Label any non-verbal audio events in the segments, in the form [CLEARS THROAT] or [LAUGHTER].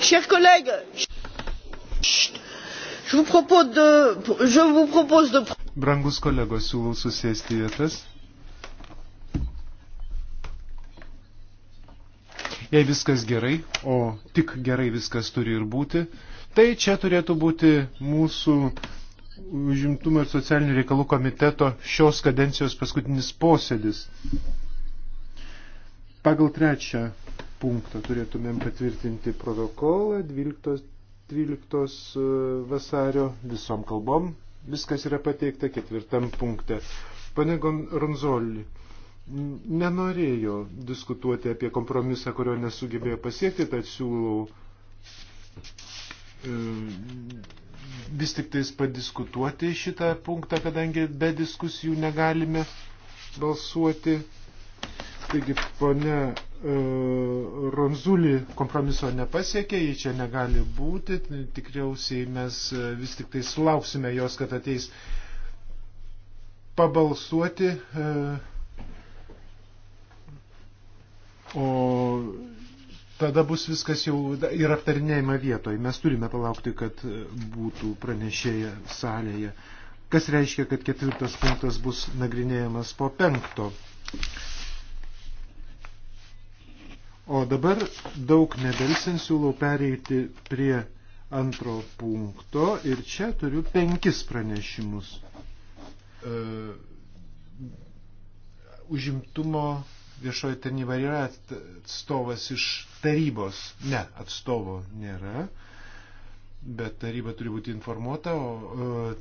Chers collègues, je vous propose de, je vous propose de... Brangus kolegos, siūlau susėsti vietas. Jei viskas gerai, o tik gerai viskas turi ir būti, tai čia turėtų būti mūsų užimtumo ir socialinių reikalų komiteto šios kadencijos paskutinis posėdis. Pagal trečią punktą turėtumėm patvirtinti protokolą 12, 12 e, vasario visom kalbom. Viskas yra pateikta ketvirtam punkte. Pane Ronzolį nenorėjo diskutuoti apie kompromisą, kurio nesugebėjo pasiekti, tad siūlau e, vis tik tais padiskutuoti šitą punktą, kadangi be diskusijų negalime balsuoti. Taigi, ponia e, Ronzulį kompromiso nepasiekė, jį čia negali būti, tikriausiai mes e, vis tik tai sulauksime jos, kad ateis pabalsuoti. E. O tada bus viskas jau ir aptarinėjama vietoje. Mes turime palaukti, kad būtų pranešėja salėje. Kas reiškia, kad ketvirtas punktas bus nagrinėjamas po penkto. O dabar daug nedelsiant siūlau pereiti prie antro punkto ir čia turiu penkis pranešimus. E, užimtumo viešoji tarnyba yra atstovas iš tarybos. Ne, atstovo nėra, bet taryba turi būti informuota o,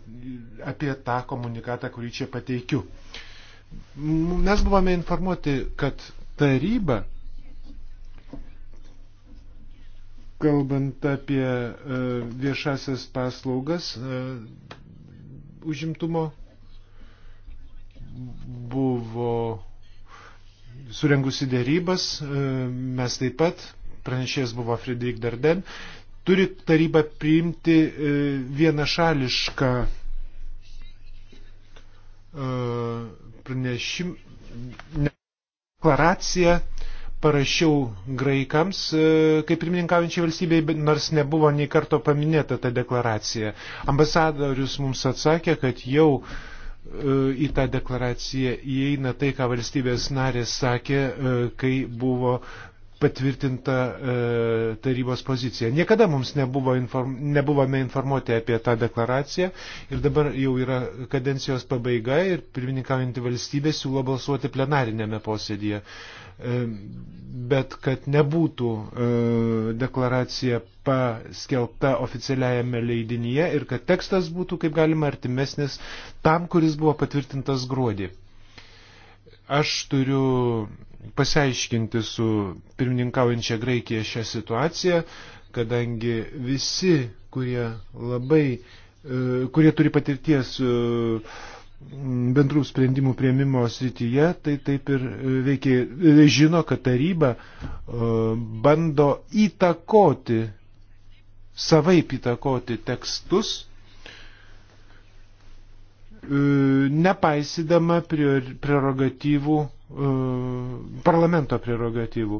apie tą komunikatą, kurį čia pateikiu. Mes buvome informuoti, kad taryba Kalbant apie e, viešasias paslaugas, e, užimtumo buvo surengusi dėrybas, e, mes taip pat, pranešėjas buvo Frederik Darden, turi taryba priimti vienašališką pranešimą deklaraciją parašiau graikams, e, kaip pirmininkaujančiai valstybei, nors nebuvo nei karto paminėta ta deklaracija. Ambasadorius mums atsakė, kad jau e, į tą deklaraciją įeina tai, ką valstybės narės sakė, e, kai buvo patvirtinta e, tarybos pozicija. Niekada mums nebuvo inform, nebuvome informuoti apie tą deklaraciją ir dabar jau yra kadencijos pabaiga ir pirmininkaujantį valstybę siūlo balsuoti plenarinėme posėdėje. E, E, bet kad nebūtų e, deklaracija paskelbta oficialiajame leidinyje ir kad tekstas būtų kaip galima artimesnis tam, kuris buvo patvirtintas gruodį. Aš turiu pasiaiškinti su pirmininkaujančia Graikija šią situaciją, kadangi visi, kurie labai, e, kurie turi patirties bendrų sprendimų prieimimo srityje, tai taip ir e, veikia, e, žino, kad taryba e, bando įtakoti, savaip įtakoti tekstus, nepaisydama prerogatyvų, parlamento prerogatyvų.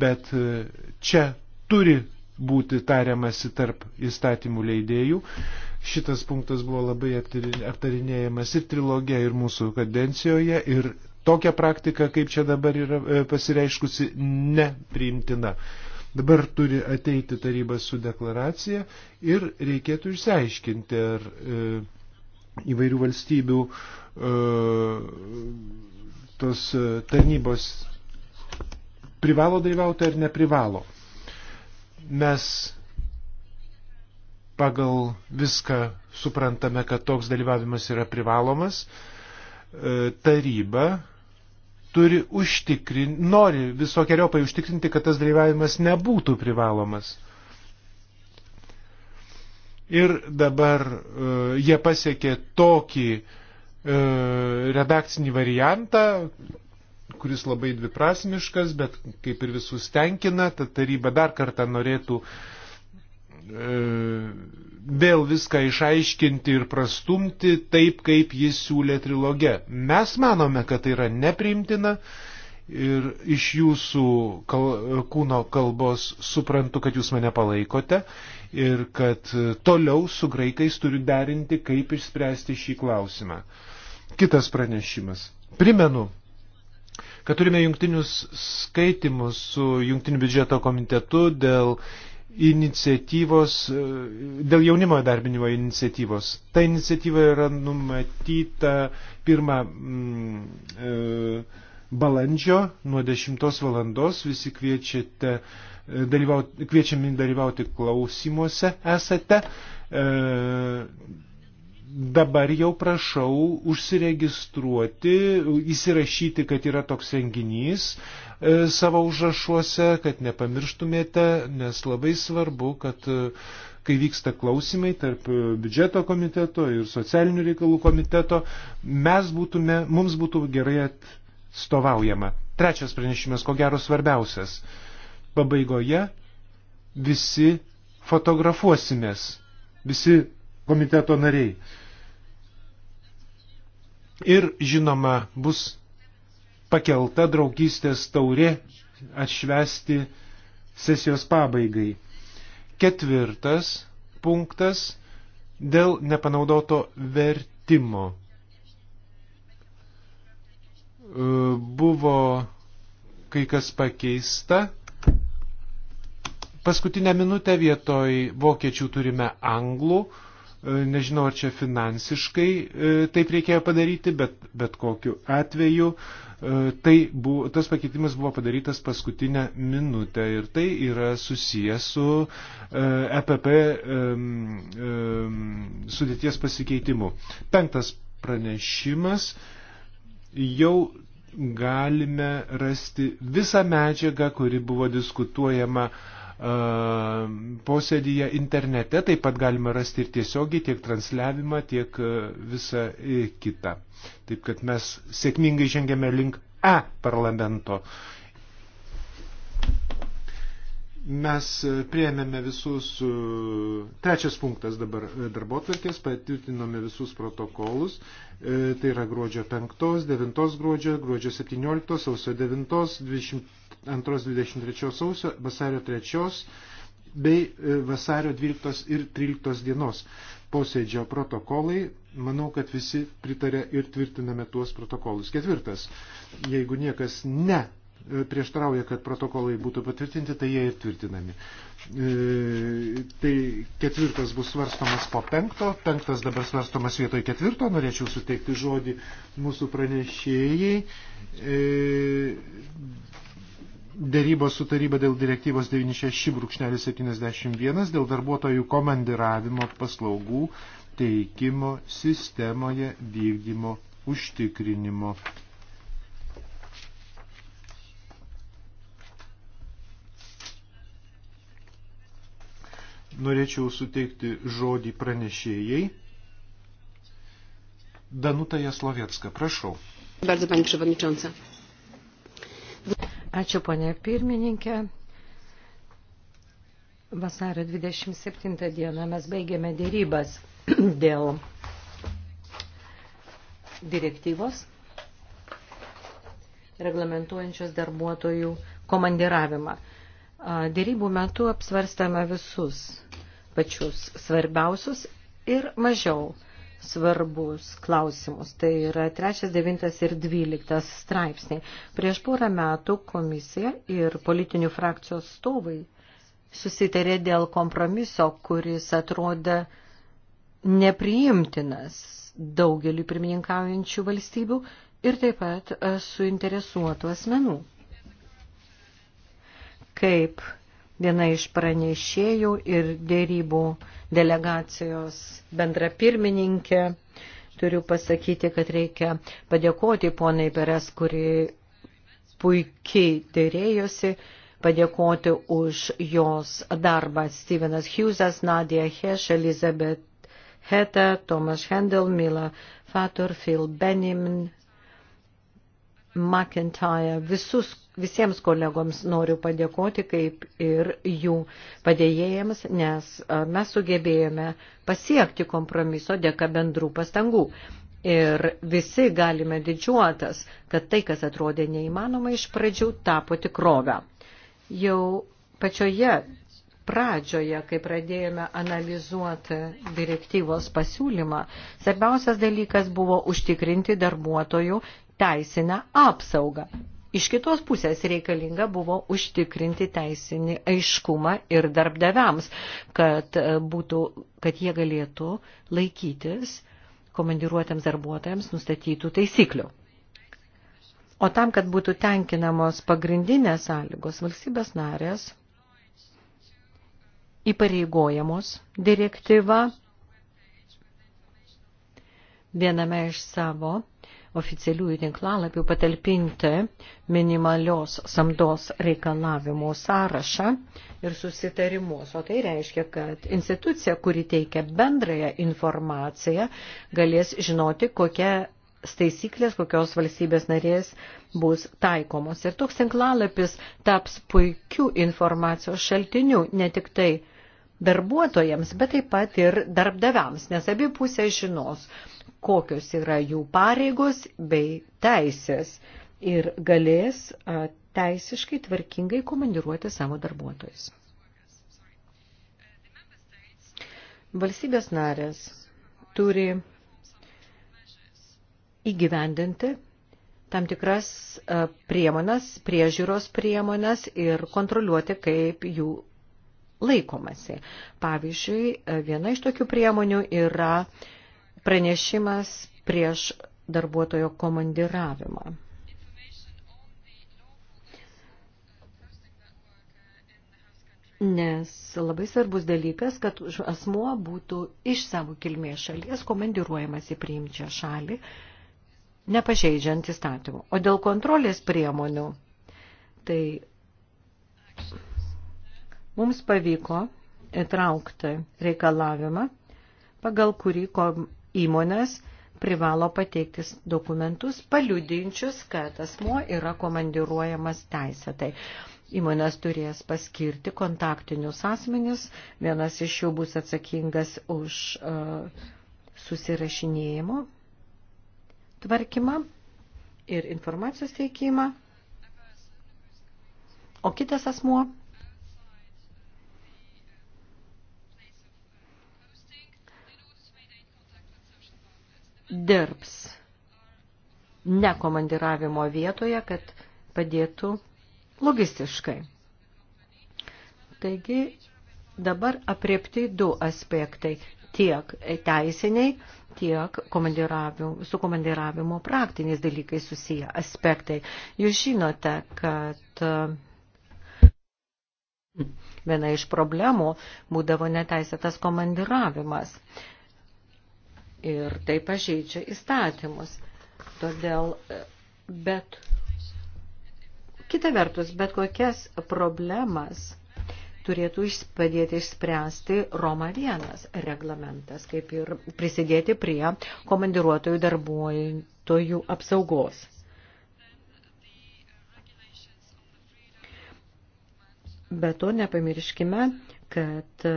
Bet čia turi būti tariamasi tarp įstatymų leidėjų. Šitas punktas buvo labai aptarinėjamas ir trilogija, ir mūsų kadencijoje, ir tokia praktika, kaip čia dabar yra e, pasireiškusi, nepriimtina. Dabar turi ateiti taryba su deklaracija ir reikėtų išsiaiškinti, ar e, įvairių valstybių e, tos e, tarnybos privalo dalyvauti ar neprivalo. Mes pagal viską suprantame, kad toks dalyvavimas yra privalomas. E, taryba turi užtikrinti, nori visokiojopai užtikrinti, kad tas dalyvavimas nebūtų privalomas. Ir dabar uh, jie pasiekė tokį uh, redakcinį variantą, kuris labai dviprasmiškas, bet kaip ir visus tenkina, ta taryba dar kartą norėtų uh, E, vėl viską išaiškinti ir prastumti taip, kaip jis siūlė trilogė. Mes manome, kad tai yra neprimtina ir iš jūsų kal kūno kalbos suprantu, kad jūs mane palaikote ir kad toliau su graikais turiu derinti, kaip išspręsti šį klausimą. Kitas pranešimas. Primenu, kad turime jungtinius skaitimus su jungtiniu biudžeto komitetu dėl iniciatyvos, e, dėl jaunimo darbinimo iniciatyvos. Ta iniciatyva yra numatyta pirmą mm, e, balandžio nuo 10 valandos. Visi kviečiate, e, dalyvauti, kviečiami dalyvauti klausimuose esate. E, dabar jau prašau užsiregistruoti, įsirašyti, kad yra toks renginys e, savo užrašuose, kad nepamirštumėte, nes labai svarbu, kad e, kai vyksta klausimai tarp e, biudžeto komiteto ir socialinių reikalų komiteto, mes būtume, mums būtų gerai atstovaujama. Trečias pranešimas, ko gero svarbiausias. Pabaigoje visi fotografuosimės, visi komiteto nariai. Ir žinoma, bus pakelta draugystės taurė atšvesti sesijos pabaigai. Ketvirtas punktas dėl nepanaudoto vertimo. E, buvo kai kas pakeista. Paskutinę minutę vietoj vokiečių turime anglų E, nežinau, ar čia finansiškai e, taip reikėjo padaryti, bet, bet kokiu atveju e, tai buvo, tas pakeitimas buvo padarytas paskutinę minutę ir tai yra susijęs su EPP sudėties pasikeitimu. Penktas pranešimas jau galime rasti visą medžiagą, kuri buvo diskutuojama uh, posėdyje internete, taip pat galima rasti ir tiesiogiai tiek transliavimą, tiek visą e, kitą. Taip kad mes sėkmingai žengėme link E parlamento. Mes prieėmėme visus, e, trečias punktas dabar e, darbo tvarkės, patvirtinome visus protokolus, tai yra gruodžio 5, 9 gruodžio, gruodžio 17, sausio 9, 20. 2-23 sausio, vasario 3 bei e, vasario 12 ir 13 dienos posėdžio protokolai. Manau, kad visi pritarė ir tvirtiname tuos protokolus. Ketvirtas, jeigu niekas ne e, prieštrauja, kad protokolai būtų patvirtinti, tai jie ir tvirtinami. E, tai ketvirtas bus svarstomas po penkto, penktas dabar svarstomas vietoj ketvirto, norėčiau suteikti žodį mūsų pranešėjai. E, dėrybos su taryba dėl direktyvos 96-71 dėl darbuotojų komandiravimo paslaugų teikimo sistemoje vykdymo užtikrinimo. Norėčiau suteikti žodį pranešėjai. Danuta Jaslowiecka, prašau. Bardzo Pani Przewodnicząca. Ačiū, ponė pirmininkė. Vasario 27 dieną mes baigėme dėrybas [CLEARS THROAT] dėl direktyvos reglamentuojančios darbuotojų komandiravimą. Dėrybų metu apsvarstame visus pačius svarbiausius ir mažiau svarbus klausimus. Tai yra 3, 9 ir 12 straipsniai. Prieš porą metų komisija ir politinių frakcijų atstovai susitarė dėl kompromiso, kuris atrodė nepriimtinas daugeliu pirmininkaujančių valstybių ir taip pat e, suinteresuotų asmenų. Kaip viena iš pranešėjų ir dėrybų delegacijos bendra pirmininkė. Turiu pasakyti, kad reikia padėkoti ponai Beres, kuri puikiai dėrėjosi, padėkoti už jos darbą. Stevenas Hughesas, Nadia Hesh, Elizabeth Heta, Tomas Hendel, Mila Fatur, Phil Benjamin, McIntyre. Visus, visiems kolegoms noriu padėkoti, kaip ir jų padėjėjams, nes mes sugebėjome pasiekti kompromiso dėka bendrų pastangų. Ir visi galime didžiuotas, kad tai, kas atrodė neįmanoma iš pradžių, tapo tikrovę. Jau pačioje pradžioje, kai pradėjome analizuoti direktyvos pasiūlymą, svarbiausias dalykas buvo užtikrinti darbuotojų teisinę apsaugą. Iš kitos pusės reikalinga buvo užtikrinti teisinį aiškumą ir darbdaviams, kad, e, būtų, kad jie galėtų laikytis komandiruotėms darbuotojams nustatytų taisyklių. O tam, kad būtų tenkinamos pagrindinės sąlygos, valstybės narės įpareigojamos direktyva viename iš savo oficialiųjų tinklalapių patalpinti minimalios samdos reikalavimų sąrašą ir susitarimus. O tai reiškia, kad institucija, kuri teikia bendrąją informaciją, galės žinoti, kokia taisyklės, kokios valstybės narės bus taikomos. Ir toks tinklalapis taps puikiu informacijos šaltiniu, ne tik tai darbuotojams, bet taip pat ir darbdaviams, nes abi pusės žinos, kokios yra jų pareigos bei teisės ir galės teisiškai tvarkingai komandiruoti savo darbuotojus. Valstybės narės turi įgyvendinti tam tikras priemonas, priežiūros priemonas ir kontroliuoti, kaip jų laikomasi. Pavyzdžiui, viena iš tokių priemonių yra uh, pranešimas prieš darbuotojo komandiravimą. Nes labai svarbus dalykas, kad asmuo būtų iš savo kilmės šalies komandiruojamas į priimčią šalį, nepažeidžiant įstatymų. O dėl kontrolės priemonių, tai mums pavyko įtraukti reikalavimą, pagal kurį kom įmonės privalo pateiktis dokumentus, paliudinčius, kad asmo yra komandiruojamas teisėtai. Įmonės turės paskirti kontaktinius asmenis, vienas iš jų bus atsakingas už uh, susirašinėjimo tvarkymą ir informacijos teikimą, o kitas asmuo dirbs ne komandiravimo vietoje, kad padėtų logistiškai. Taigi dabar apriepti du aspektai – tiek teisiniai, tiek su komandiravimo praktiniais dalykai susiję aspektai. Jūs žinote, kad viena iš problemų būdavo neteisėtas komandiravimas ir tai pažeidžia įstatymus. Todėl, e, bet kita vertus, bet kokias problemas turėtų padėti išspręsti Roma 1 reglamentas, kaip ir prisidėti prie komandiruotojų darbuotojų apsaugos. Be to nepamirškime, kad e,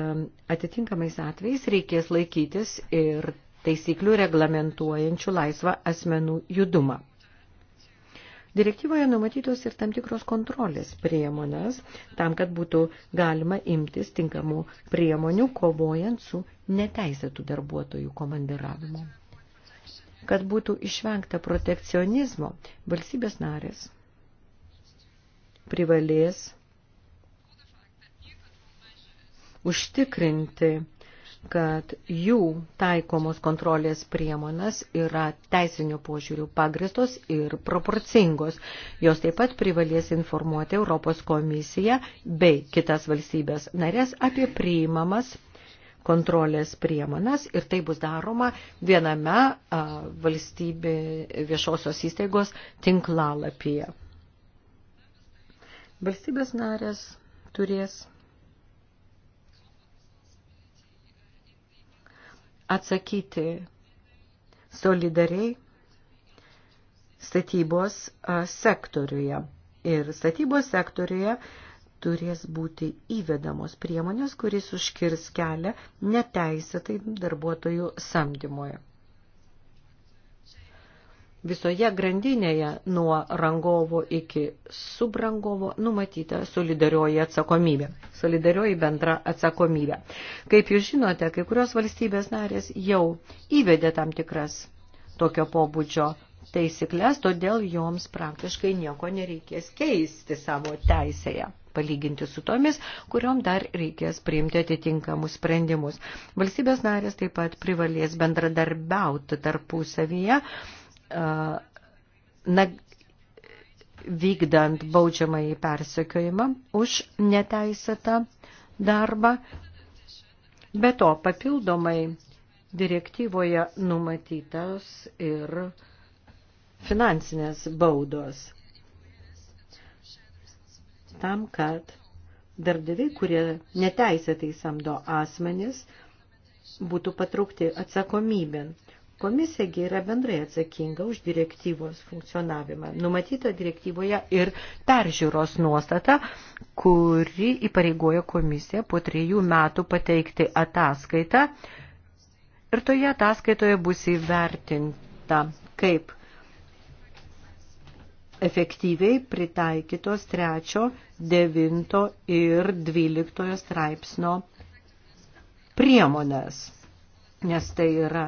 atitinkamais atvejais reikės laikytis ir taisyklių reglamentuojančių laisvą asmenų judumą. Direktyvoje numatytos ir tam tikros kontrolės priemonės, tam, kad būtų galima imtis tinkamų priemonių, kovojant su neteisėtų darbuotojų komandiravimu. Kad būtų išvengta protekcionizmo, valstybės narės privalės užtikrinti kad jų taikomos kontrolės priemonės yra teisinių požiūrių pagristos ir proporcingos. Jos taip pat privalės informuoti Europos komisiją bei kitas valstybės narės apie priimamas kontrolės priemonas ir tai bus daroma viename a, valstybė viešosios įstaigos tinklalapyje. Valstybės narės turės atsakyti solidariai statybos sektoriuje. Ir statybos sektoriuje turės būti įvedamos priemonės, kuris užkirs kelią neteisėtai darbuotojų samdymoje visoje grandinėje nuo rangovo iki subrangovo numatyta solidarioji atsakomybė, solidarioji bendra atsakomybė. Kaip jūs žinote, kai kurios valstybės narės jau įvedė tam tikras tokio pobūdžio taisyklės, todėl joms praktiškai nieko nereikės keisti savo teisėje palyginti su tomis, kuriuom dar reikės priimti atitinkamus sprendimus. Valstybės narės taip pat privalės bendradarbiauti tarpusavyje, na, vykdant baudžiamąjį persekiojimą už neteisėtą darbą. Be to, papildomai direktyvoje numatytas ir finansinės baudos tam, kad darbdaviai, kurie neteisėtai samdo asmenis, būtų patraukti atsakomybėn. Komisija yra bendrai atsakinga už direktyvos funkcionavimą. Numatyta direktyvoje ir peržiūros nuostata, kuri įpareigoja komisiją po trejų metų pateikti ataskaitą ir toje ataskaitoje bus įvertinta, kaip efektyviai pritaikytos trečio, devinto ir dvyliktojo straipsnio priemonės, nes tai yra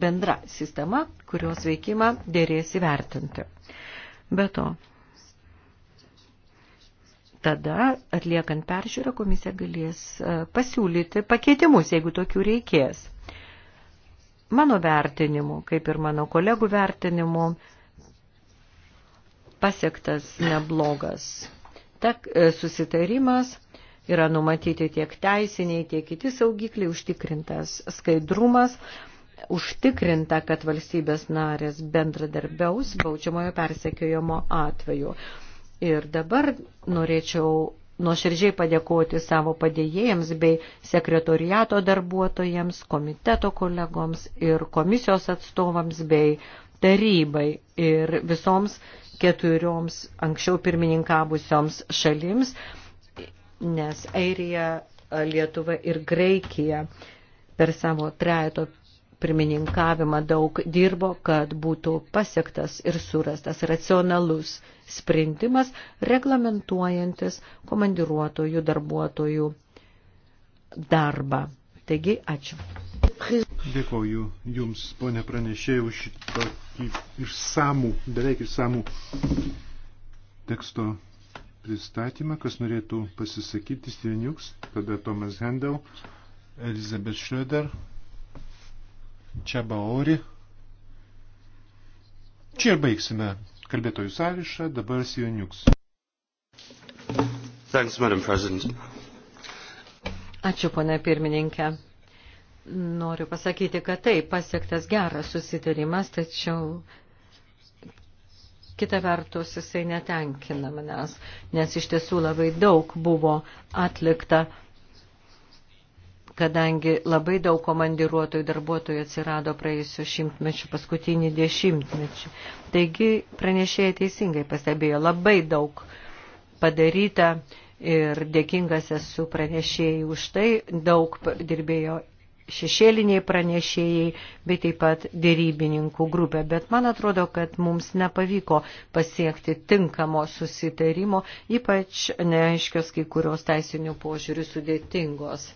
bendra sistema, kurios veikimą dėrės įvertinti. Be to, tada atliekant peržiūrą komisija galės e, pasiūlyti pakeitimus, jeigu tokių reikės. Mano vertinimu, kaip ir mano kolegų vertinimu, pasiektas neblogas. Tak, e, susitarimas yra numatyti tiek teisiniai, tiek kiti saugikliai, užtikrintas skaidrumas, užtikrinta, kad valstybės narės bendradarbiaus baudžiamojo persekiojimo atveju. Ir dabar norėčiau nuoširdžiai padėkoti savo padėjėjams bei sekretoriato darbuotojams, komiteto kolegoms ir komisijos atstovams bei tarybai ir visoms keturioms anksčiau pirmininkavusioms šalims, nes Airija, Lietuva ir Graikija per savo trejato pirmininkavimą daug dirbo, kad būtų pasiektas ir surastas racionalus sprendimas, reglamentuojantis komandiruotojų darbuotojų darbą. Taigi, ačiū. Dėkoju Jums, ponė pranešėjau, šitokį išsamų, beveik išsamų teksto pristatymą. Kas norėtų pasisakyti, Steveniuks, tada Tomas Hendel, Elizabeth Schröder Čia Baori. Čia ir baigsime kalbėtojų sąrašą, dabar Sijoniuks. Thanks, Madam President. Ačiū, ponė pirmininkė. Noriu pasakyti, kad taip, pasiektas geras susitarimas, tačiau kita vertus jisai netenkina manęs, nes iš tiesų labai daug buvo atlikta kadangi labai daug komandiruotojų darbuotojų atsirado praėjusio šimtmečio, paskutinį dešimtmečio. Taigi pranešėjai teisingai pastebėjo, labai daug padaryta ir dėkingas esu pranešėjai už tai, daug dirbėjo šešėliniai pranešėjai, bet taip pat dėrybininkų grupė. Bet man atrodo, kad mums nepavyko pasiekti tinkamo susitarimo, ypač neaiškios kai kurios teisinių požiūrių sudėtingos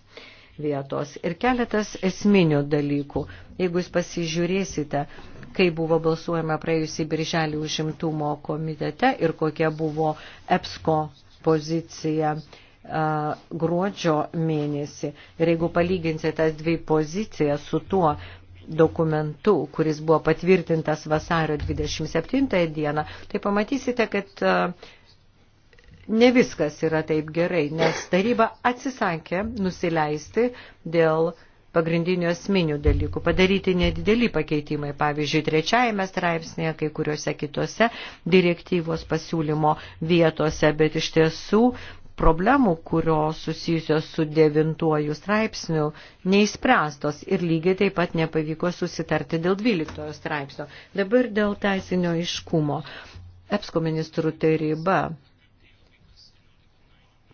vietos. Ir keletas esminių dalykų. Jeigu jūs pasižiūrėsite, kai buvo balsuojama praėjusį birželį užimtumo komitete ir kokia buvo EPSCO pozicija gruodžio mėnesį. Ir jeigu palyginsite tas dvi pozicijas su tuo, dokumentu, kuris buvo patvirtintas vasario 27 dieną, tai pamatysite, kad ne viskas yra taip gerai, nes taryba atsisakė nusileisti dėl pagrindinių asmenių dalykų, padaryti nedideli pakeitimai, pavyzdžiui, trečiajame straipsnėje, kai kuriuose kitose direktyvos pasiūlymo vietose, bet iš tiesų problemų, kurios susijusios su devintuoju straipsniu, neįspręstos ir lygiai taip pat nepavyko susitarti dėl dvyliktojo straipsnio. Dabar dėl teisinio iškumo. EPSCO ministrų taryba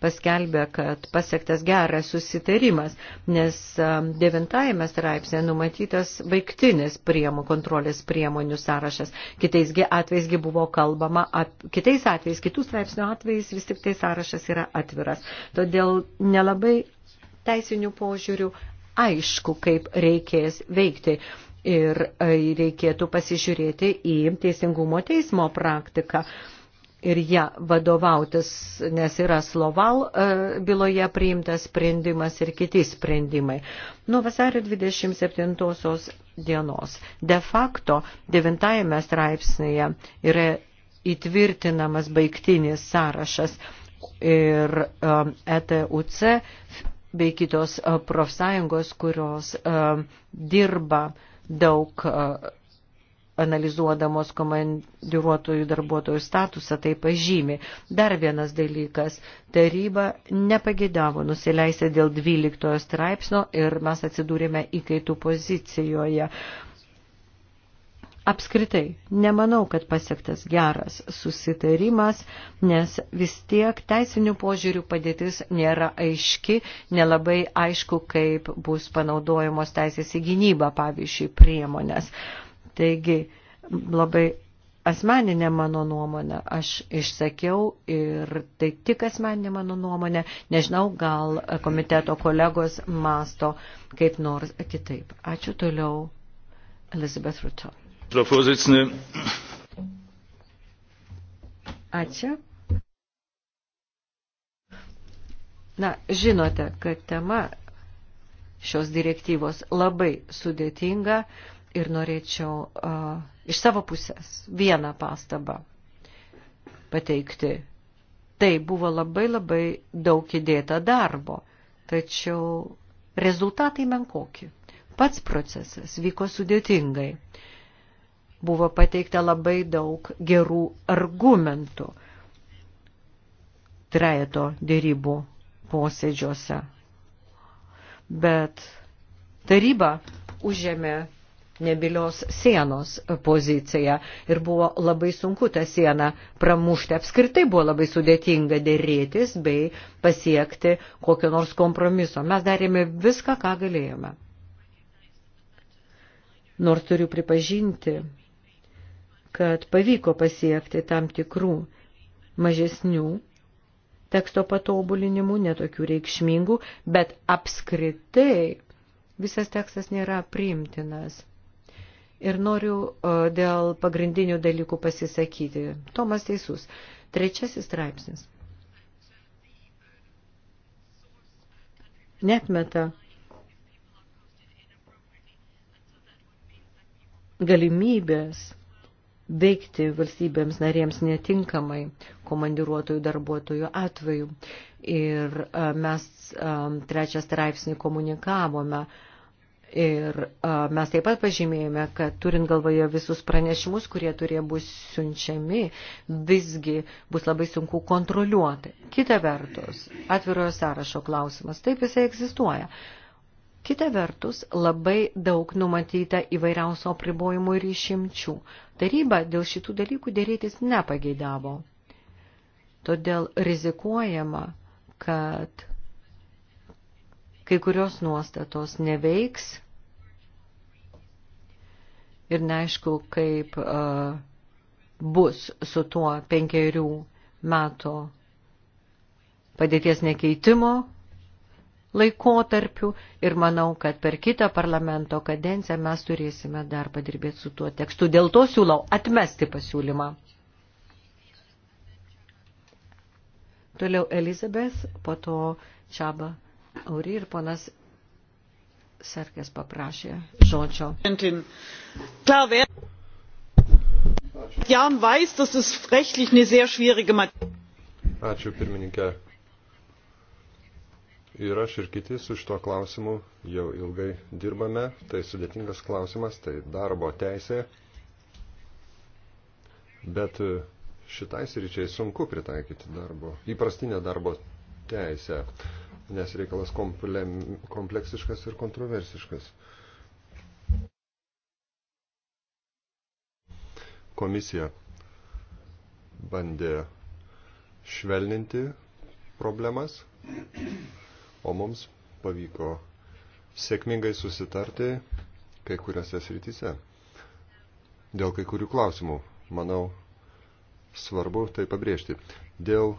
paskelbė, kad pasiektas geras susitarimas, nes um, devintajame straipsnė numatytas baigtinis priemų kontrolės priemonių sąrašas. Kitaisgi atveisgi buvo kalbama, ap, kitais atvejais, kitų straipsnių atvejais vis tik tai sąrašas yra atviras. Todėl nelabai teisinių požiūrių aišku, kaip reikės veikti. Ir e, reikėtų pasižiūrėti į teisingumo teismo praktiką. Uh, ir ją vadovautis, nes yra Sloval e, byloje priimtas sprendimas ir kiti sprendimai. Nuo vasario 27 dienos de facto 9 straipsnėje yra įtvirtinamas baigtinis sąrašas ir ETUC e bei kitos e, profsąjungos, kurios dirba daug analizuodamos komandiruotojų darbuotojų statusą, tai pažymi. Dar vienas dalykas. Taryba nepagėdavo nusileisę dėl 12 straipsnio ir mes atsidūrėme įkaitų pozicijoje. Apskritai, nemanau, kad pasiektas geras susitarimas, nes vis tiek teisinių požiūrių padėtis nėra aiški, nelabai aišku, kaip bus panaudojamos teisės į gynybą, pavyzdžiui, priemonės. Taigi, labai asmeninė mano nuomonė, aš išsakiau ir tai tik asmeninė mano nuomonė, nežinau, gal komiteto kolegos masto kaip nors kitaip. Ačiū toliau, Elizabeth Ruto. Ačiū. Na, žinote, kad tema šios direktyvos labai sudėtinga, ir norėčiau uh, iš savo pusės vieną pastabą pateikti. Tai buvo labai labai daug įdėta darbo, tačiau rezultatai menkoki. Pats procesas vyko sudėtingai. Buvo pateikta labai daug gerų argumentų trejeto dėrybų posėdžiuose. Bet taryba užėmė nebilios sienos poziciją ir buvo labai sunku tą sieną pramušti. Apskritai buvo labai sudėtinga dėrėtis bei pasiekti kokio nors kompromiso. Mes darėme viską, ką galėjome. Nors turiu pripažinti, kad pavyko pasiekti tam tikrų mažesnių teksto patobulinimų, netokių reikšmingų, bet apskritai visas tekstas nėra priimtinas ir noriu dėl pagrindinių dalykų pasisakyti. Tomas teisus. Trečiasis straipsnis. Netmeta galimybės veikti valstybėms narėms netinkamai komandiruotojų darbuotojų atveju. Ir e, mes e, trečią straipsnį komunikavome Ir a, mes taip pat pažymėjome, kad turint galvoje visus pranešimus, kurie turėjo bus siunčiami, visgi bus labai sunku kontroliuoti. Kita vertus, atvirojo sąrašo klausimas, taip jisai egzistuoja. Kita vertus, labai daug numatyta įvairiausio apribojimų ir išimčių. Taryba dėl šitų dalykų dėrėtis nepageidavo. Todėl rizikuojama, kad kai kurios nuostatos neveiks ir neaišku, kaip uh, bus su tuo penkerių metų padėties nekeitimo laikotarpiu ir manau, kad per kitą parlamento kadenciją mes turėsime dar padirbėti su tuo tekstu. Dėl to siūlau atmesti pasiūlymą. Toliau Elizabeth, po to Čaba Auri ir ponas Serkės paprašė žodžio. Ačiū pirmininkė. Ir aš ir kiti su šito klausimu jau ilgai dirbame. Tai sudėtingas klausimas, tai darbo teisė. Bet e, šitai sričiai sunku pritaikyti darbo, įprastinę darbo teisę nes reikalas kompleksiškas ir kontroversiškas. Komisija bandė švelninti problemas, o mums pavyko sėkmingai susitarti kai kuriuose srityse. Dėl kai kurių klausimų, manau, svarbu tai pabrėžti. Dėl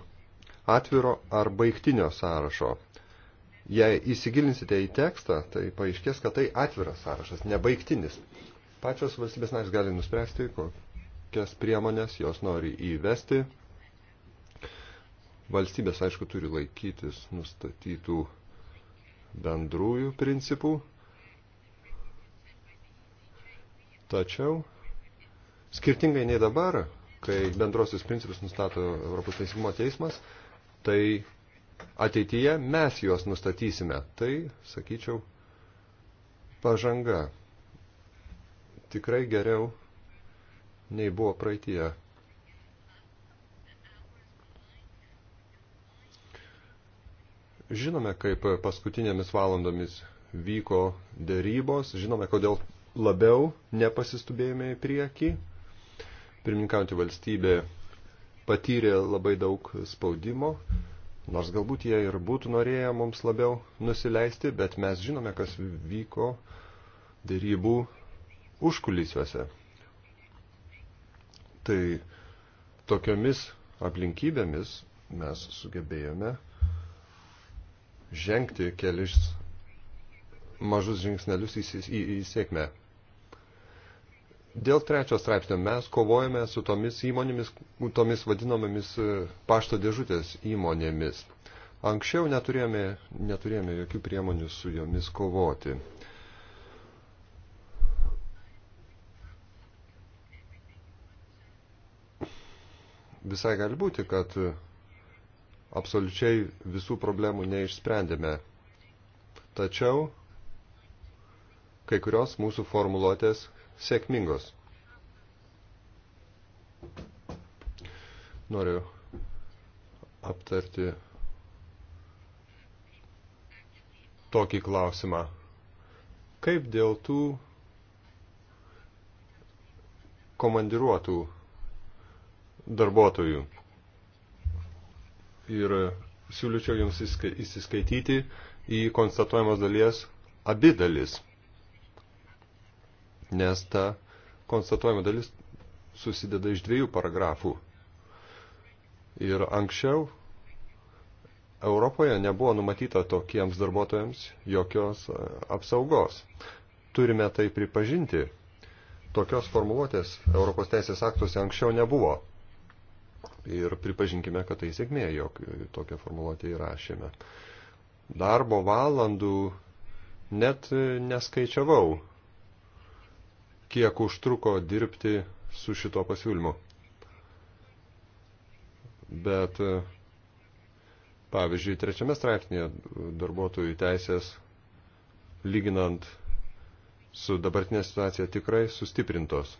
atviro ar baigtinio sąrašo Jei įsigilinsite į tekstą, tai paaiškės, kad tai atviras sąrašas, nebaigtinis. Pačios valstybės narės gali nuspręsti, kokias priemonės jos nori įvesti. Valstybės, aišku, turi laikytis nustatytų bendrųjų principų. Tačiau, skirtingai nei dabar, kai bendrosius principus nustato Europos teisingumo teismas, tai Ateityje mes juos nustatysime. Tai, sakyčiau, pažanga. Tikrai geriau nei buvo praeitie. Žinome, kaip paskutinėmis valandomis vyko dėrybos, žinome, kodėl labiau nepasistubėjome į priekį. Pirmininkaujantį valstybė patyrė labai daug spaudimo, Nors galbūt jie ir būtų norėję mums labiau nusileisti, bet mes žinome, kas vyko dėrybų užkulisiuose. Tai tokiomis aplinkybėmis mes sugebėjome žengti kelis mažus žingsnelius į, į, į sėkmę. Dėl trečio straipsnio mes kovojame su tomis įmonėmis, tomis vadinomomis e, pašto dėžutės įmonėmis. Anksčiau neturėjome, neturėjome jokių priemonių su jomis kovoti. Visai gali būti, kad absoliučiai visų problemų neišsprendėme. Tačiau kai kurios mūsų formuluotės sėkmingos. Noriu aptarti tokį klausimą. Kaip dėl tų komandiruotų darbuotojų? Ir siūlyčiau jums įsiskaityti į konstatuojamos dalies abi dalis nes ta konstatuojama dalis susideda iš dviejų paragrafų. Ir anksčiau Europoje nebuvo numatyta tokiems darbuotojams jokios e, apsaugos. Turime tai pripažinti. Tokios formuluotės Europos teisės aktuose anksčiau nebuvo. Ir pripažinkime, kad tai sėkmė, jog tokią formuluotę įrašėme. Darbo valandų net e, neskaičiavau kiek užtruko dirbti su šito pasiūlymu. Bet, pavyzdžiui, trečiame straipsnėje darbuotojų teisės, lyginant su dabartinė situacija, tikrai sustiprintos.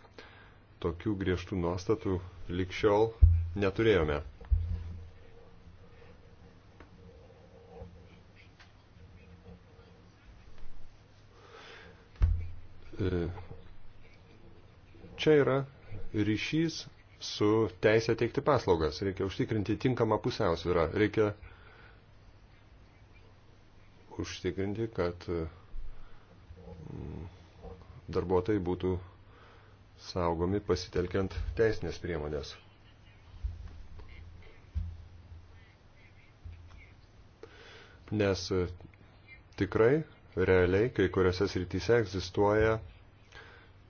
Tokių griežtų nuostatų likščiol neturėjome. E, Čia yra ryšys su teisė teikti paslaugas. Reikia užtikrinti tinkamą pusiausvyrą. Reikia užtikrinti, kad mm, darbuotojai būtų saugomi pasitelkiant teisinės priemonės. Nes e, tikrai, realiai, kai kuriuose srityse egzistuoja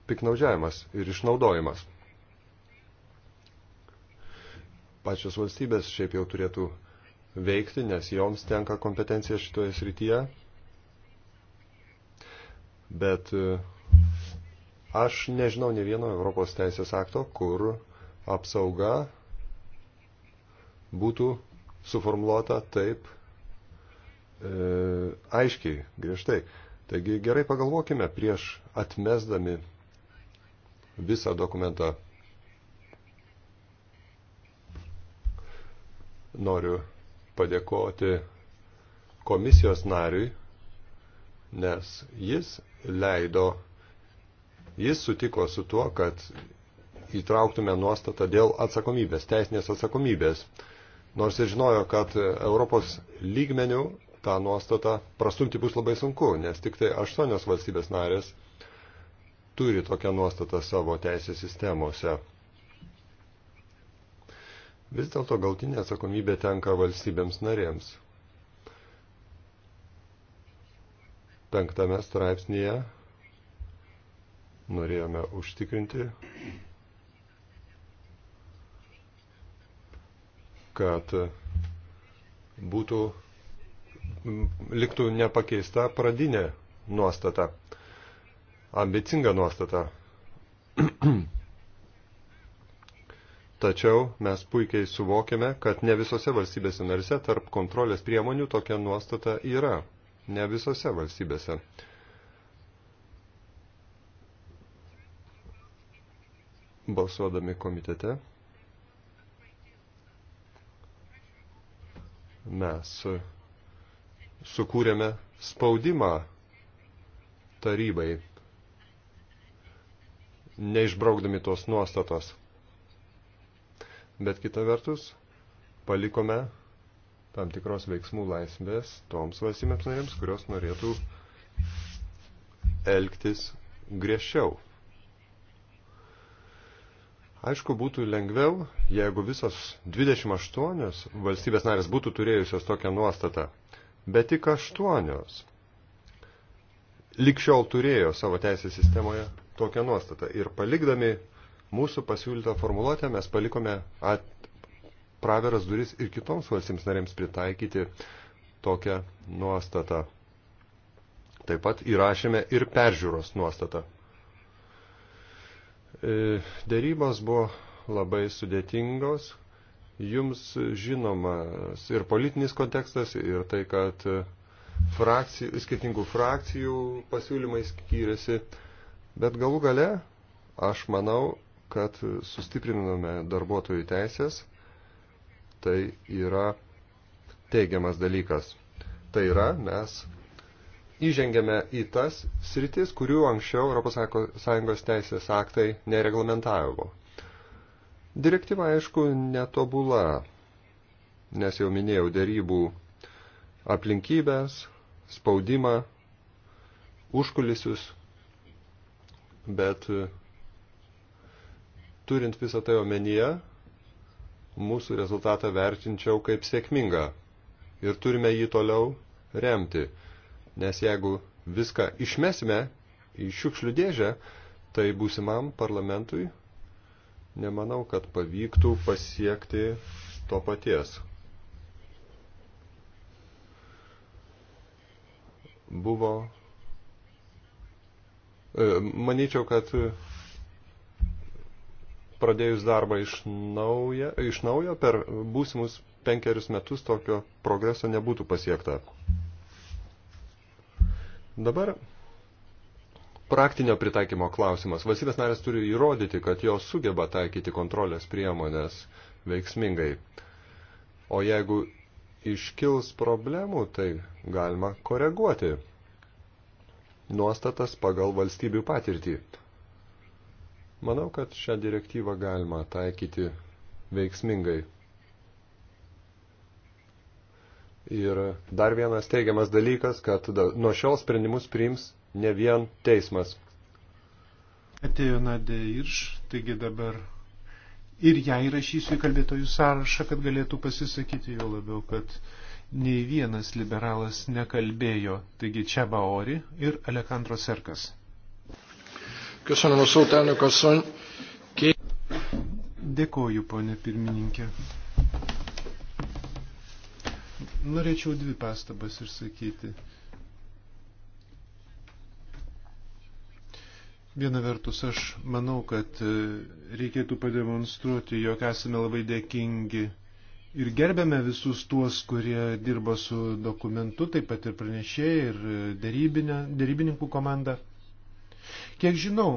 piknaudžiavimas ir išnaudojimas. Pačios valstybės šiaip jau turėtų veikti, nes joms tenka kompetencija šitoje srityje. Bet e, aš nežinau ne vieno Europos teisės akto, kur apsauga būtų suformuoluota taip e, aiškiai, griežtai. Taigi gerai pagalvokime prieš atmesdami visą dokumentą. Noriu padėkoti komisijos nariui, nes jis leido, jis sutiko su tuo, kad įtrauktume nuostatą dėl atsakomybės, teisinės atsakomybės. Nors ir žinojo, kad Europos lygmenių tą nuostatą prastumti bus labai sunku, nes tik tai aštuonios valstybės narės turi tokią nuostatą savo teisės sistemose. Vis dėlto galtinė atsakomybė tenka valstybėms narėms. Penktame straipsnėje norėjome užtikrinti, kad būtų liktų nepakeista pradinė nuostata ambicinga nuostata. Tačiau mes puikiai suvokiame, kad ne visose valstybėse narise tarp kontrolės priemonių tokia nuostata yra. Ne visose valstybėse. Balsuodami komitete mes sukūrėme spaudimą tarybai neišbraukdami tos nuostatos. Bet kita vertus, palikome tam tikros veiksmų laisvės toms valstybėms narėms, kurios norėtų elgtis griežčiau. Aišku, būtų lengviau, jeigu visos 28 valstybės narės būtų turėjusios tokią nuostatą, bet tik 8 likščiol turėjo savo teisės sistemoje tokią nuostatą. Ir palikdami mūsų pasiūlytą formuluotę mes palikome at, praveras duris ir kitoms valstybėms narėms pritaikyti tokią nuostatą. Taip pat įrašėme ir peržiūros nuostatą. E, dėrybos buvo labai sudėtingos. Jums žinomas ir politinis kontekstas, ir tai, kad frakcijų, skirtingų frakcijų pasiūlymai skyrėsi. Bet galų gale aš manau, kad sustiprinome darbuotojų teisės, tai yra teigiamas dalykas. Tai yra, mes įžengėme į tas sritis, kurių anksčiau ES teisės aktai nereglamentavo. Direktyva, aišku, netobula, nes jau minėjau dėrybų aplinkybės, spaudimą, užkulisius, Bet e, turint visą tai omenyje, mūsų rezultatą vertinčiau kaip sėkmingą. Ir turime jį toliau remti. Nes jeigu viską išmesime į šiukšlių dėžę, tai būsimam parlamentui nemanau, kad pavyktų pasiekti to paties. Buvo E, manyčiau, kad pradėjus darbą iš naujo, iš naujo per būsimus penkerius metus tokio progreso nebūtų pasiekta. Dabar praktinio pritaikymo klausimas. Valstybės narės turi įrodyti, kad jos sugeba taikyti kontrolės priemonės veiksmingai. O jeigu iškils problemų, tai galima koreguoti nuostatas pagal valstybių patirtį. Manau, kad šią direktyvą galima taikyti veiksmingai. Ir dar vienas teigiamas dalykas, kad nuo šiol sprendimus priims ne vien teismas. Atėjo Nadė Irš, taigi dabar ir ją įrašysiu į kalbėtojų sąrašą, kad galėtų pasisakyti jo labiau, kad nei vienas liberalas nekalbėjo, taigi čia Baori ir Alekandro Serkas. Köszönöm a szót, elnök asszony. Ké... Dėkoju, ponė pirmininkė. Norėčiau dvi pastabas išsakyti. Viena vertus, aš manau, kad e, reikėtų pademonstruoti, jog esame labai dėkingi ir gerbėme visus tuos, kurie dirbo su dokumentu, taip pat ir pranešėjai, ir dėrybininkų komanda. Kiek žinau,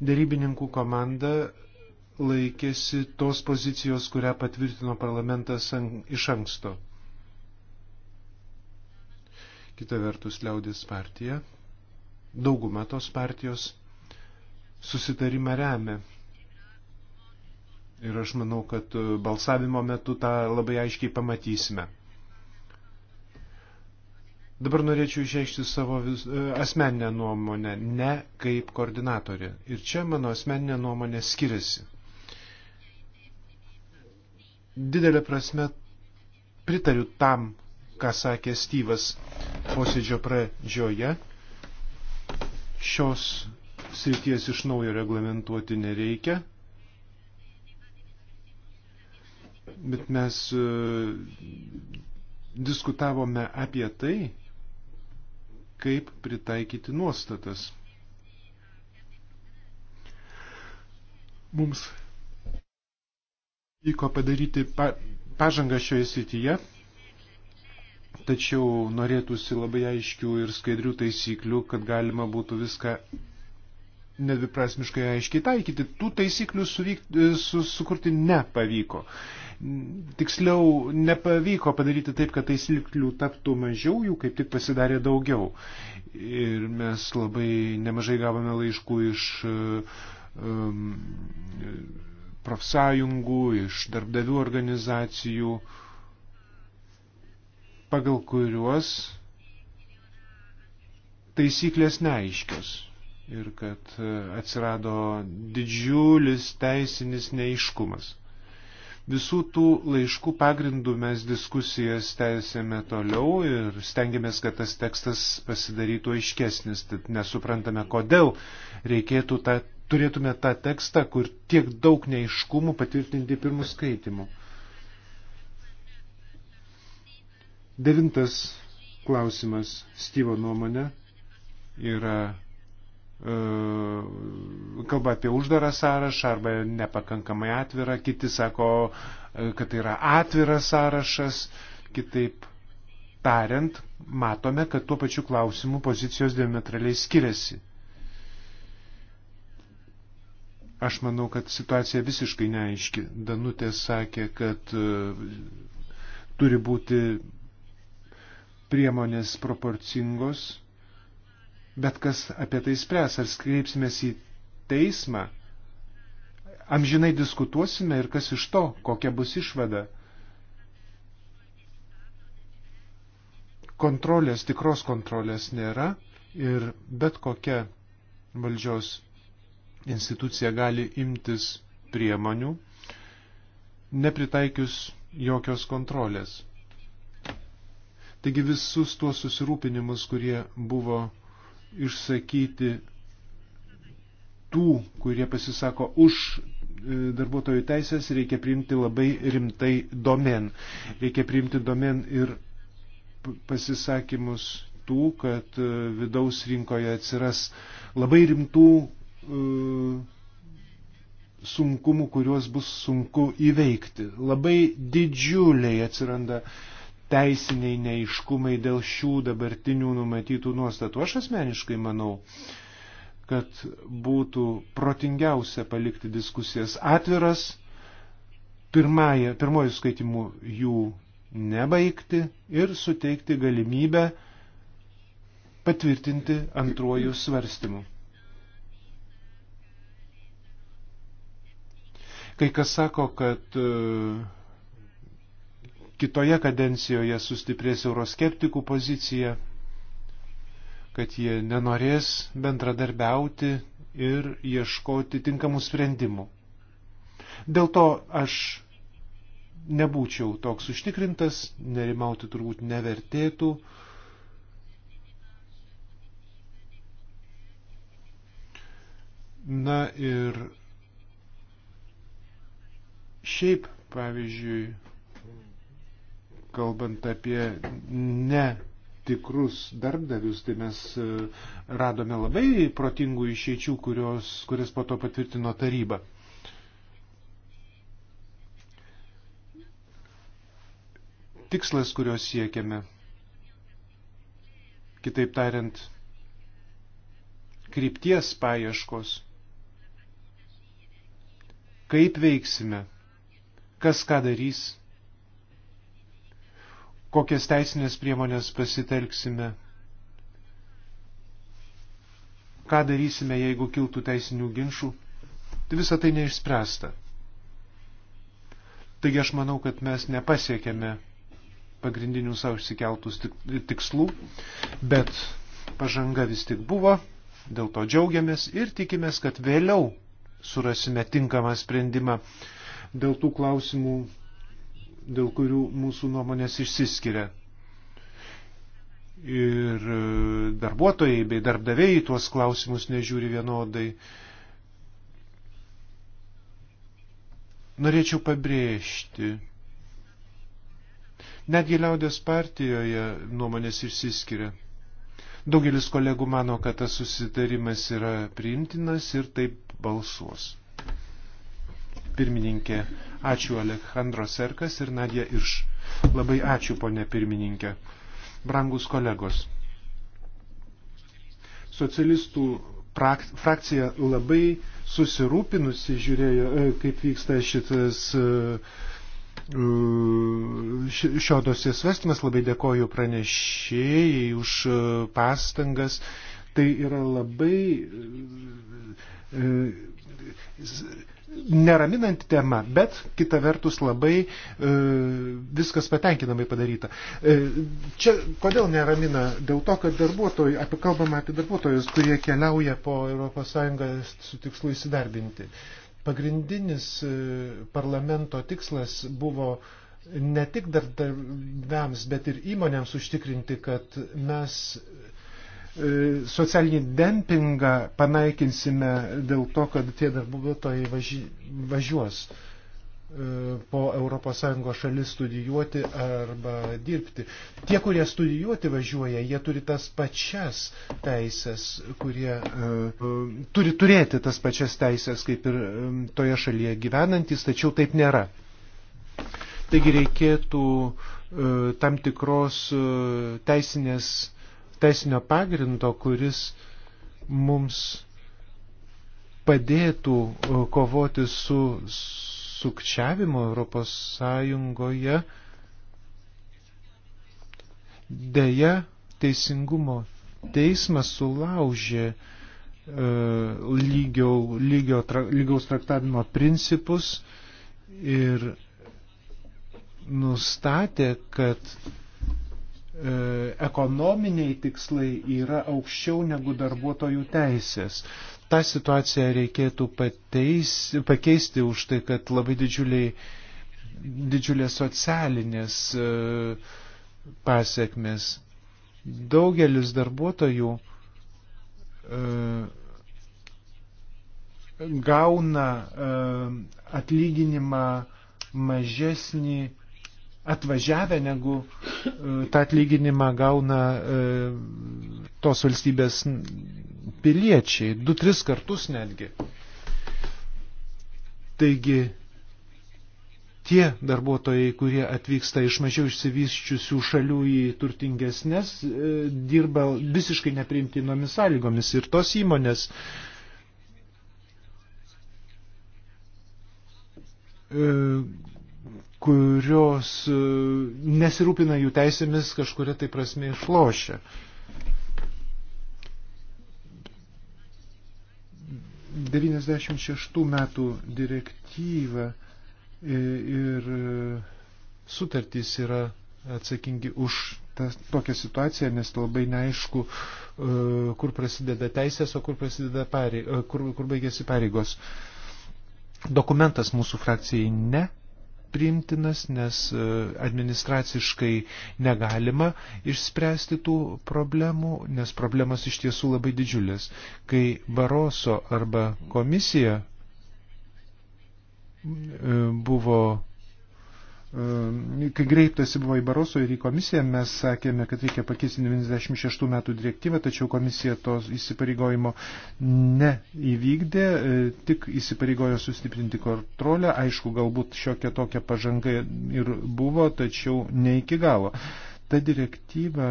dėrybininkų komanda laikėsi tos pozicijos, kurią patvirtino parlamentas iš anksto. Kita vertus, liaudės partija, dauguma tos partijos susitarimą remia Ir aš manau, kad e, balsavimo metu tą labai aiškiai pamatysime. Dabar norėčiau išreikšti savo vis, e, asmeninę nuomonę, ne kaip koordinatorė. Ir čia mano asmeninė nuomonė skiriasi. Didelė prasme pritariu tam, ką sakė Styvas posėdžio pradžioje. Šios srities iš naujo reglamentuoti nereikia, Bet mes e, diskutavome apie tai, kaip pritaikyti nuostatas. Mums vyko padaryti pa, pažangą šioje srityje, tačiau norėtųsi labai aiškių ir skaidrių taisyklių, kad galima būtų viską nedviprasmiškai aiškiai taikyti. Tų taisyklių suvykti, e, su, sukurti nepavyko. Tiksliau, nepavyko padaryti taip, kad taisyklių taptų mažiau, jų kaip tik pasidarė daugiau. Ir mes labai nemažai gavome laiškų iš um, profsąjungų, iš darbdavių organizacijų, pagal kuriuos taisyklės neaiškios ir kad e, atsirado didžiulis teisinis neiškumas. Visų tų laiškų pagrindų mes diskusijas tęsėme toliau ir stengiamės, kad tas tekstas pasidarytų aiškesnis, tad nesuprantame, kodėl reikėtų tą, turėtume tą tekstą, kur tiek daug neiškumų patvirtinti pirmų skaitimų. Devintas klausimas Styvo nuomonė yra E, kalba apie uždarą sąrašą arba nepakankamai atvirą, kiti sako, e, kad tai yra atviras sąrašas, kitaip tariant, matome, kad tuo pačiu klausimu pozicijos diametraliai skiriasi. Aš manau, kad situacija visiškai neaiški. Danutė sakė, kad e, turi būti priemonės proporcingos Bet kas apie tai spręs? Ar skreipsimės į teismą? Amžinai diskutuosime ir kas iš to, kokia bus išvada? Kontrolės, tikros kontrolės nėra ir bet kokia valdžios institucija gali imtis priemonių, nepritaikius jokios kontrolės. Taigi visus tuos susirūpinimus, kurie buvo išsakyti tų, kurie pasisako už e, darbuotojų teisės, reikia priimti labai rimtai domen. Reikia priimti domen ir pasisakymus tų, kad e, vidaus rinkoje atsiras labai rimtų e, sunkumų, kuriuos bus sunku įveikti. Labai didžiuliai atsiranda uh, teisiniai neiškumai dėl šių dabartinių numatytų nuostatų. Aš asmeniškai manau, kad būtų protingiausia palikti diskusijas atviras, pirmąją, pirmojų skaitimų jų nebaigti ir suteikti galimybę patvirtinti antrojų svarstymų. Kai kas sako, kad uh, kitoje kadencijoje sustiprės euroskeptikų pozicija, kad jie nenorės bendradarbiauti ir ieškoti tinkamų sprendimų. Dėl to aš nebūčiau toks užtikrintas, nerimauti turbūt nevertėtų. Na ir šiaip, pavyzdžiui, kalbant apie ne tikrus darbdavius, tai mes e, radome labai protingų išeičių, kurios, kurias po to patvirtino taryba. Tikslas, kurio siekiame, kitaip tariant, krypties paieškos, kaip veiksime, kas ką darys, kokias teisinės priemonės pasitelksime, ką darysime, jeigu kiltų teisinių ginčių. Tai visa tai neišspręsta. Taigi aš manau, kad mes nepasiekėme pagrindinių savo išsikeltus tikslų, bet pažanga vis tik buvo, dėl to džiaugiamės ir tikimės, kad vėliau surasime tinkamą sprendimą dėl tų klausimų, dėl kurių mūsų nuomonės išsiskiria. Ir e, darbuotojai bei darbdaviai tuos klausimus nežiūri vienodai. Norėčiau pabrėžti. Netgi liaudės partijoje nuomonės išsiskiria. Daugelis kolegų mano, kad tas susitarimas yra priimtinas ir taip balsuos. Pirmininkė, Ačiū Alejandro Serkas ir Nadja Irš. Labai ačiū, ponė pirmininkė. Brangus kolegos. Socialistų frakcija labai susirūpinusi žiūrėjo, e, kaip vyksta šitas e, šio dosies vestimas. Labai dėkoju pranešėjai už e, pastangas tai yra labai e, neraminanti tema, bet kita vertus labai e, viskas patenkinamai padaryta. E, čia kodėl neramina? Dėl to, kad darbuotojai, apie kalbama apie darbuotojus, kurie keliauja po ES su tikslu įsidarbinti. Pagrindinis e, parlamento tikslas buvo ne tik darbdaviams, bet ir įmonėms užtikrinti, kad mes E, socialinį dempingą panaikinsime dėl to, kad tie darbuotojai važi, važiuos e, po ES šalis studijuoti arba dirbti. Tie, kurie studijuoti važiuoja, jie turi tas pačias teisės, kurie uh, turi turėti tas pačias teisės, kaip ir um, toje šalyje gyvenantis, tačiau taip nėra. Taigi reikėtų uh, tam tikros uh, teisinės teisinio pagrindo, kuris mums padėtų kovoti su sukčiavimu Europos Sąjungoje. Deja, teisingumo teismas sulaužė e, lygio, lygio, tra, lygaus traktavimo principus ir nustatė, kad E, ekonominiai tikslai yra aukščiau negu darbuotojų teisės. Ta situacija reikėtų pateis, pakeisti už tai, kad labai didžiuliai, didžiulės socialinės e, pasiekmes. Daugelis darbuotojų e, gauna atlyginimą mažesnį atvažiavę, negu e, tą atlyginimą gauna e, tos valstybės piliečiai, du, tris kartus netgi. Taigi tie darbuotojai, kurie atvyksta iš mažiau išsivysčiusių šalių į turtingesnės, e, dirba visiškai nepriimtinomis sąlygomis ir tos įmonės kurios e, nesirūpina jų teisėmis kažkuria tai prasme išlošia. Devyniasdešimt šeštų metų direktyva e, ir e, sutartys yra atsakingi už tas, tokią situaciją, nes tai labai neaišku, kur prasideda teisės, o kur, prasideda parei, kur, kur baigėsi pareigos. Dokumentas mūsų frakcijai ne priimtinas, nes e, administraciškai negalima išspręsti tų problemų, nes problemas iš tiesų labai didžiulės. Kai Baroso arba komisija e, buvo Ehm, kai greiptasi buvo į Baroso ir į komisiją, mes sakėme, kad reikia pakeisti 96 metų direktyvą, tačiau komisija to įsipareigojimo neįvykdė, e, tik įsipareigojo sustiprinti kontrolę. Aišku, galbūt šiokia tokia pažanga ir buvo, tačiau ne iki galo. Ta direktyva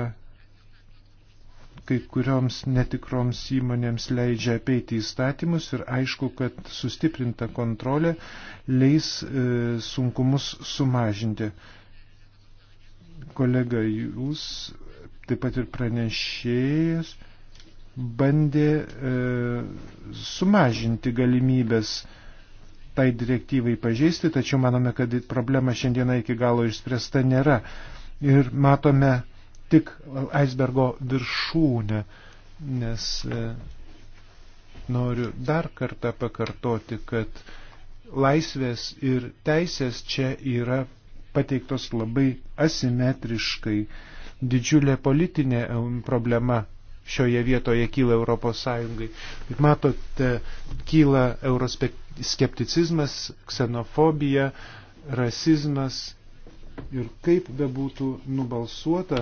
kai kurioms netikroms įmonėms leidžia apeiti įstatymus ir aišku, kad sustiprinta kontrolė leis e, sunkumus sumažinti. Kolega, jūs taip pat ir pranešėjas bandė e, sumažinti galimybės tai direktyvai pažeisti, tačiau manome, kad problema šiandieną iki galo išspręsta nėra. Ir matome, tik aisbergo viršūnę, nes e, noriu dar kartą pakartoti, kad laisvės ir teisės čia yra pateiktos labai asimetriškai. Didžiulė politinė e, problema šioje vietoje kyla Europos Sąjungai. Kaip matote, kyla euroskepticizmas, ksenofobija, rasizmas ir kaip bebūtų nubalsuota,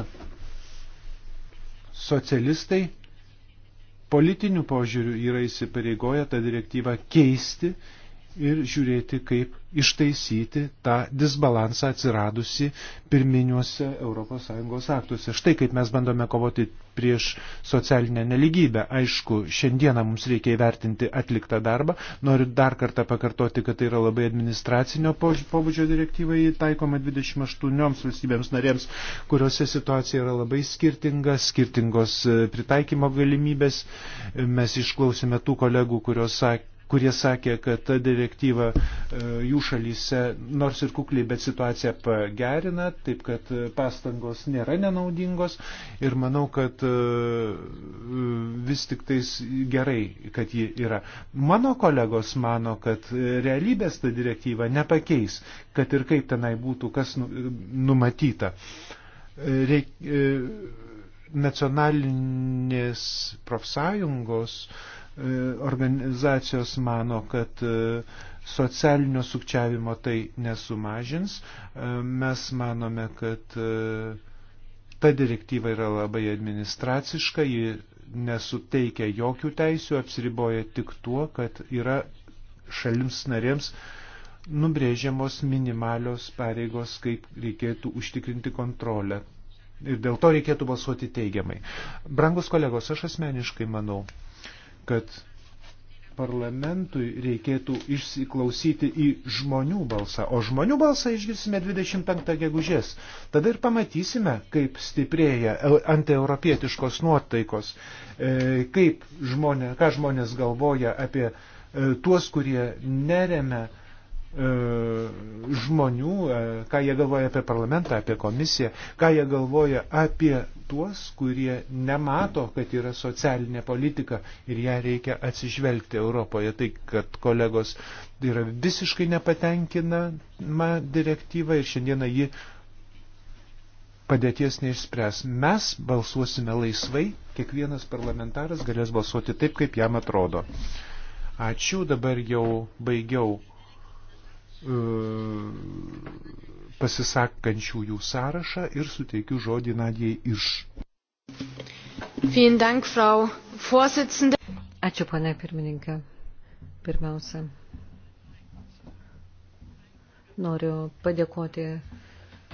socialistai politinių požiūrių yra įsipareigoję tą direktyvą keisti ir žiūrėti, kaip ištaisyti tą disbalansą atsiradusi pirminiuose ES aktuose. Štai kaip mes bandome kovoti prieš socialinę neligybę. Aišku, šiandieną mums reikia įvertinti atliktą darbą. Noriu dar kartą pakartoti, kad tai yra labai administracinio pobūdžio direktyvai taikoma 28 valstybėms narėms, kuriuose situacija yra labai skirtinga, skirtingos e, pritaikymo galimybės. Mes išklausėme tų kolegų, kurios sakė, kurie sakė, kad ta direktyva e, jų šalyse nors ir kukliai, bet situaciją pagerina, taip kad e, pastangos nėra nenaudingos ir manau, kad e, vis tik tais gerai, kad ji yra. Mano kolegos mano, kad realybės ta direktyva nepakeis, kad ir kaip tenai būtų, kas nu, numatyta. Reik, nacionalinės profsąjungos uh, E, organizacijos mano, kad e, socialinio sukčiavimo tai nesumažins. E, mes manome, kad ta direktyva yra labai administraciška, ji nesuteikia jokių teisių, apsiriboja tik tuo, kad yra šalims narėms nubrėžiamos minimalios pareigos, kaip reikėtų užtikrinti kontrolę. Ir dėl to reikėtų balsuoti teigiamai. Brangus kolegos, aš asmeniškai manau, kad parlamentui reikėtų išsiklausyti į žmonių balsą, o žmonių balsą išgirsime 25 gegužės. Tada ir pamatysime, kaip stiprėja antieuropietiškos nuotaikos, e, kaip žmonė, ką žmonės galvoja apie e, tuos, kurie neremia E, žmonių, e, ką jie galvoja apie parlamentą, apie komisiją, ką jie galvoja apie tuos, kurie nemato, kad yra socialinė politika ir ją reikia atsižvelgti Europoje. Tai, kad kolegos yra visiškai nepatenkinama direktyva ir šiandieną ji padėties neišspręs. Mes balsuosime laisvai, kiekvienas parlamentaras galės balsuoti taip, kaip jam atrodo. Ačiū, dabar jau baigiau E, pasisakančiųjų sąrašą ir suteikiu žodį Nadijai iš. Dank, Frau Ačiū, ponė pirmininkė. Pirmiausia, noriu padėkoti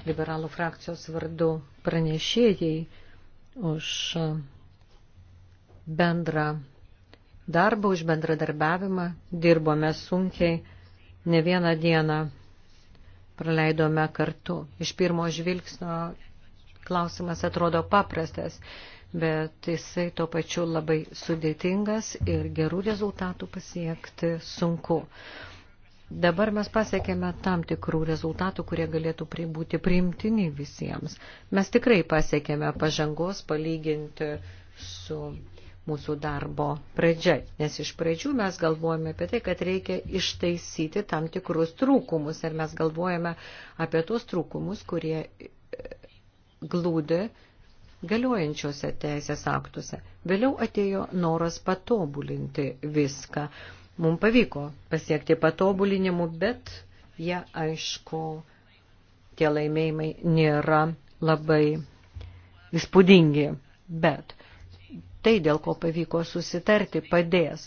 liberalų frakcijos vardu pranešėjai už bendrą darbą, už bendradarbiavimą. Dirbome sunkiai ne vieną dieną praleidome kartu. Iš pirmo žvilgsnio klausimas atrodo paprastas, bet jisai tuo pačiu labai sudėtingas ir gerų rezultatų pasiekti sunku. Dabar mes pasiekėme tam tikrų rezultatų, kurie galėtų būti priimtini visiems. Mes tikrai pasiekėme pažangos palyginti su mūsų darbo pradžia, nes iš pradžių mes galvojame apie tai, kad reikia ištaisyti tam tikrus trūkumus ir mes galvojame apie tuos trūkumus, kurie e, glūdi galiojančiuose teisės aktuose. Vėliau atėjo noras patobulinti viską. Mums pavyko pasiekti patobulinimų, bet jie aišku, tie laimėjimai nėra labai įspūdingi. Bet tai, dėl ko pavyko susitarti, padės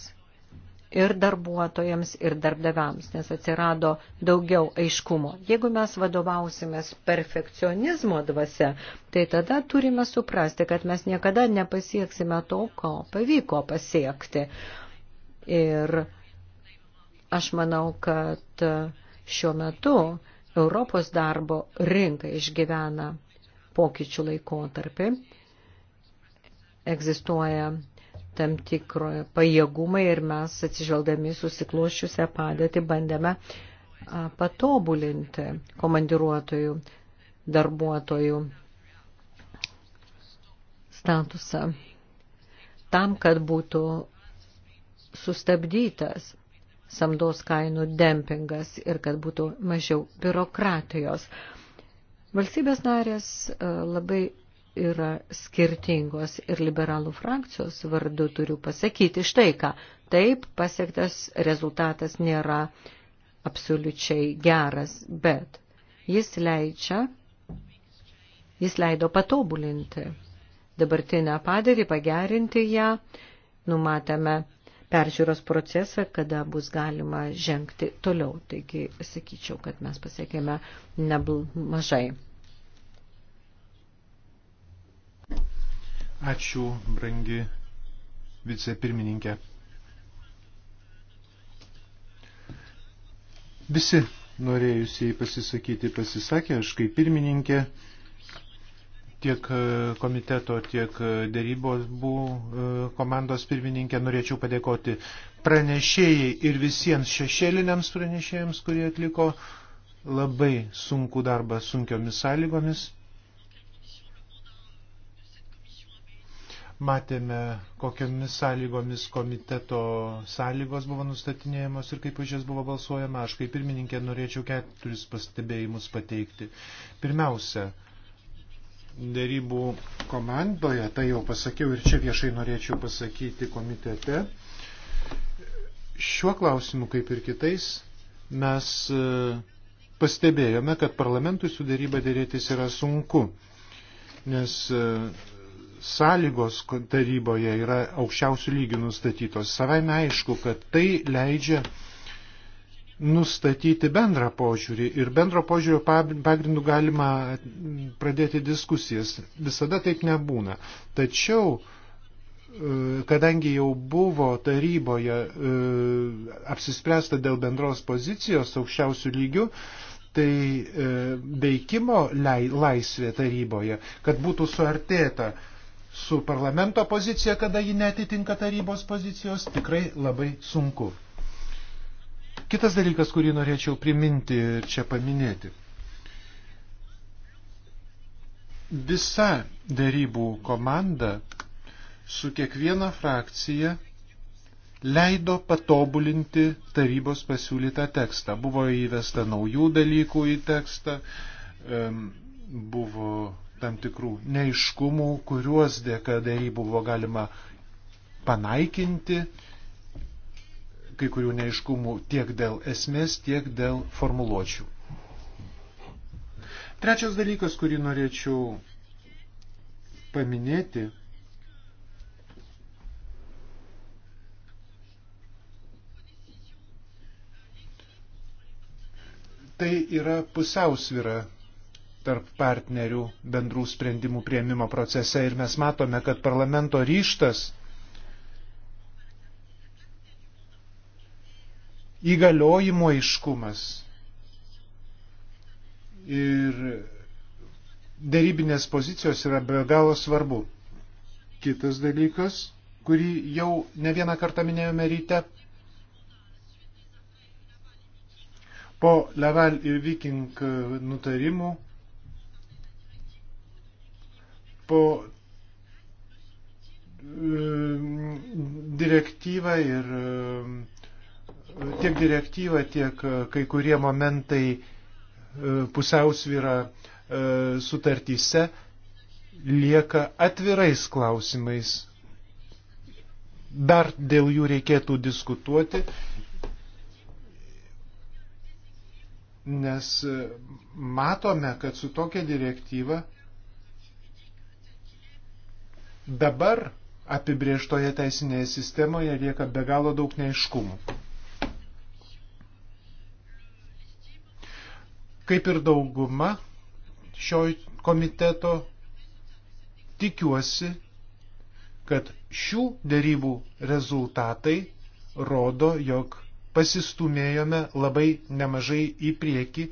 ir darbuotojams, ir darbdaviams, nes atsirado daugiau aiškumo. Jeigu mes vadovausimės perfekcionizmo dvasia, tai tada turime suprasti, kad mes niekada nepasieksime to, ko pavyko pasiekti. Ir aš manau, kad šiuo metu Europos darbo rinka išgyvena pokyčių laikotarpį egzistuoja tam tikro pajėgumai ir mes atsižvelgdami susiklošiusią padėtį bandėme patobulinti komandiruotojų darbuotojų statusą tam, kad būtų sustabdytas samdos kainų dempingas ir kad būtų mažiau biurokratijos. Valstybės narės labai yra skirtingos ir liberalų frakcijos vardu turiu pasakyti štai ką. Taip, pasiektas rezultatas nėra absoliučiai geras, bet jis leidžia, jis leido patobulinti dabartinę padėtį, pagerinti ją, numatėme peržiūros procesą, kada bus galima žengti toliau. Taigi, sakyčiau, kad mes pasiekėme nemažai. Ačiū, brangi vicepirmininkė. Visi norėjusiai pasisakyti pasisakė, aš kaip pirmininkė tiek e, komiteto, tiek e, dėrybos buvau e, komandos pirmininkė. Norėčiau padėkoti pranešėjai ir visiems šešėliniams pranešėjams, kurie atliko labai sunku darbą sunkiomis sąlygomis. Matėme, kokiamis sąlygomis komiteto sąlygos buvo nustatinėjamos ir kaip už jas buvo balsuojama. Aš kaip pirmininkė norėčiau keturis pastebėjimus pateikti. Pirmiausia, dėrybų komandoje, tai jau pasakiau ir čia viešai norėčiau pasakyti komitete, šiuo klausimu kaip ir kitais mes e, pastebėjome, kad parlamentui su dėryba dėrėtis yra sunku, nes e, sąlygos taryboje yra aukščiausių lygių nustatytos. Savaime aišku, kad tai leidžia nustatyti bendrą požiūrį ir bendro požiūrio pagrindų galima pradėti diskusijas. Visada taip nebūna. Tačiau, e, kadangi jau buvo taryboje e, apsispręsta dėl bendros pozicijos aukščiausių lygių, tai e, veikimo laisvė taryboje, kad būtų suartėta su parlamento pozicija, kada ji netitinka tarybos pozicijos, tikrai labai sunku. Kitas dalykas, kurį norėčiau priminti ir čia paminėti. Visa darybų komanda su kiekviena frakcija leido patobulinti tarybos pasiūlytą tekstą. Buvo įvesta naujų dalykų į tekstą, buvo tam tikrų neiškumų, kuriuos dėka dėrybų buvo galima panaikinti, kai kurių neiškumų tiek dėl esmės, tiek dėl formuluočių. Trečias dalykas, kurį norėčiau paminėti, tai yra pusiausvyra tarp partnerių bendrų sprendimų prieimimo procese ir mes matome, kad parlamento ryštas įgaliojimo aiškumas ir dėrybinės pozicijos yra be galo svarbu. Kitas dalykas, kurį jau ne vieną kartą minėjome ryte, po Leval ir Viking nutarimų po e, direktyva ir e, tiek direktyva, tiek e, kai kurie momentai pusiausvyra sutartyse lieka atvirais klausimais. Dar dėl jų reikėtų diskutuoti, nes matome, kad su tokia direktyva Dabar apibrieštoje teisinėje sistemoje lieka be galo daug neiškumų. Kaip ir dauguma šio komiteto, tikiuosi, kad šių dėrybų rezultatai rodo, jog pasistumėjome labai nemažai į priekį,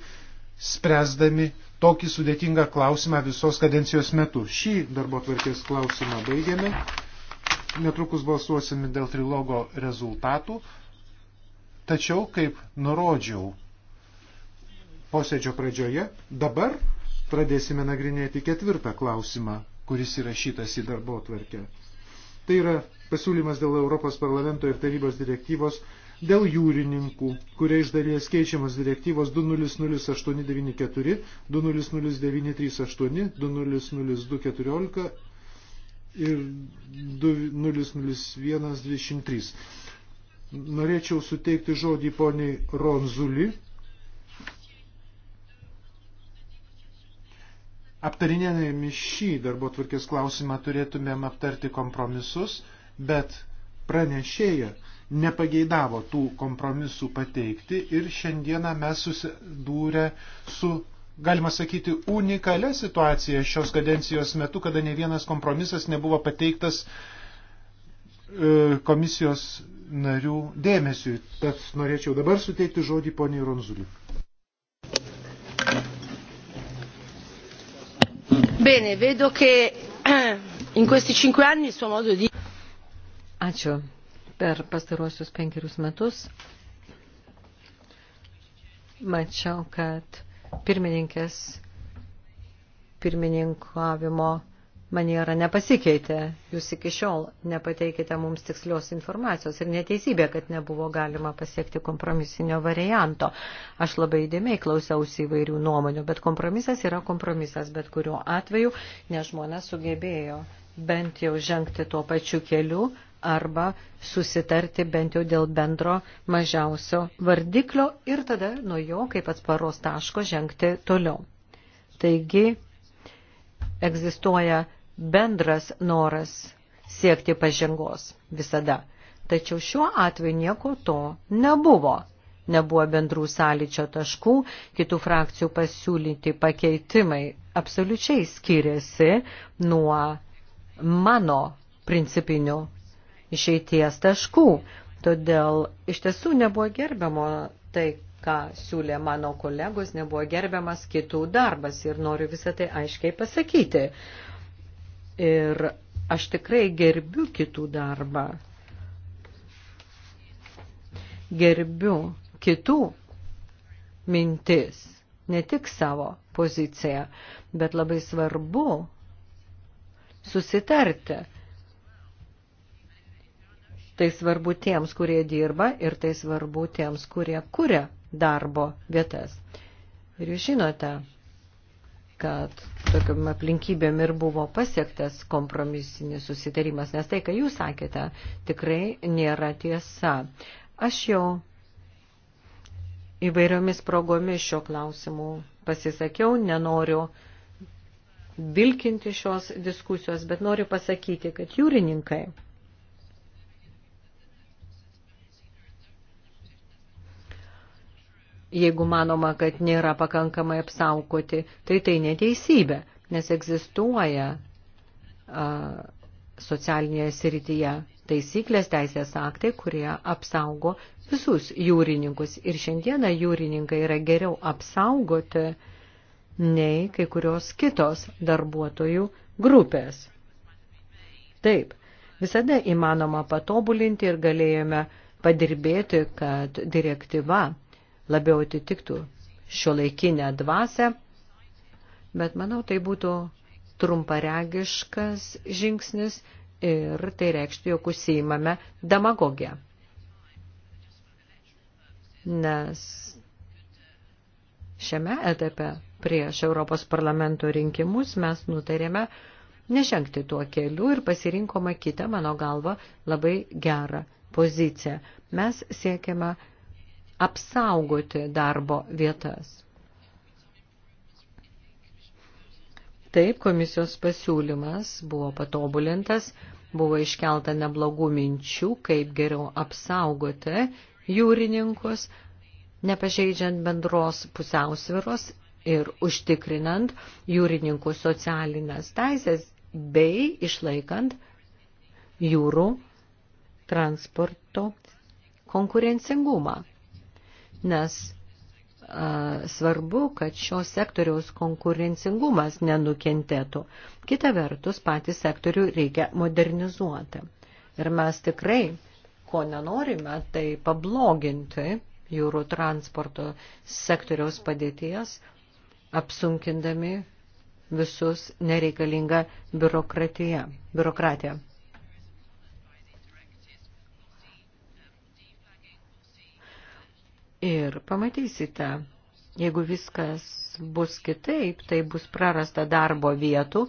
spręsdami tokį sudėtingą klausimą visos kadencijos metu. Šį darbo tvarkės klausimą baigiame. Netrukus balsuosime dėl trilogo rezultatų. Tačiau, kaip nurodžiau posėdžio pradžioje, dabar pradėsime nagrinėti ketvirtą klausimą, kuris įrašytas į darbo tvarkę. Tai yra pasiūlymas dėl Europos parlamento ir tarybos direktyvos dėl jūrininkų, kurie iš dalies keičiamas direktyvos 200894, 200938, 200214 ir 200123. Norėčiau suteikti žodį poniai Ronzuli. Aptarinėdami šį darbo tvarkės klausimą turėtumėm aptarti kompromisus, bet pranešėja nepageidavo tų kompromisų pateikti ir šiandieną mes susidūrę su, galima sakyti, unikalia situacija šios kadencijos metu, kada ne vienas kompromisas nebuvo pateiktas e, komisijos narių dėmesiui. Tad norėčiau dabar suteikti žodį poniai Ronzuliui. Bene, vedo che in questi cinque anni il suo modo di. Ačiū per pastaruosius penkerius metus mačiau, kad pirmininkės pirmininkavimo maniera nepasikeitė. Jūs iki šiol nepateikite mums tikslios informacijos ir neteisybė, kad nebuvo galima pasiekti kompromisinio varianto. Aš labai įdėmiai klausiausi įvairių nuomonių, bet kompromisas yra kompromisas, bet kuriuo atveju, nes žmonės sugebėjo bent jau žengti tuo pačiu keliu, arba susitarti bent jau dėl bendro mažiausio vardiklio ir tada nuo jo kaip atsparos taško žengti toliau. Taigi egzistuoja bendras noras siekti pažangos visada. Tačiau šiuo atveju nieko to nebuvo. Nebuvo bendrų sąlyčio taškų, kitų frakcijų pasiūlyti pakeitimai absoliučiai skiriasi nuo mano principinių išeities taškų. Todėl iš tiesų nebuvo gerbiamo tai, ką siūlė mano kolegos, nebuvo gerbiamas kitų darbas ir noriu visą tai aiškiai pasakyti. Ir aš tikrai gerbiu kitų darbą. Gerbiu kitų mintis, ne tik savo poziciją, bet labai svarbu susitarti Tai svarbu tiems, kurie dirba ir tai svarbu tiems, kurie kuria darbo vietas. Ir jūs žinote, kad tokiam aplinkybėm ir buvo pasiektas kompromisinis susitarimas, nes tai, ką jūs sakėte, tikrai nėra tiesa. Aš jau įvairiomis progomis šio klausimu pasisakiau, nenoriu vilkinti šios diskusijos, bet noriu pasakyti, kad jūrininkai jeigu manoma, kad nėra pakankamai apsaukoti, tai tai neteisybė, nes egzistuoja a, socialinėje srityje taisyklės teisės aktai, kurie apsaugo visus jūrininkus. Ir šiandieną jūrininkai yra geriau apsaugoti nei kai kurios kitos darbuotojų grupės. Taip, visada įmanoma patobulinti ir galėjome padirbėti, kad direktyva labiau atitiktų šio laikinę dvasę, bet manau, tai būtų trumparegiškas žingsnis ir tai reikštų, jog užsiimame demagogiją. Nes šiame etape prieš Europos parlamento rinkimus mes nutarėme nežengti tuo keliu ir pasirinkome kitą, mano galva, labai gerą poziciją. Mes siekiame apsaugoti darbo vietas. Taip, komisijos pasiūlymas buvo patobulintas, buvo iškelta neblogų minčių, kaip geriau apsaugoti jūrininkus, nepažeidžiant bendros pusiausviros ir užtikrinant jūrininkų socialinės teisės bei išlaikant jūrų transporto konkurencingumą nes a, svarbu, kad šio sektoriaus konkurencingumas nenukentėtų. Kita vertus, patį sektorių reikia modernizuoti. Ir mes tikrai, ko nenorime, tai pabloginti jūrų transporto sektoriaus padėties, apsunkindami visus nereikalingą biurokratiją. biurokratiją. Ir pamatysite, jeigu viskas bus kitaip, tai bus prarasta darbo vietų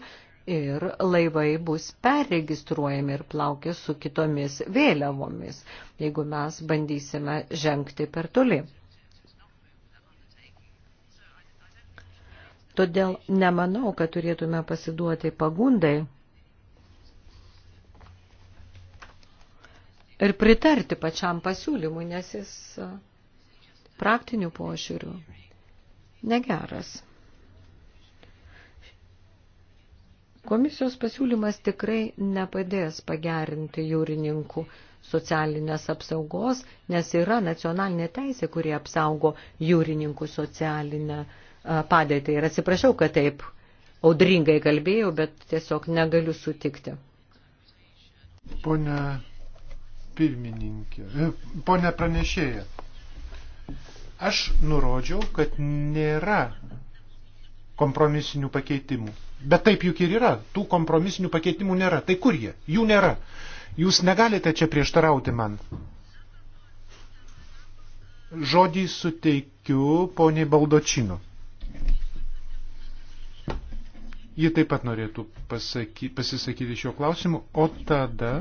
ir laivai bus perregistruojami ir plaukės su kitomis vėliavomis, jeigu mes bandysime žengti per toli. Todėl nemanau, kad turėtume pasiduoti pagundai ir pritarti pačiam pasiūlymui, nes jis praktinių požiūrių negeras. Komisijos pasiūlymas tikrai nepadės pagerinti jūrininkų socialinės apsaugos, nes yra nacionalinė teisė, kurie apsaugo jūrininkų socialinę padėtį. Ir atsiprašau, kad taip audringai kalbėjau, bet tiesiog negaliu sutikti. Pone pirmininkė, e, pone pranešėja. Aš nurodžiau, kad nėra kompromisinių pakeitimų. Bet taip juk ir yra. Tų kompromisinių pakeitimų nėra. Tai kur jie? Jų nėra. Jūs negalite čia prieštarauti man. Žodį suteikiu poniai Baldočino. Ji taip pat norėtų pasaky, pasisakyti šio klausimu, o tada.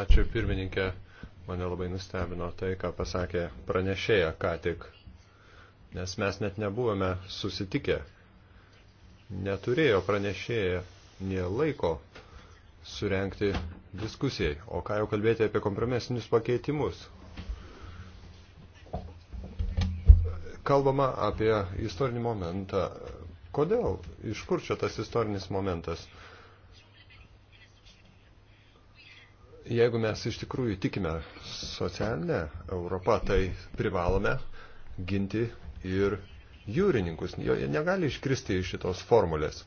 Ačiū pirmininkė. Mane labai nustebino tai, ką pasakė pranešėja ką tik, nes mes net nebuvome susitikę. Neturėjo pranešėja nie laiko surenkti diskusijai, o ką jau kalbėti apie kompromisinius pakeitimus. Kalbama apie istorinį momentą. Kodėl? Iš kur čia tas istorinis momentas? Jeigu mes iš tikrųjų tikime socialinę Europą, tai privalome ginti ir jūrininkus. Jo negali iškristi iš šitos formulės.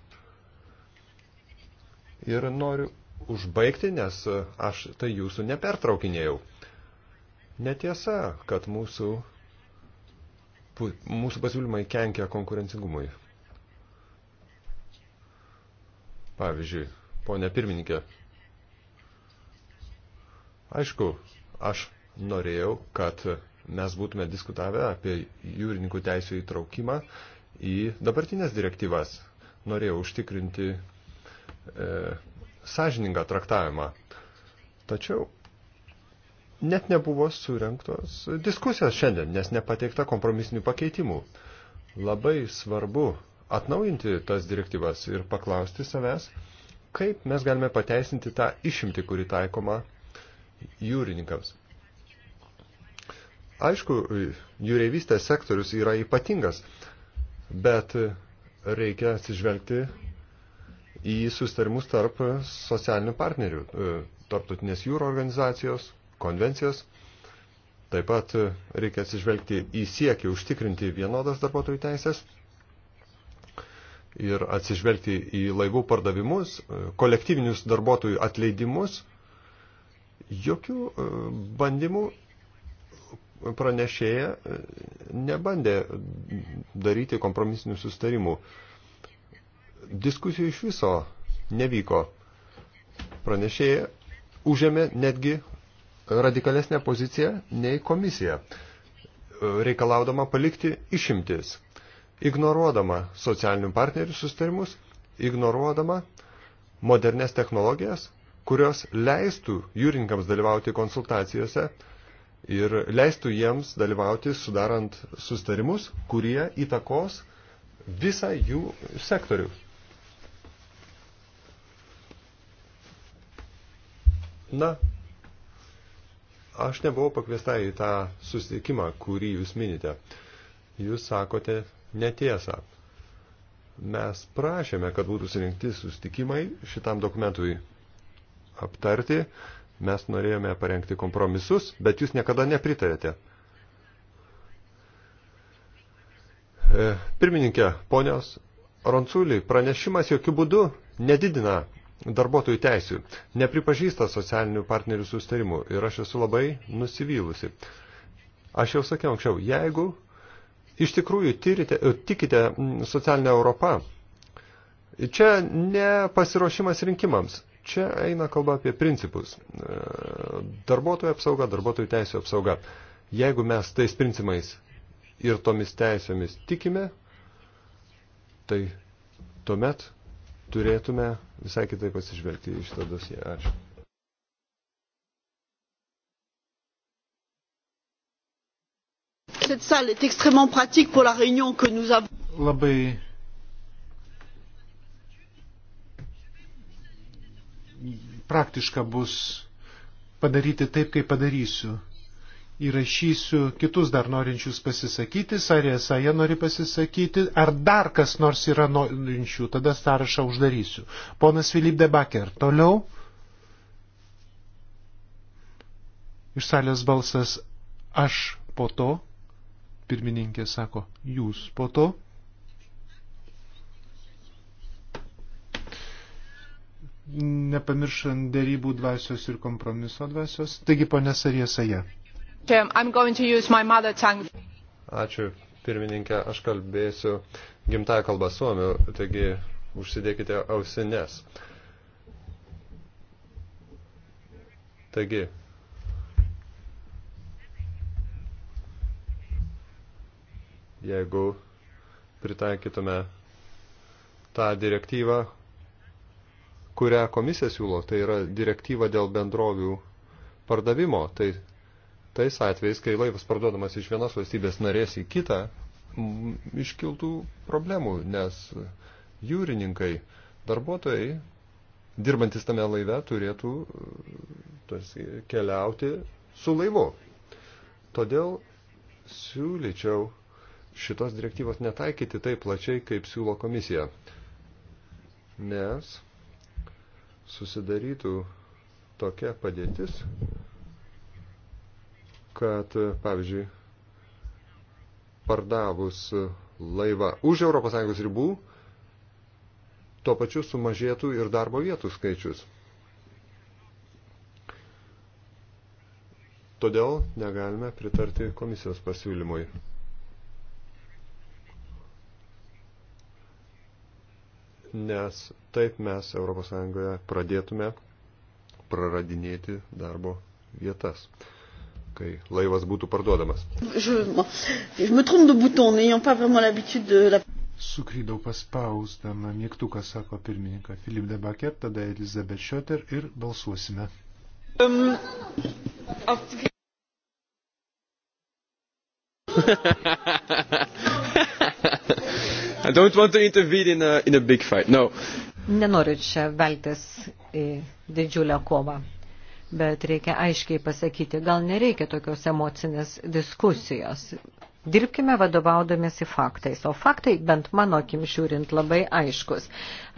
Ir noriu užbaigti, nes aš tai jūsų nepertraukinėjau. Netiesa, kad mūsų, mūsų pasiūlymai kenkia konkurencingumui. Pavyzdžiui, ponė pirmininkė, Aišku, aš norėjau, kad mes būtume diskutavę apie jūrininkų teisų įtraukimą į dabartinės direktyvas. Norėjau užtikrinti e, sąžiningą traktavimą. Tačiau net nebuvo surinktos diskusijos šiandien, nes nepateikta kompromisinių pakeitimų. Labai svarbu atnaujinti tas direktyvas ir paklausti savęs, kaip mes galime pateisinti tą išimtį, kuri taikoma jūrininkams. Aišku, jūreivystės sektorius yra ypatingas, bet reikia atsižvelgti į sustarimus tarp socialinių partnerių, e, tarptautinės jūro organizacijos, konvencijos. Taip pat e, reikia atsižvelgti į siekį užtikrinti vienodas darbuotojų teisės ir atsižvelgti į laivų pardavimus, e, kolektyvinius darbuotojų atleidimus Jokių e, bandymų pranešėja e, nebandė daryti kompromisinių sustarimų. Diskusijų iš viso nevyko. Pranešėja užėmė netgi radikalesnę poziciją nei komisija, e, reikalaudama palikti išimtis, ignoruodama socialinių partnerių sustarimus, ignoruodama modernės technologijas, kurios leistų jūrininkams dalyvauti konsultacijose ir leistų jiems dalyvauti sudarant sustarimus, kurie įtakos visą jų sektorių. Na, aš nebuvau pakviesta į tą susitikimą, kurį jūs minite. Jūs sakote netiesą. Mes prašėme, kad būtų surinkti susitikimai šitam dokumentui aptarti. Mes norėjome parengti kompromisus, bet jūs niekada nepritarėte. E, pirmininkė, ponios Ronculį, pranešimas jokių būdų nedidina darbuotojų teisių, nepripažįsta socialinių partnerių sustarimų ir aš esu labai nusivylusi. Aš jau sakiau anksčiau, jeigu iš tikrųjų tyrite, e, tikite socialinę Europą, čia ne pasiruošimas rinkimams, Čia eina kalba apie principus. E, darbuotojų apsauga, darbuotojų teisų apsauga. Jeigu mes tais principais ir tomis teisėmis tikime, tai tuomet turėtume visai kitaip pasižvelgti iš šitą dosiją. Ačiū. Cette salle est extrêmement pratique pour la réunion que nous avons. Labai praktiška bus padaryti taip, kaip padarysiu. Įrašysiu kitus dar norinčius pasisakyti, ar esą jie nori pasisakyti, ar dar kas nors yra norinčių, tada sąrašą uždarysiu. Ponas Filip Debaker, toliau. Iš salės balsas aš po to, pirmininkė sako, jūs po to. nepamiršant dėrybų dvasios ir kompromiso dvasios. Taigi, ponė Sariesaja. Ačiū, pirmininkė, aš kalbėsiu gimtąją kalbą suomių, taigi užsidėkite ausines. Taigi, jeigu pritaikytume tą direktyvą, kurią komisija siūlo, tai yra direktyva dėl bendrovių pardavimo. Tai tais atvejais, kai laivas parduodamas iš vienos valstybės narės į kitą, iškiltų problemų, nes jūrininkai, darbuotojai, dirbantis tame laive, turėtų e, tas, keliauti su laivu. Todėl siūlyčiau šitos direktyvos netaikyti taip plačiai, kaip siūlo komisija. Nes susidarytų tokia padėtis, kad, pavyzdžiui, pardavus laivą už ES ribų, tuo pačiu sumažėtų ir darbo vietų skaičius. Todėl negalime pritarti komisijos pasiūlymui. nes taip mes ES pradėtume praradinėti darbo vietas kai laivas būtų parduodamas. Sukrydau paspausdama mygtuką, sako pirmininką Filip de Baket, tada Elizabeth Schotter ir balsuosime. Um, [LAUGHS] I don't want to intervene in a, in a big fight. No. Nenoriu čia veltis į didžiulę kovą, bet reikia aiškiai pasakyti, gal nereikia tokios emocinės diskusijos. Dirbkime vadovaudomėsi faktais, o faktai bent mano akim žiūrint labai aiškus.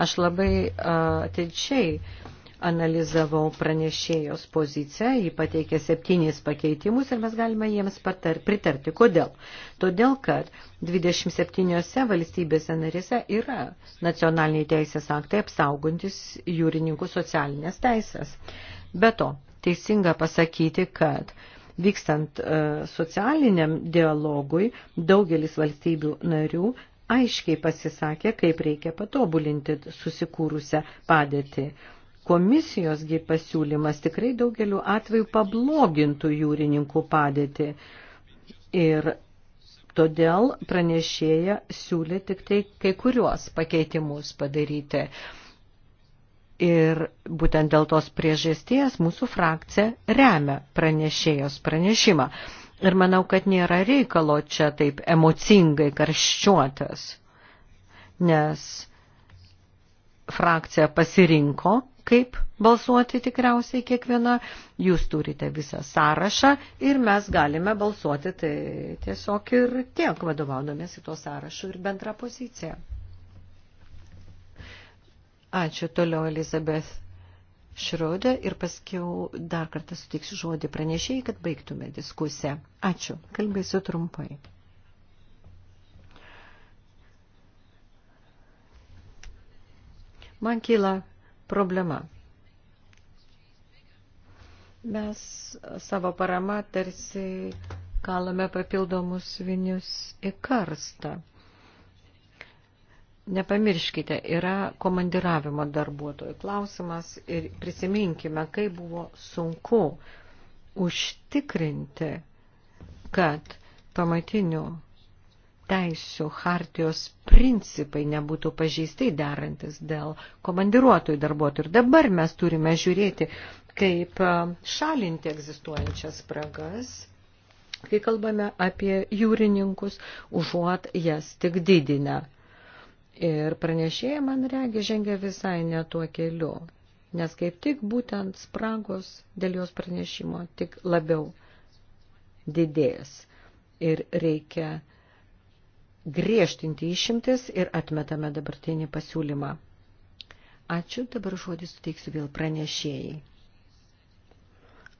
Aš labai atidžiai uh, analizavau pranešėjos poziciją, jį pateikė septynis pakeitimus ir mes galime jiems patar, pritarti. Kodėl? Todėl, kad 27 valstybėse narėse yra nacionaliniai teisės aktai apsaugantis jūrininkų socialinės teisės. Be to, teisinga pasakyti, kad Vykstant e, socialiniam dialogui, daugelis valstybių narių aiškiai pasisakė, kaip reikia patobulinti susikūrusią padėtį. Komisijosgi pasiūlymas tikrai daugeliu atveju pablogintų jūrininkų padėtį. Ir todėl pranešėja siūlė tik tai kai kuriuos pakeitimus padaryti. Ir būtent dėl tos priežasties mūsų frakcija remia pranešėjos pranešimą. Ir manau, kad nėra reikalo čia taip emocingai karščiuotas, nes frakcija pasirinko kaip balsuoti tikriausiai kiekviena. Jūs turite visą sąrašą ir mes galime balsuoti tai tiesiog ir tiek vadovaudomės į to sąrašų ir bendrą poziciją. Ačiū toliau, Elizabeth Šrodė ir paskiau dar kartą sutiksiu žodį pranešėjai, kad baigtume diskusiją. Ačiū, kalbėsiu trumpai. Man kyla problema. Mes savo parama tarsi kalame papildomus vinius į karstą. Nepamirškite, yra komandiravimo darbuotojų klausimas ir prisiminkime, kaip buvo sunku užtikrinti, kad pamatinių teisų hartijos principai nebūtų pažeistai darantis dėl komandiruotojų darbuotojų. Ir dabar mes turime žiūrėti, kaip e, šalinti egzistuojančias spragas, kai kalbame apie jūrininkus, užuot jas tik didinę. Ir pranešėjai, man regi, žengia visai ne tuo keliu, nes kaip tik būtent spragos dėl jos pranešimo tik labiau didės. Ir reikia griežtinti išimtis ir atmetame dabartinį pasiūlymą. Ačiū, dabar žodį suteiksiu vėl pranešėjai.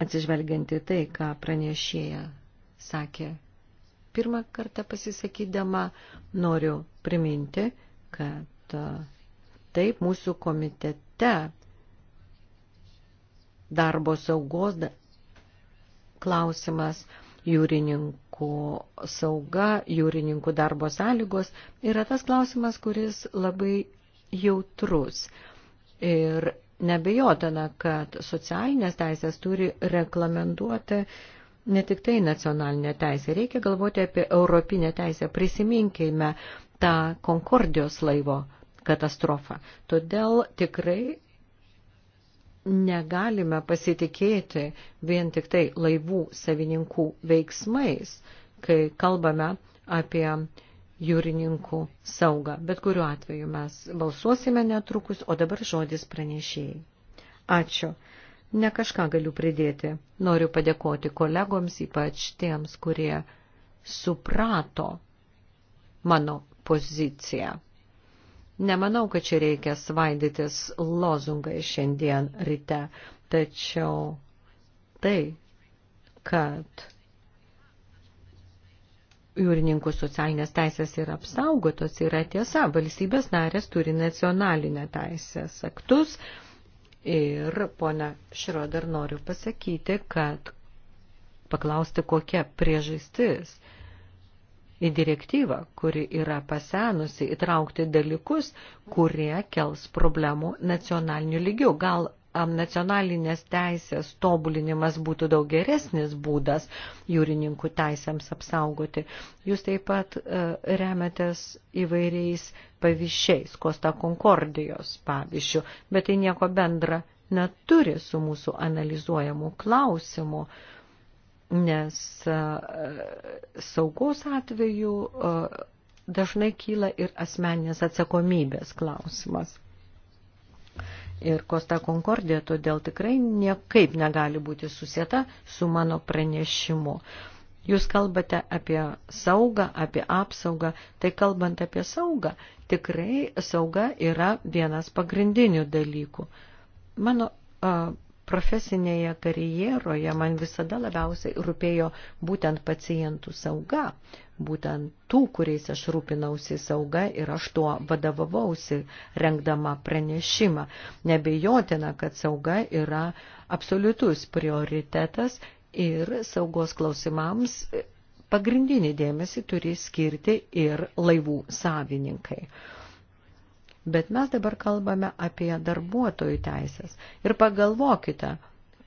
Atsižvelgianti tai, ką pranešėja sakė pirmą kartą pasisakydama, noriu priminti, kad taip mūsų komitete darbo saugos klausimas jūrininkų jūrininkų sauga, jūrininkų darbo sąlygos yra tas klausimas, kuris labai jautrus. Ir nebejotina, kad socialinės teisės turi reglamentuoti ne tik tai nacionalinė teisė, reikia galvoti apie europinę teisę. Prisiminkime tą Konkordijos laivo katastrofą. Todėl tikrai negalime pasitikėti vien tik tai laivų savininkų veiksmais, kai kalbame apie jūrininkų saugą. Bet kuriuo atveju mes balsuosime netrukus, o dabar žodis pranešėjai. Ačiū. Ne kažką galiu pridėti. Noriu padėkoti kolegoms, ypač tiems, kurie suprato mano poziciją. Nemanau, kad čia reikia svaidytis lozungai šiandien ryte, tačiau tai, kad jūrininkų socialinės teisės yra apsaugotos, yra tiesa. Valstybės narės turi nacionalinę teisės aktus. Ir, pona Šroder, noriu pasakyti, kad paklausti, kokia priežastis į direktyvą, kuri yra pasenusi, įtraukti dalykus, kurie kels problemų nacionaliniu lygiu. Gal nacionalinės teisės tobulinimas būtų daug geresnis būdas jūrininkų teisėms apsaugoti. Jūs taip pat e, remiatės įvairiais pavyzdžiais, Kosta Konkordijos pavyzdžių, bet tai nieko bendra neturi su mūsų analizuojamu klausimu. Uh, nes e, saugos atveju dažnai kyla ir asmeninės atsakomybės klausimas. Ir Kosta Konkordija todėl tikrai niekaip negali būti susieta su mano pranešimu. Jūs kalbate apie saugą, apie apsaugą, tai kalbant apie saugą, tikrai sauga yra vienas pagrindinių dalykų. Mano uh, profesinėje karjeroje man visada labiausiai rūpėjo būtent pacientų sauga, būtent tų, kuriais aš rūpinausi sauga ir aš tuo vadovavausi, rengdama pranešimą. Nebejotina, kad sauga yra absoliutus prioritetas ir saugos klausimams pagrindinį dėmesį turi skirti ir laivų savininkai. Bet mes dabar kalbame apie darbuotojų teisės. Ir pagalvokite,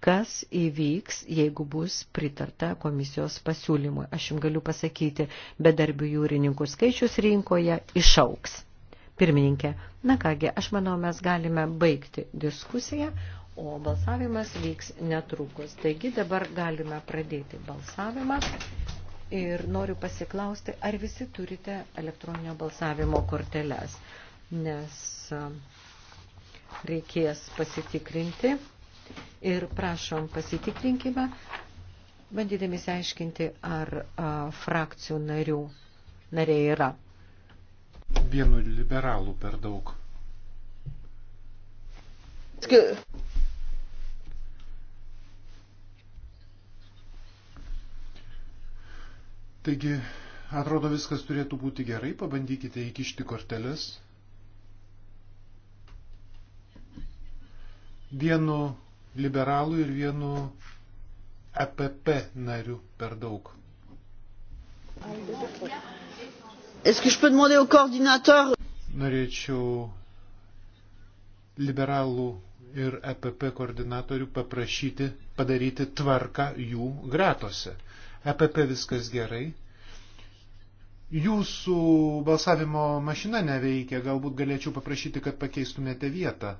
kas įvyks, jeigu bus pritarta komisijos pasiūlymui. Aš jums galiu pasakyti, bedarbių jūrininkų skaičius rinkoje išauks. Pirmininkė, na kągi, aš manau, mes galime baigti diskusiją, o balsavimas vyks netrukus. Taigi dabar galime pradėti balsavimą ir noriu pasiklausti, ar visi turite elektroninio balsavimo korteles nes reikės pasitikrinti. Ir prašom pasitikrinkime, bandydami įsiaiškinti, ar a, frakcijų narių nariai yra. Vienu liberalų per daug. Taigi, atrodo viskas turėtų būti gerai, pabandykite įkišti korteles. vienu liberalu ir vienu EPP nariu per daug. Norėčiau liberalų ir EPP koordinatorių paprašyti padaryti tvarką jų gretose. EPP viskas gerai. Jūsų balsavimo mašina neveikia, galbūt galėčiau paprašyti, kad pakeistumėte vietą.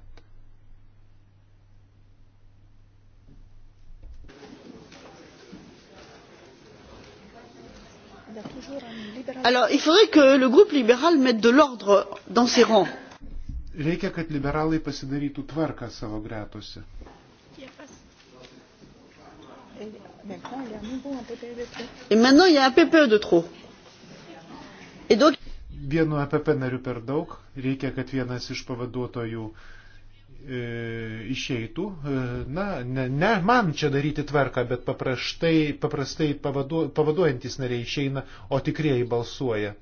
Alors, il faudrait que le groupe libéral mette de l'ordre dans ses rangs. Reikia, kad liberalai pasidarytų tvarką savo gretose. Et maintenant, il y a un PPE de trop. Et donc... Vienu EPP nariu per daug, reikia, kad vienas iš pavaduotojų uh, E, išeitų. E, na, ne, ne man čia daryti tvarką, bet paprastai, paprastai pavaduo, pavaduojantis nariai išeina, o tikrieji balsuoja.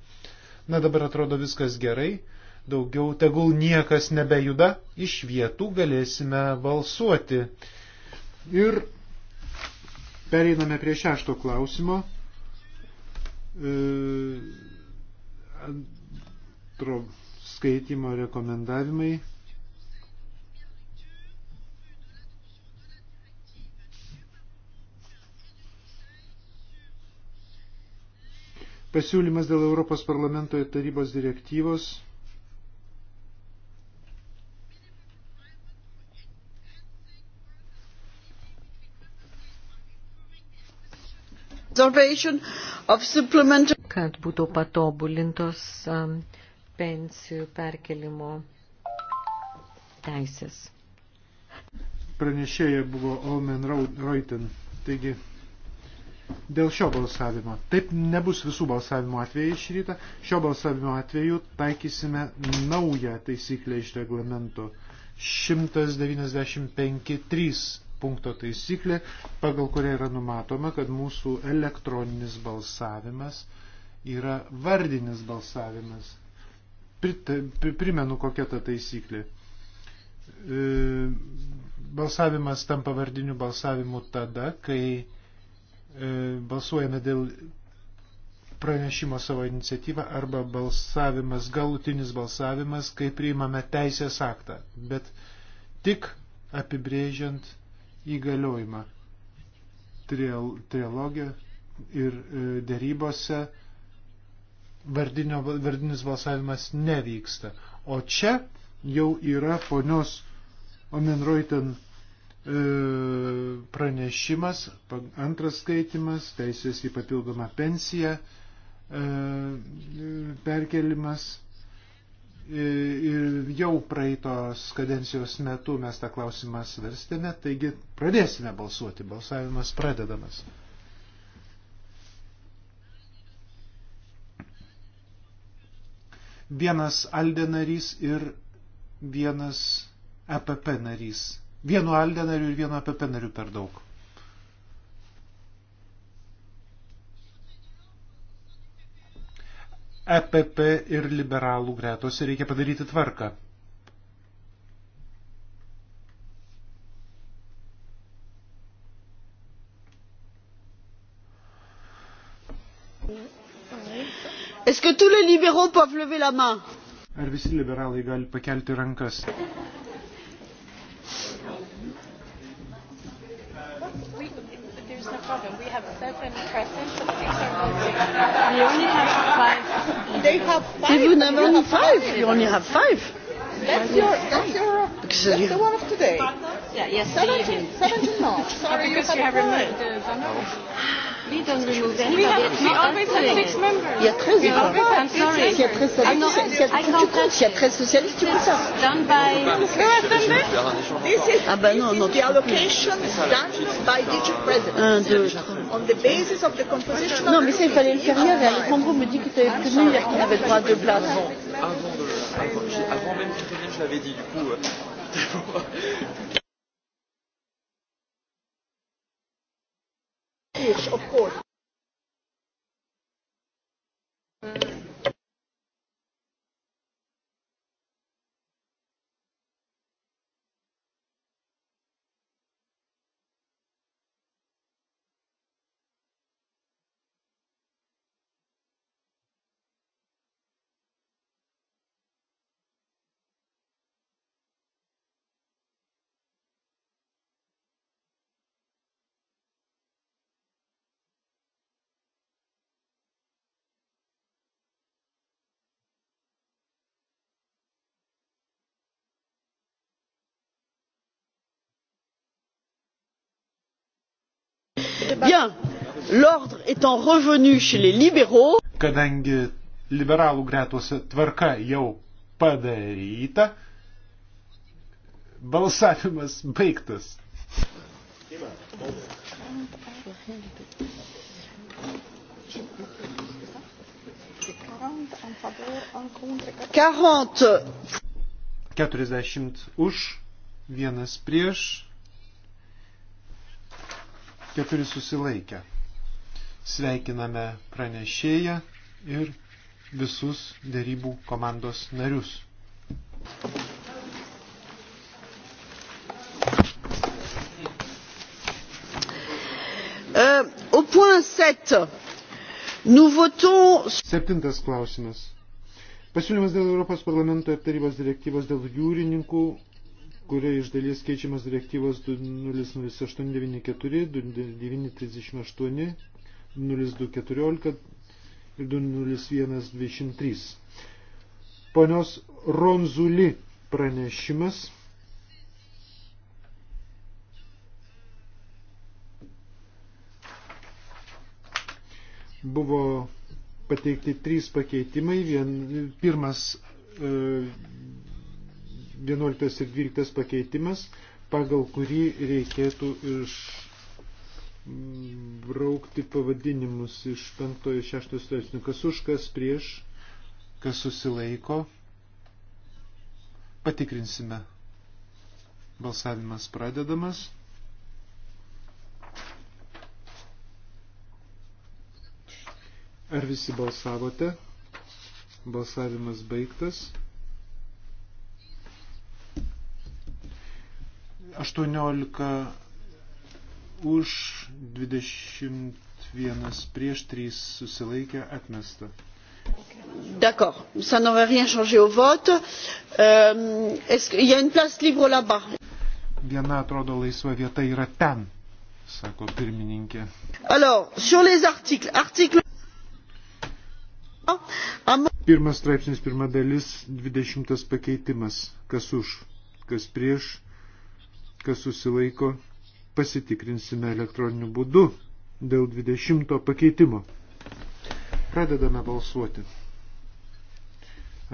Na dabar atrodo viskas gerai, daugiau tegul niekas nebejuda, iš vietų galėsime balsuoti. Ir pereiname prie šešto klausimo. E, antro skaitimo rekomendavimai Pasiūlymas dėl Europos parlamento ir tarybos direktyvos. Kad būtų patobulintos um, pensijų perkelimo teisės. Pranešėja buvo Olmen Reuten. Taigi dėl šio balsavimo. Taip nebus visų balsavimo atvejai iš ryto. Šio balsavimo atveju taikysime naują taisyklę iš reglamento 195.3 punkto taisyklė, pagal kurią yra numatoma, kad mūsų elektroninis balsavimas yra vardinis balsavimas. Primenu, kokia ta taisyklė e, balsavimas tampa vardiniu balsavimu tada, kai E, balsuojame dėl pranešimo savo iniciatyvą arba balsavimas, galutinis balsavimas, kai priimame teisės aktą, bet tik apibrėžiant įgaliojimą trialogiją ir e, dėrybose vardinio, vardinis balsavimas nevyksta. O čia jau yra ponios Omenroiten E, pranešimas, antras skaitimas, teisės į papildomą pensiją, e, perkelimas. E, ir jau praeitos kadencijos metu mes tą klausimą svarstėme, taigi pradėsime balsuoti. Balsavimas pradedamas. Vienas Aldė narys ir vienas EPP narys Vienu Alde nariu ir vienu APP nariu per daug. EPP ir liberalų gretose reikia padaryti tvarką. Est-ce que tous les libéraux peuvent lever la main? Ar visi liberalai gali pakelti rankas? problem. We have seven present, but six are voting. We only have five. They have five. If you, you have only five. five. You only have five. That's your, that's your, uh, that's the one of today. Yeah, yes, 17, 17 March. Sorry, because you have removed the We don't remove anybody. We, have, we always have six members. Il y a 13 membres. I'm sorry. S'il y a 13 socialistes, tu comptes. S'il y a 13 socialistes, tu comptes ça. Done by... This is, ah ben non, non, the allocation done by DG President. Un, ah, deux, trois. On the basis of the composition Non, mais ça, il fallait le faire hier. Et Alec Mangro me dit que tu avais prévenu hier qu'il avait droit à deux places. Avant de avant, avant même que je l'avais dit, du coup. Euh, Yes, of course. Eh bien, l'ordre étant revenu chez les libéraux. Kadangi liberalų gretose tvarka jau padaryta, balsavimas baigtas. Quarante. Keturiasdešimt už, vienas prieš, keturi susilaikę. Sveikiname pranešėją ir visus dėrybų komandos narius. Uh, au point 7, nous votons. Septintas klausimas. Pasiūlymas dėl Europos parlamento ir tarybos direktyvos dėl jūrininkų kuria iš dalies keičiamas direktyvos 200894, 2938, 0214 ir 20123. Ponios Ronzuli pranešimas. Buvo pateikti trys pakeitimai. Vien, pirmas e, 11 ir 12 pakeitimas, pagal kurį reikėtų išbraukti mm, pavadinimus iš 5 ir 6 straipsnių. Kas už, kas prieš, kas susilaiko. Patikrinsime. Balsavimas pradedamas. Ar visi balsavote? Balsavimas baigtas. 18 už 21 prieš 3 susilaikė atmesta. D'accord, ça n'aurait rien changé au vote. Euh, Est-ce qu'il y a une place libre là-bas Viena atrodo laisva vieta yra ten, sako pirmininkė. Alors, sur les articles, article... Pirmas straipsnis, pirma dalis, dvidešimtas pakeitimas. Kas už, kas prieš, kas susilaiko, pasitikrinsime elektroniniu būdu dėl 20 pakeitimo. Pradedame balsuoti.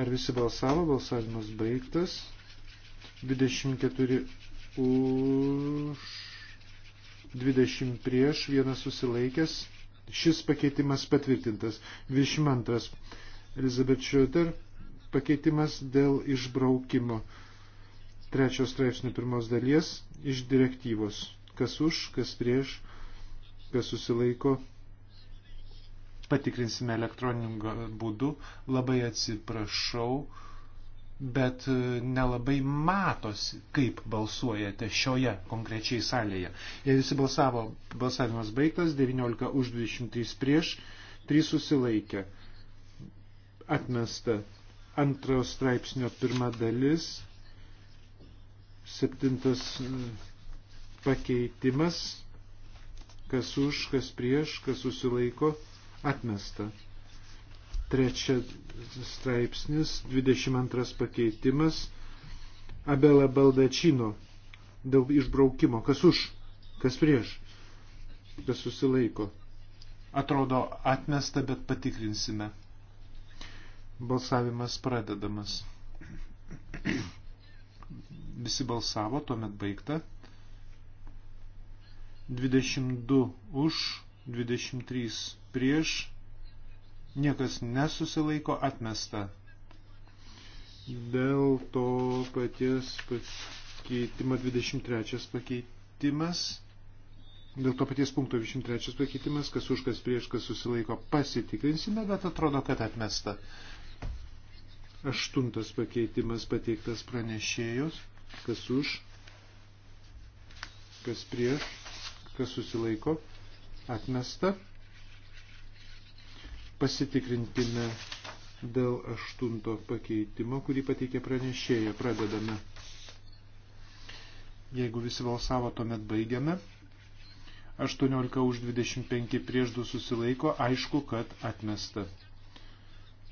Ar visi balsavo? Balsavimas baigtas. 24 už, 20 prieš, vienas susilaikęs. Šis pakeitimas patvirtintas. 22. Elizabeth Schroeder pakeitimas dėl išbraukimo trečios straipsnio pirmos dalies iš direktyvos. Kas už, kas prieš, kas susilaiko. Patikrinsime elektroniniu būdu. Labai atsiprašau, bet e, nelabai matosi, kaip balsuojate šioje konkrečiai salėje. Jei visi balsavo, balsavimas baigtas, 19 už 23 prieš, 3 susilaikė. Atmesta antros straipsnio pirma dalis Septintas mm, pakeitimas, kas už, kas prieš, kas susilaiko, atmesta. Trečias straipsnis, 22 pakeitimas, Abela Baldačino, dėl išbraukimo, kas už, kas prieš, kas susilaiko. Atrodo atmesta, bet patikrinsime. Balsavimas pradedamas. Visi balsavo, tuomet baigta. 22 už, 23 prieš, niekas nesusilaiko atmesta. Dėl to paties pakeitimo 23 pakeitimas, dėl to paties punkto 23 pakeitimas, kas už, kas prieš, kas susilaiko, pasitikrinsime, bet atrodo, kad atmesta. Aštuntas pakeitimas pateiktas pranešėjus kas už, kas prieš, kas susilaiko, atmesta. Pasitikrinkime dėl aštunto pakeitimo, kurį pateikė pranešėja. Pradedame. Jeigu visi balsavo, tuomet baigiame. 18 už 25 prieš 2 susilaiko, aišku, kad atmesta.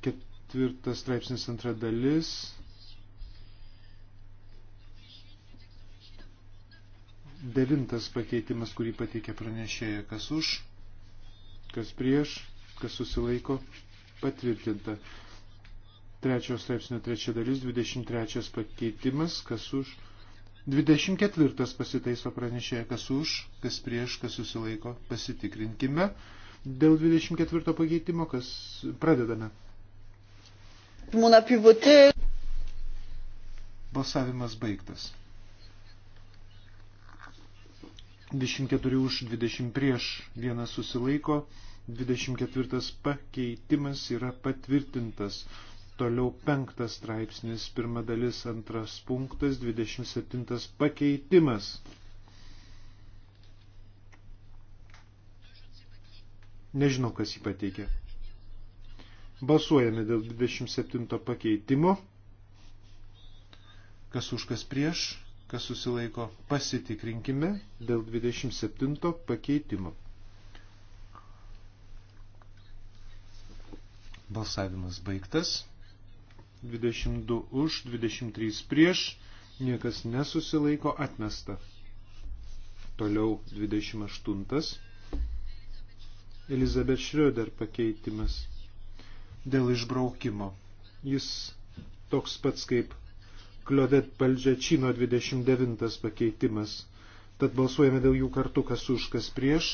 Ketvirtas straipsnis antra dalis, Devintas pakeitimas, kurį pateikė pranešėja. Kas už, kas prieš, kas susilaiko, patvirtinta. Trečios straipsnio trečia dalis, 23 pakeitimas, kas už. 24 pasitaiso pranešėja, kas už, kas prieš, kas susilaiko, pasitikrinkime. Dėl 24 pakeitimo, kas pradedame. Balsavimas baigtas. 24 už 20 prieš vienas susilaiko, 24 pakeitimas yra patvirtintas. Toliau penktas straipsnis, pirma dalis, antras punktas, 27 pakeitimas. Nežinau, kas jį pateikė. Balsuojame dėl 27 pakeitimo. Kas už kas prieš? kas susilaiko, pasitikrinkime dėl 27 pakeitimo. Balsavimas baigtas. 22 už, 23 prieš, niekas nesusilaiko, atmesta. Toliau 28. Elizabeth Schröder pakeitimas dėl išbraukimo. Jis toks pats kaip Kliodet Paldžiačino 29 pakeitimas. Tad balsuojame dėl jų kartu, kas už, kas prieš,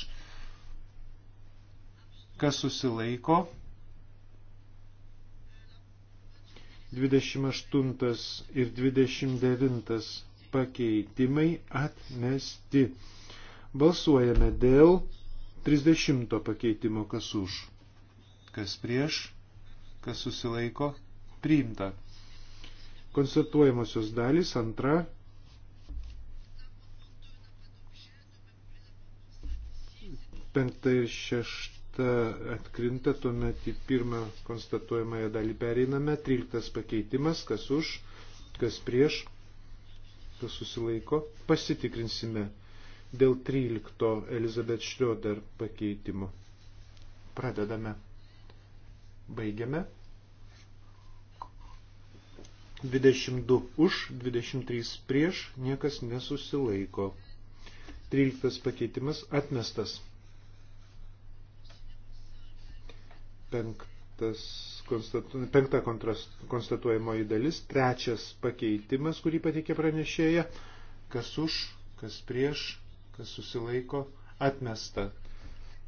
kas susilaiko. 28 ir 29 pakeitimai atmesti. Balsuojame dėl 30 pakeitimo, kas už, kas prieš, kas susilaiko, priimta konstatuojamosios dalys, antra. Penkta ir šešta atkrinta, tuomet į pirmą konstatuojamąją dalį pereiname. Tryliktas pakeitimas, kas už, kas prieš, kas susilaiko. Pasitikrinsime dėl trylikto Elizabeth Schroeder pakeitimo. Pradedame. Baigiame. 22 už, 23 prieš, niekas nesusilaiko. 13 pakeitimas atmestas. 5 konstatu, konstatuojamoji dalis, trečias pakeitimas, kurį pateikė pranešėja, kas už, kas prieš, kas susilaiko, atmesta.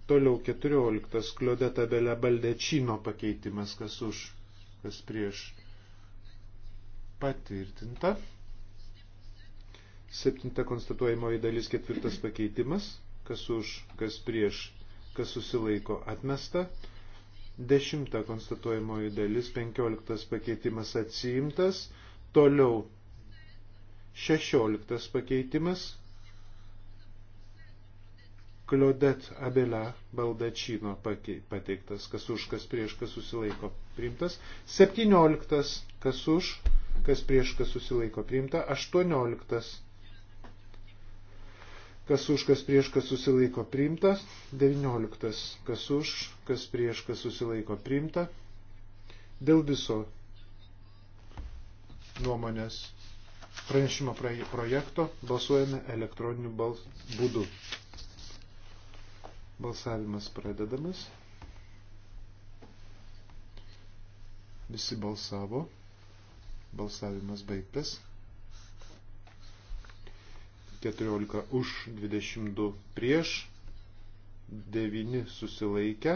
Toliau 14 kliodeta belė baldečino pakeitimas, kas už, kas prieš, Patvirtinta. Septinta konstatuojamoji dalis ketvirtas pakeitimas. Kas už, kas prieš, kas susilaiko atmesta. Dešimta konstatuojamoji dalis penkioliktas pakeitimas atsiimtas. Toliau šešioliktas pakeitimas. Kliodet Abela Baldačino pateiktas, kas už, kas prieš, kas susilaiko priimtas. 17. Kas už, kas prieš, kas susilaiko priimta, 18. Kas už, kas prieš, kas susilaiko priimta, 19. Kas už, kas prieš, kas susilaiko priimta, dėl viso nuomonės pranešimo projekto balsuojame elektroniniu bals būdu. Balsavimas pradedamas. Visi balsavo. Balsavimas baigtas. 14 už, 22 prieš, 9 susilaikę.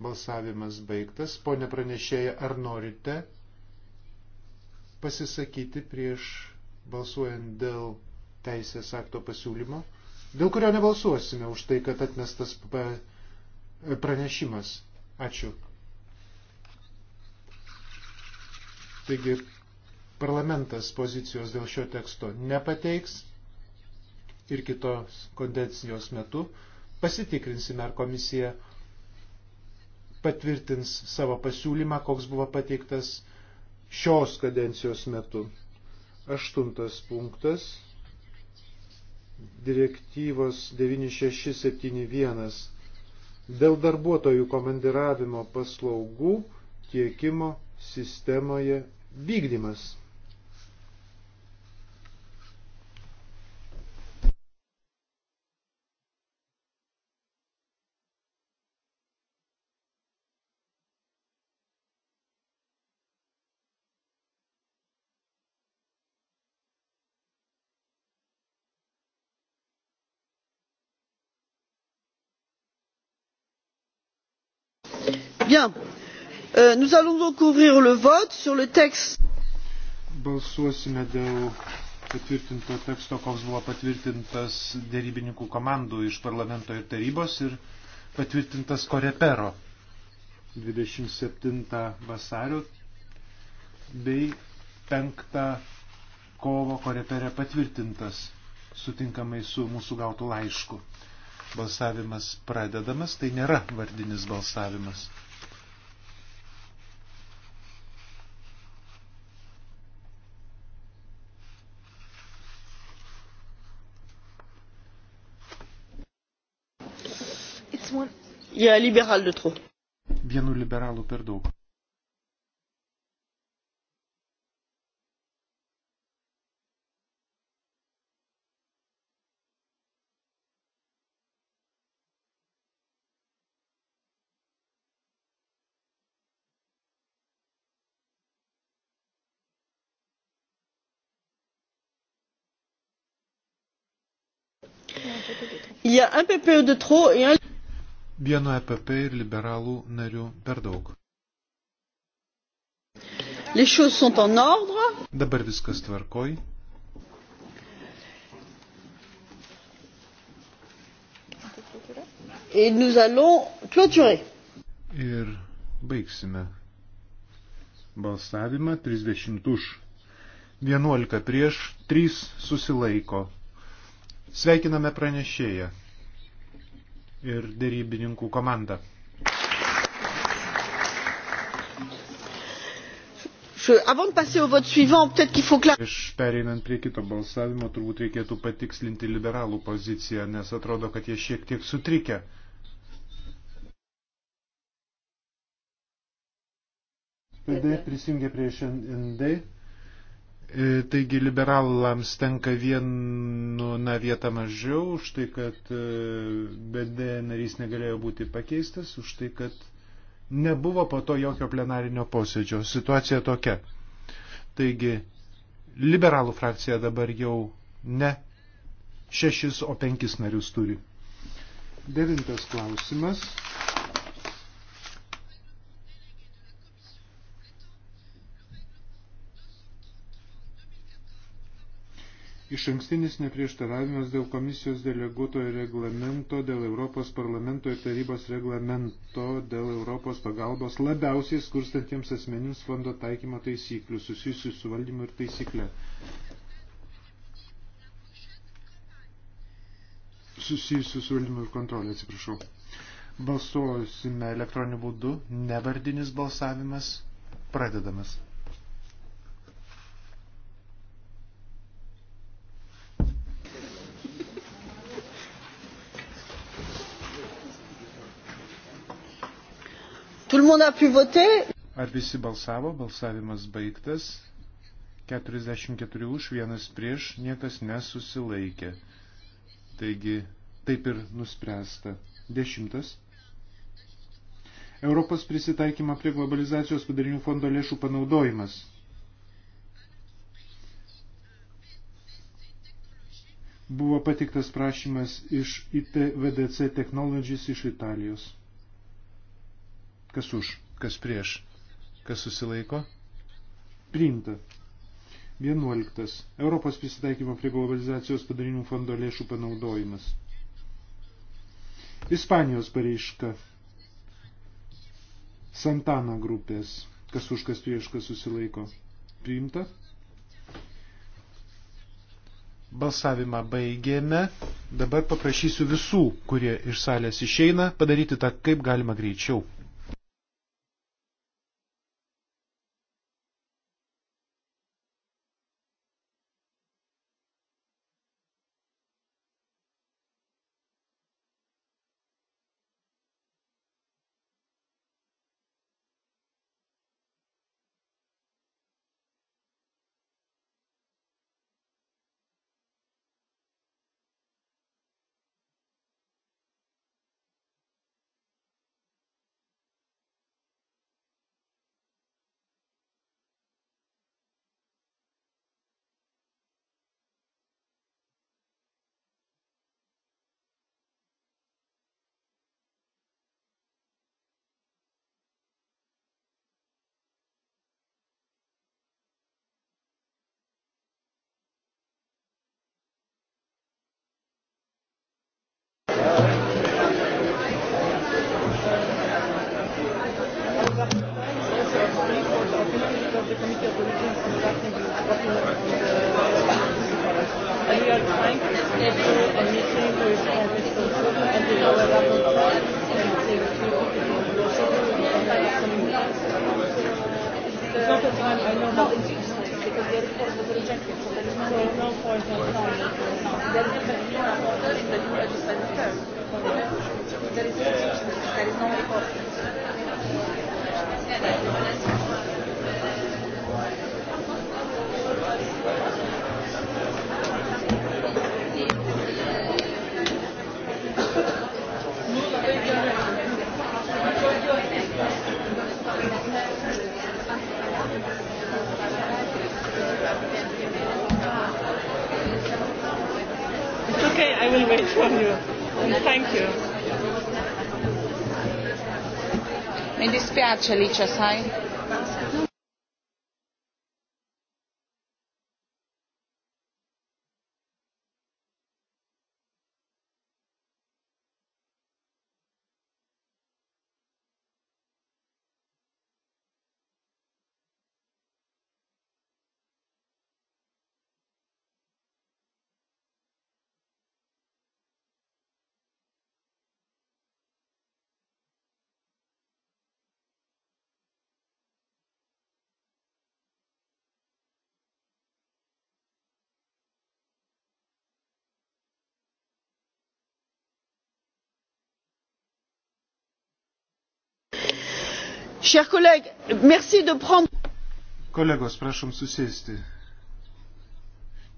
Balsavimas baigtas. Pone pranešėja, ar norite pasisakyti prieš balsuojant dėl teisės akto pasiūlymo, dėl kurio nebalsuosime už tai, kad atmestas pranešimas. Ačiū. Taigi parlamentas pozicijos dėl šio teksto nepateiks ir kitos kondencijos metu pasitikrinsime, ar komisija patvirtins savo pasiūlymą, koks buvo pateiktas šios kadencijos metu. Aštuntas punktas. Direktyvos 9671 dėl darbuotojų komandiravimo paslaugų tiekimo sistemoje vykdymas. bien. Euh, nous allons donc ouvrir le vote sur le texte balsuosime dėl patvirtinto teksto koks buvo patvirtintas derybininkų komandų iš parlamento ir tarybos ir patvirtintas korepero 27 vasario bei 5 kovo korepere patvirtintas sutinkamai su mūsų gautų laišku. Balsavimas pradedamas, tai nėra vardinis balsavimas. Il y a un libéral de trop. Vienu liberalu per daug. Il y a un PPE de trop et un vieno EPP ir liberalų narių per daug. Dabar viskas tvarkoj. Et nous allons clôturer. Ir baigsime balsavimą 30 už. 11 prieš, 3 susilaiko. Sveikiname pranešėją ir dėrybininkų komanda. Prieš pereinant prie kito balsavimo, turbūt reikėtų patikslinti liberalų poziciją, nes atrodo, kad jie šiek tiek sutrikę. PD prisijungė prie ND. E, taigi liberalams tenka viena vieta mažiau už tai, kad e, BD narys negalėjo būti pakeistas, už tai, kad nebuvo po to jokio plenarinio posėdžio. Situacija tokia. Taigi, liberalų frakcija dabar jau ne šešis, o penkis narius turi. Devintas klausimas. Iš ankstinis neprieštaravimas dėl komisijos deleguotojo reglamento, dėl Europos parlamento ir tarybos reglamento, dėl Europos pagalbos labiausiai skurstantiems asmenims fondo taikymo taisyklių susijusių su valdymu ir taisykle. Susijusių su valdymu ir kontrolė, atsiprašau. Balsuosime elektroniniu būdu, nevardinis balsavimas pradedamas. Ar visi balsavo? Balsavimas baigtas. 44 už, vienas prieš, niekas nesusilaikė. Taigi, taip ir nuspręsta. Dešimtas. Europos prisitaikymą prie globalizacijos padarinių fondo lėšų panaudojimas. Buvo patiktas prašymas iš ITVDC Technologies iš Italijos. Kas už, kas prieš, kas susilaiko? Priimta. 11. Europos prisitaikymo prie globalizacijos padarinių fondo lėšų panaudojimas. Ispanijos pareiška. Santana grupės. Kas už kas prieš kas susilaiko. Priimta. Balsavimą baigėme. Dabar paprašysiu visų, kurie iš salės išeina, padaryti tą kaip galima greičiau. lot of time I know no, it's useless because the report was rejected, so there is no, so no point of trying. There is different reporters that you have to send first. There is yeah, yeah. there is no report. Thank you. okay, I will wait for you. And thank you. Mi dispiace Licia, sai? Chers collègues, merci de prendre. Kolegos, prašom susėsti,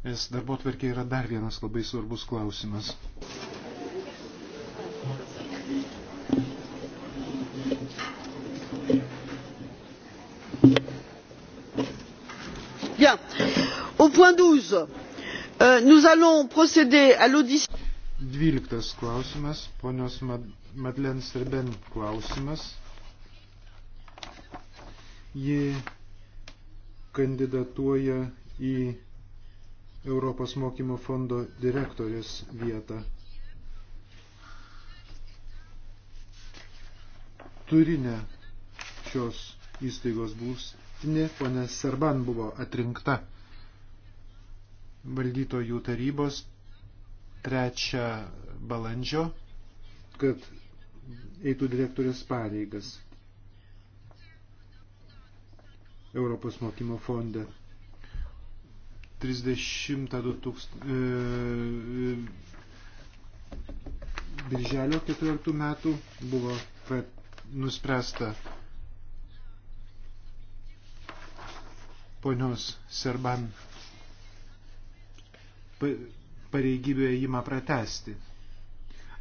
nes darbo tvarkė yra dar vienas labai svarbus klausimas. Bien. Au point 12, euh, nous allons procéder à l'audition. 12 klausimas, ponios Madlen Serben klausimas Ji kandidatuoja į Europos mokymo fondo direktorės vietą. Turinė šios įstaigos būstinė, ponė Serban buvo atrinkta valdytojų tarybos 3 balandžio, kad eitų direktorės pareigas. Europos mokymo fonde. 30 tūkst... E, e, birželio 14 metų buvo nuspręsta ponios Serban pareigybę įmą pratesti.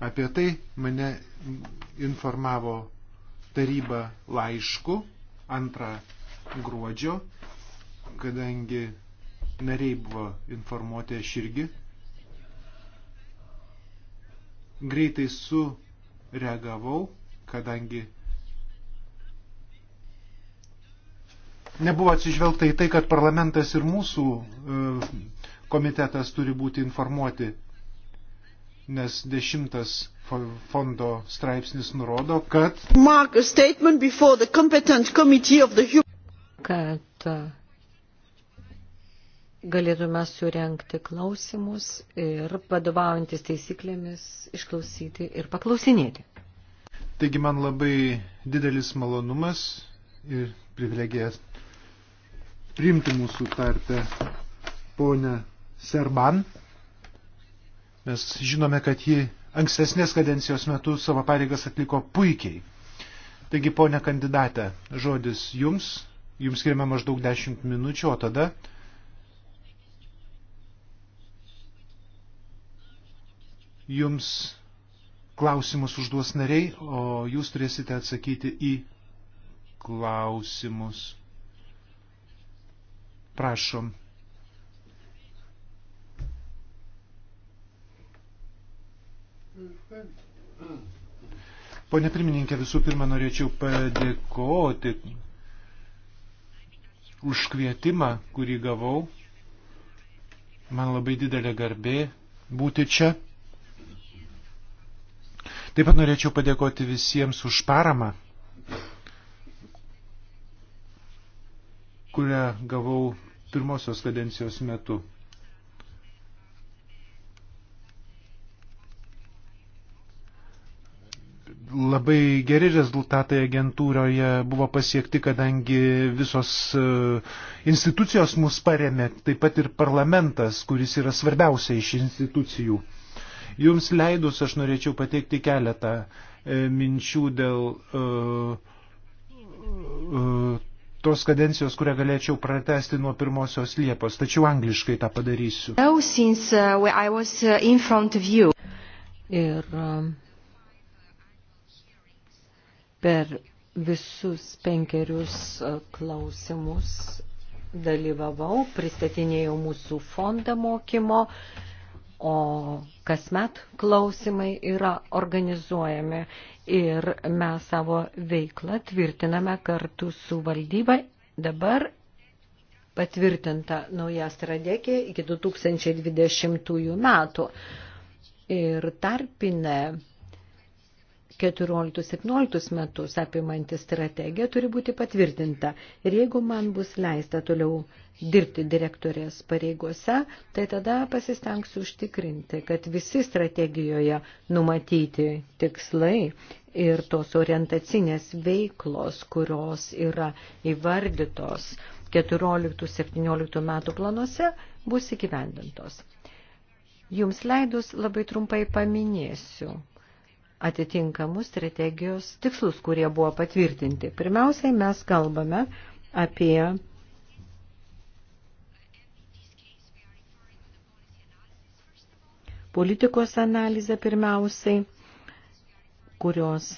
Apie tai mane informavo taryba laišku antrą gruodžio, kadangi nariai buvo informuoti aš irgi. Greitai sureagavau, kadangi nebuvo atsižvelgta į tai, kad parlamentas ir mūsų e, komitetas turi būti informuoti, nes dešimtas fondo straipsnis nurodo, kad Mark a statement before the competent committee of the kad e, galėtume surenkti klausimus ir vadovaujantis taisyklėmis išklausyti ir paklausinėti. Taigi man labai didelis malonumas ir privilegija priimti mūsų tarpę ponę Serban. Mes žinome, kad ji ankstesnės kadencijos metu savo pareigas atliko puikiai. Taigi, ponė kandidatė, žodis jums, Jums skiriame maždaug 10 minučių, o tada jums klausimus užduos nariai, o jūs turėsite atsakyti į klausimus. Prašom. Pone pirmininkė, visų pirma norėčiau padėkoti už kvietimą, kurį gavau. Man labai didelė garbė būti čia. Taip pat norėčiau padėkoti visiems už paramą, kurią gavau pirmosios kadencijos metu. labai geri rezultatai agentūroje buvo pasiekti, kadangi visos e, institucijos mus paremė, taip pat ir parlamentas, kuris yra svarbiausia iš institucijų. Jums leidus aš norėčiau pateikti keletą e, minčių dėl e, tos kadencijos, kurią galėčiau pratesti nuo pirmosios Liepos, tačiau angliškai tą padarysiu. No, since, uh, I was, uh, in front of you. Ir um, Per visus penkerius e, klausimus dalyvavau, pristatinėjau mūsų fondą mokymo, o kasmet klausimai yra organizuojami ir mes savo veiklą tvirtiname kartu su valdyba. Dabar patvirtinta nauja strategija iki 2020 metų. Ir tarpinė 14-17 metus apimanti strategija turi būti patvirtinta. Ir jeigu man bus leista toliau dirbti direktorės pareigose, tai tada pasistengsiu užtikrinti, kad visi strategijoje numatyti tikslai ir tos orientacinės veiklos, kurios yra įvardytos 14-17 metų planuose, bus įgyvendintos. Jums leidus labai trumpai paminėsiu atitinkamus strategijos tikslus, kurie buvo patvirtinti. Pirmiausiai mes kalbame apie politikos analizę pirmiausiai, kurios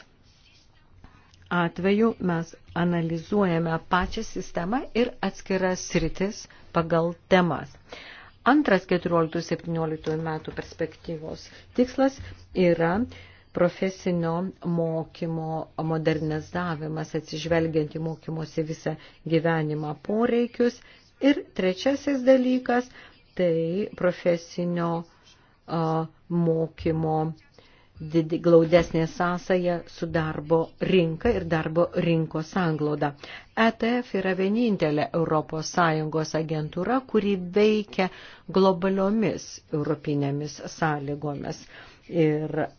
atveju mes analizuojame pačią sistemą ir atskiras sritis pagal temas. Antras 14-17 metų perspektyvos tikslas yra profesinio mokymo modernizavimas atsižvelgiant į mokymosi visą gyvenimą poreikius. Ir trečiasis dalykas - tai profesinio a, mokymo glaudesnė sąsaja su darbo rinka ir darbo rinkos angloda. ETF yra vienintelė ES agentūra, kuri veikia globaliomis europinėmis sąlygomis. Ir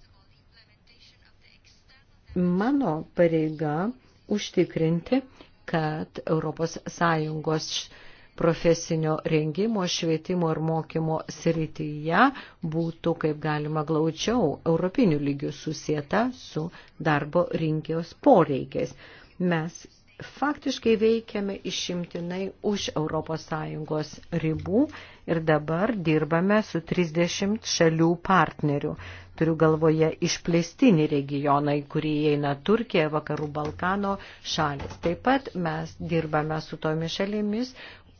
mano pareiga užtikrinti, kad ES profesinio rengimo, švietimo ir mokymo srityje būtų kaip galima glaučiau europinių lygių susieta su darbo rinkijos poreikiais. Mes faktiškai veikiame išimtinai už ES ribų ir dabar dirbame su 30 šalių partnerių. Turiu galvoje išplėstinį regioną, į kurį įeina Turkija, Vakarų Balkano šalis. Taip pat mes dirbame su tomis šalimis,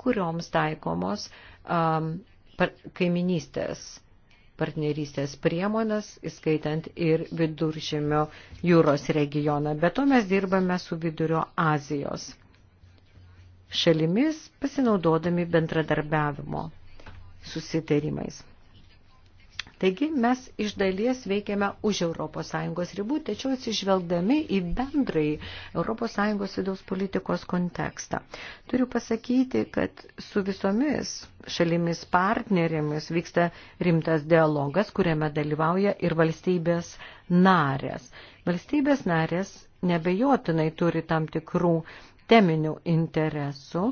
kurioms taikomos um, kaiminystės partnerystės priemonės, įskaitant ir viduržėmio jūros regioną. Be to mes dirbame su vidurio Azijos šalimis, pasinaudodami bendradarbiavimo susitarimais. Taigi mes iš dalies veikiame už ES ribų, tačiau atsižvelgdami į bendrai ES vidaus politikos kontekstą. Turiu pasakyti, kad su visomis šalimis partnerėmis vyksta rimtas dialogas, kuriame dalyvauja ir valstybės narės. Valstybės narės nebejotinai turi tam tikrų teminių interesų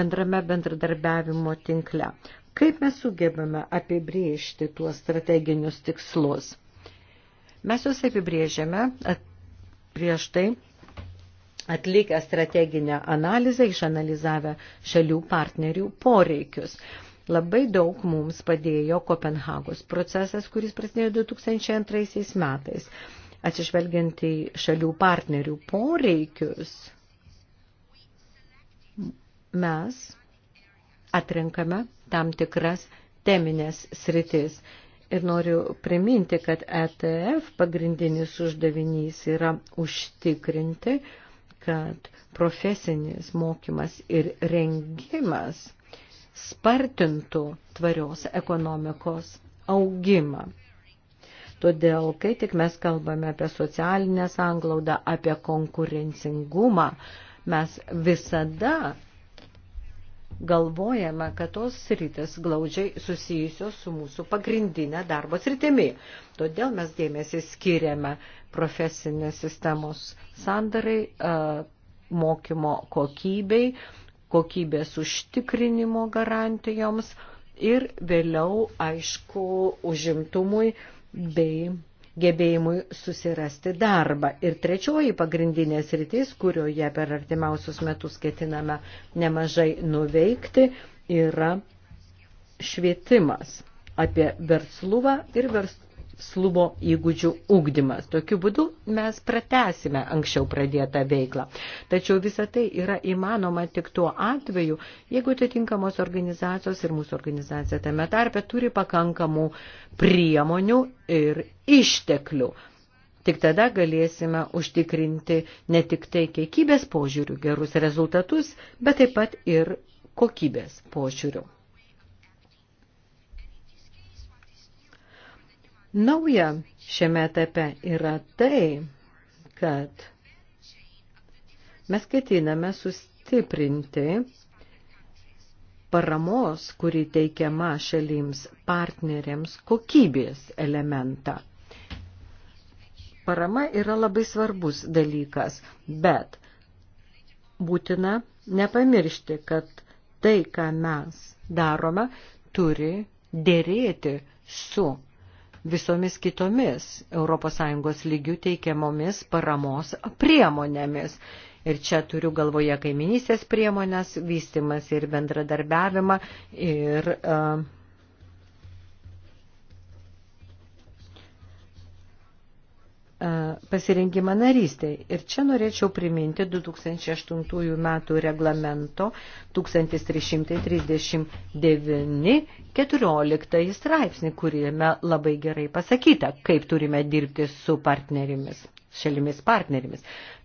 bendrame bendradarbiavimo tinkle. Kaip mes sugebame apibriežti tuos strateginius tikslus? Mes juos apibrėžiame at, prieš tai atlikę strateginę analizę, išanalizavę šalių partnerių poreikius. Labai daug mums padėjo Kopenhagos procesas, kuris prasidėjo 2002 metais. Atsižvelgiant į šalių partnerių poreikius, mes atrenkame tam tikras teminės sritis. Ir noriu priminti, kad ETF pagrindinis uždavinys yra užtikrinti, kad profesinis mokymas ir rengimas spartintų tvarios ekonomikos augimą. Todėl, kai tik mes kalbame apie socialinę sanglaudą, apie konkurencingumą, mes visada galvojame, kad tos sritis glaudžiai susijusios su mūsų pagrindinė darbo sritimi. Todėl mes dėmesį skiriame profesinės sistemos sandarai, mokymo kokybei, kokybės užtikrinimo garantijoms ir vėliau, aišku, užimtumui bei gebėjimui susirasti darbą. Ir trečioji pagrindinė sritis, kurioje per artimiausius metus ketiname nemažai nuveikti, yra švietimas apie verslumą ir vers, verslumo įgūdžių ugdymas. Tokiu būdu mes pratesime anksčiau pradėtą veiklą. Tačiau visa tai yra įmanoma tik tuo atveju, jeigu atitinkamos organizacijos ir mūsų organizacija tame tarpe turi pakankamų priemonių ir išteklių. Tik tada galėsime užtikrinti ne tik tai kiekybės požiūrių gerus rezultatus, bet taip pat ir kokybės požiūrių. Nauja šiame etape yra tai, kad mes ketiname sustiprinti paramos, kuri teikiama šalims partneriams, kokybės elementą. Parama yra labai svarbus dalykas, bet būtina nepamiršti, kad tai, ką mes darome, turi dėrėti su visomis kitomis ES lygių teikiamomis paramos priemonėmis. Ir čia turiu galvoje kaiminystės priemonės, vystimas ir bendradarbiavimą ir uh, E, pasirinkimą narystiai. Ir čia norėčiau priminti 2008 metų reglamento 1339-14 straipsnį, kuriame labai gerai pasakyta, kaip turime dirbti su partnerimis šalimis partnerimis.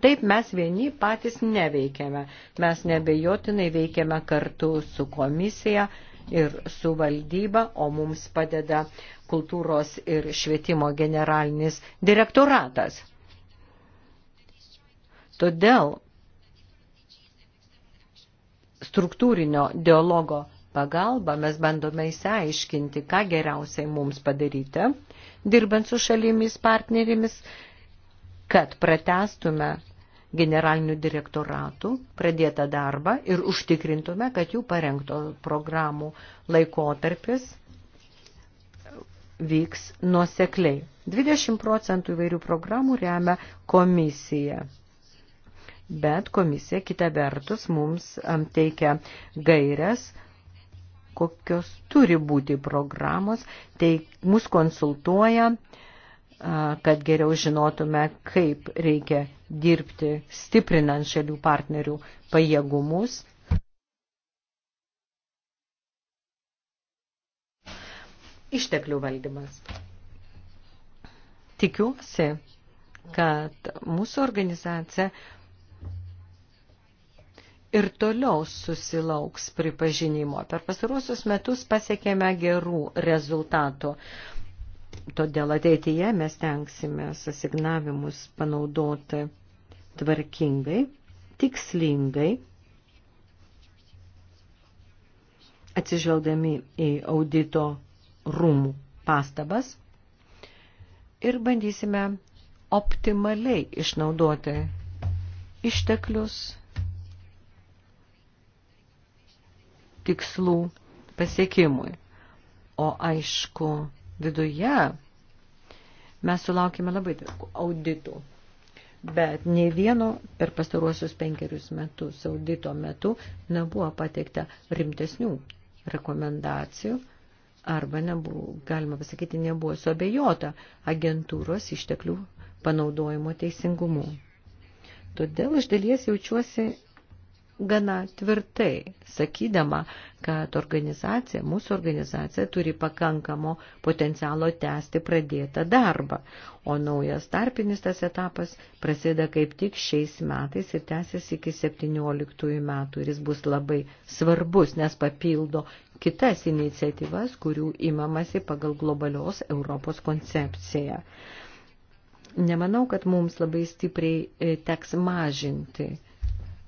Taip mes vieni patys neveikiame. Mes nebejotinai veikiame kartu su komisija, ir su valdyba, o mums padeda kultūros ir švietimo generalinis direktoratas. Todėl struktūrinio dialogo pagalba mes bandome įsiaiškinti, ką geriausiai mums padaryti, dirbant su šalimis partnerimis, kad pratestume generalinių direktoratų pradėtą darbą ir užtikrintume, kad jų parengto programų laikotarpis vyks nuosekliai. 20 procentų įvairių programų remia komisija. Bet komisija kita vertus mums teikia gairias, kokios turi būti programos, tai mus konsultuoja uh, kad geriau žinotume, kaip reikia dirbti stiprinant šalių partnerių pajėgumus. Išteklių valdymas. Tikiuosi, kad mūsų organizacija ir toliau susilauks pripažinimo. Per pastaruosius metus pasiekėme gerų rezultatų. Todėl ateityje mes tenksime asignavimus panaudoti tvarkingai, tikslingai, atsižvelgdami į audito rūmų pastabas ir bandysime optimaliai išnaudoti išteklius, tikslų pasiekimui. O aišku, viduje mes sulaukime labai daug auditų. Bet ne vieno per pastaruosius penkerius metus audito metu nebuvo pateikta rimtesnių rekomendacijų arba nebuvo, galima pasakyti, nebuvo suabejota agentūros išteklių panaudojimo teisingumu. Todėl iš dalies jaučiuosi gana tvirtai, sakydama, kad organizacija, mūsų organizacija turi pakankamo potencialo tęsti pradėtą darbą, o naujas tarpinis tas etapas prasideda kaip tik šiais metais ir tęsis iki 17 metų ir jis bus labai svarbus, nes papildo kitas iniciatyvas, kurių imamasi pagal globalios Europos koncepciją. Nemanau, kad mums labai stipriai e, teks mažinti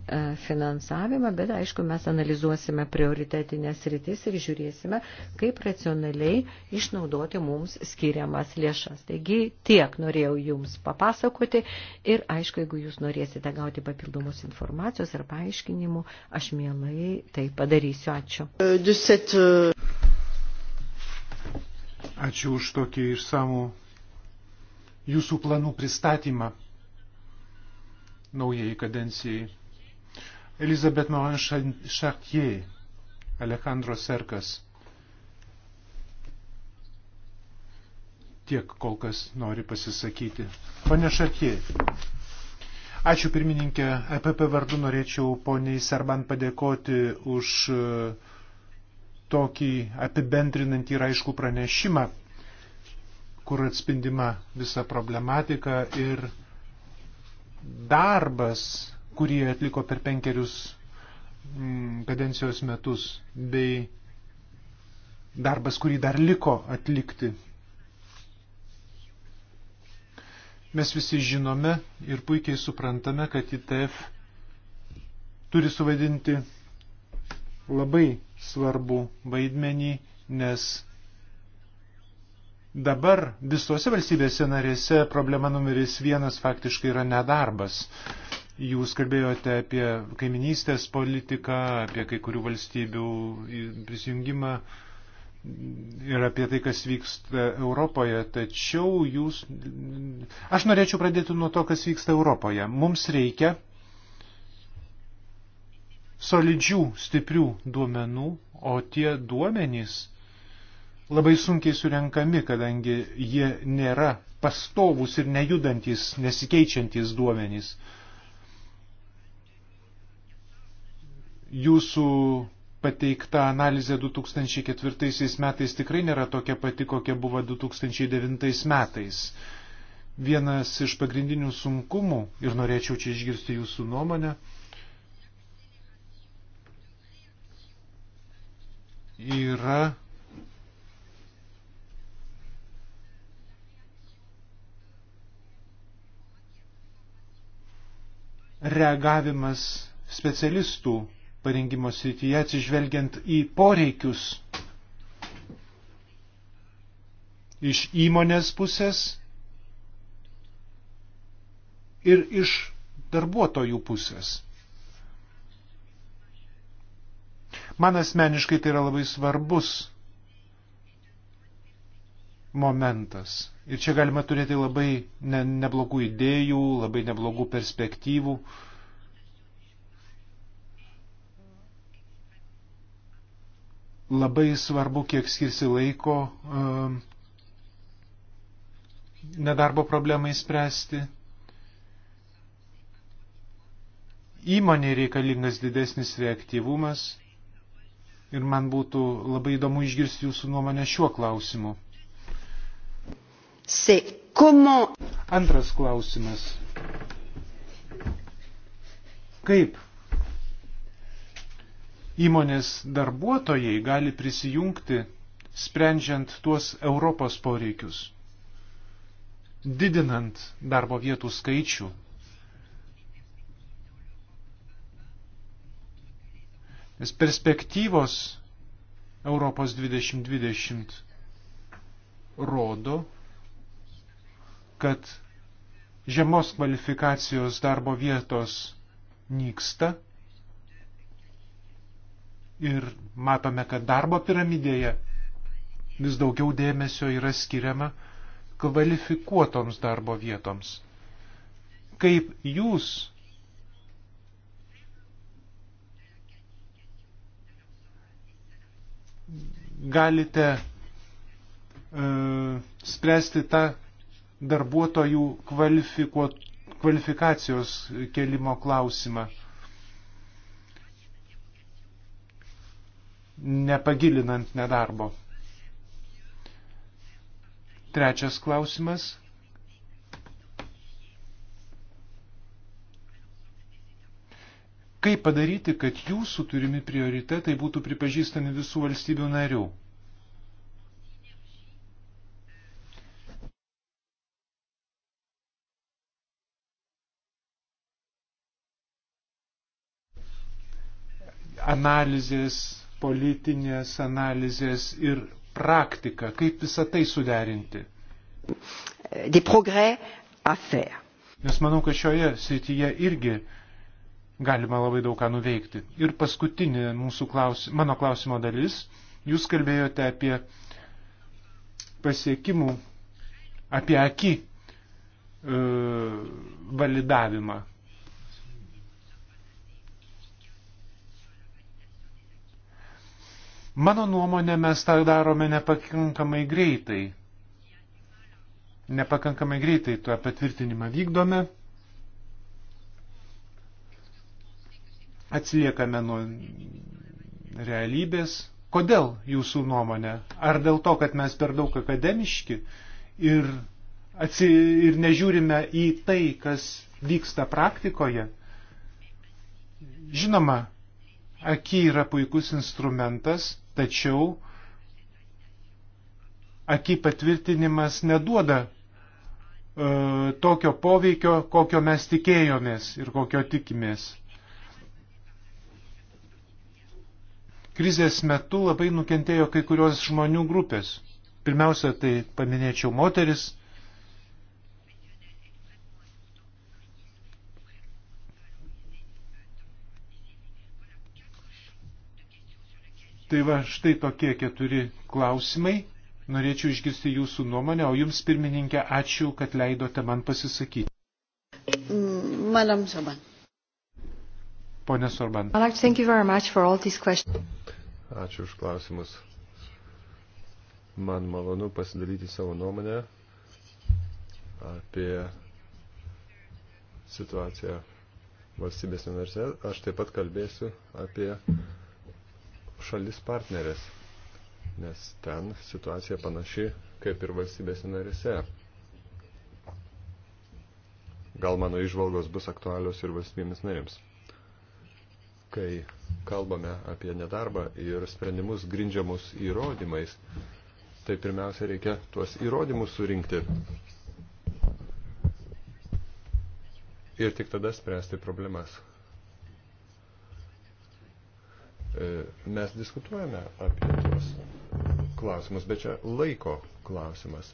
E, finansavimą, bet aišku, mes analizuosime prioritetinės rytis ir žiūrėsime, kaip racionaliai išnaudoti mums skiriamas lėšas. Taigi tiek norėjau Jums papasakoti ir aišku, jeigu Jūs norėsite gauti papildomus informacijos ar paaiškinimų, aš mielai tai padarysiu. Ačiū. E, e, Ačiū už tokį išsamų Jūsų planų pristatymą naujai kadencijai. Elizabeth Morin Chartier, Alejandro Serkas. Tiek kol kas nori pasisakyti. Pane Šartie. Ačiū pirmininkė. EPP vardu norėčiau poniai Serban padėkoti už e, tokį apibendrinantį ir aišku pranešimą, kur atspindima visa problematika ir darbas kurį atliko per penkerius mm, kadencijos metus, bei darbas, kurį dar liko atlikti. Mes visi žinome ir puikiai suprantame, kad ITF turi suvaidinti labai svarbu vaidmenį, nes dabar visose valstybėse narėse problema numeris vienas faktiškai yra nedarbas. Jūs kalbėjote apie kaiminystės politiką, apie kai kurių valstybių prisijungimą ir apie tai, kas vyksta Europoje. Tačiau jūs. Aš norėčiau pradėti nuo to, kas vyksta Europoje. Mums reikia solidžių, stiprių duomenų, o tie duomenys labai sunkiai surenkami, kadangi jie nėra pastovus ir nejudantis, nesikeičiantis duomenys. Uh, jūsų pateikta analizė 2004 metais tikrai nėra tokia pati, kokia buvo 2009 metais. Vienas iš pagrindinių sunkumų, ir norėčiau čia išgirsti jūsų nuomonę, yra reagavimas specialistų parengimo srityje atsižvelgiant į poreikius iš įmonės pusės ir iš darbuotojų pusės. Man asmeniškai tai yra labai svarbus momentas. Ir čia galima turėti labai ne, neblogų idėjų, labai neblogų perspektyvų. Uh, Labai svarbu, kiek skirsi laiko um, nedarbo problemai spręsti. Įmonė reikalingas didesnis reaktyvumas ir man būtų labai įdomu išgirsti jūsų nuomonę šiuo klausimu. Comment... Antras klausimas. Kaip įmonės darbuotojai gali prisijungti, sprendžiant tuos Europos poreikius, didinant darbo vietų skaičių. Nes perspektyvos Europos 2020 rodo, kad žemos kvalifikacijos darbo vietos nyksta Ir matome, kad darbo piramidėje vis daugiau dėmesio yra skiriama kvalifikuotoms darbo vietoms. Kaip jūs galite e, spręsti tą darbuotojų kvalifikacijos kelimo klausimą? nepagilinant nedarbo. Trečias klausimas. Kaip padaryti, kad jūsų turimi prioritetai būtų pripažįstami visų valstybių narių? Analizės politinės analizės ir praktika, kaip visą tai suderinti. Nes manau, kad šioje srityje irgi galima labai daug ką nuveikti. Ir paskutinė mūsų klausim, mano klausimo dalis, jūs kalbėjote apie pasiekimų, apie akį e, validavimą. Mano nuomonė, mes tą darome nepakankamai greitai. Nepakankamai greitai tuo patvirtinimą vykdome. Atsiliekame nuo realybės. Kodėl jūsų nuomonė? Ar dėl to, kad mes per daug akademiški ir, atsi, ir nežiūrime į tai, kas vyksta praktikoje? Žinoma, aki yra puikus instrumentas Tačiau aki patvirtinimas neduoda e, tokio poveikio, kokio mes tikėjomės ir kokio tikimės. Krizės metu labai nukentėjo kai kurios žmonių grupės. Pirmiausia, tai paminėčiau moteris, Tai va štai tokie keturi klausimai. Norėčiau išgirsti jūsų nuomonę, o jums, pirmininkė, ačiū, kad leidote man pasisakyti. Madam Sorban. Pone Sorban. Ačiū už klausimus. Man malonu pasidalyti savo nuomonę apie situaciją valstybės universitete. Aš taip pat kalbėsiu apie šalis partnerės, nes ten situacija panaši kaip ir valstybėse narėse. Gal mano išvalgos bus aktualios ir valstybėmis narėms. Kai kalbame apie nedarbą ir sprendimus grindžiamus įrodymais, tai pirmiausia reikia tuos įrodymus surinkti. Ir tik tada spręsti problemas. E, mes diskutuojame apie tuos klausimus, bet čia laiko klausimas.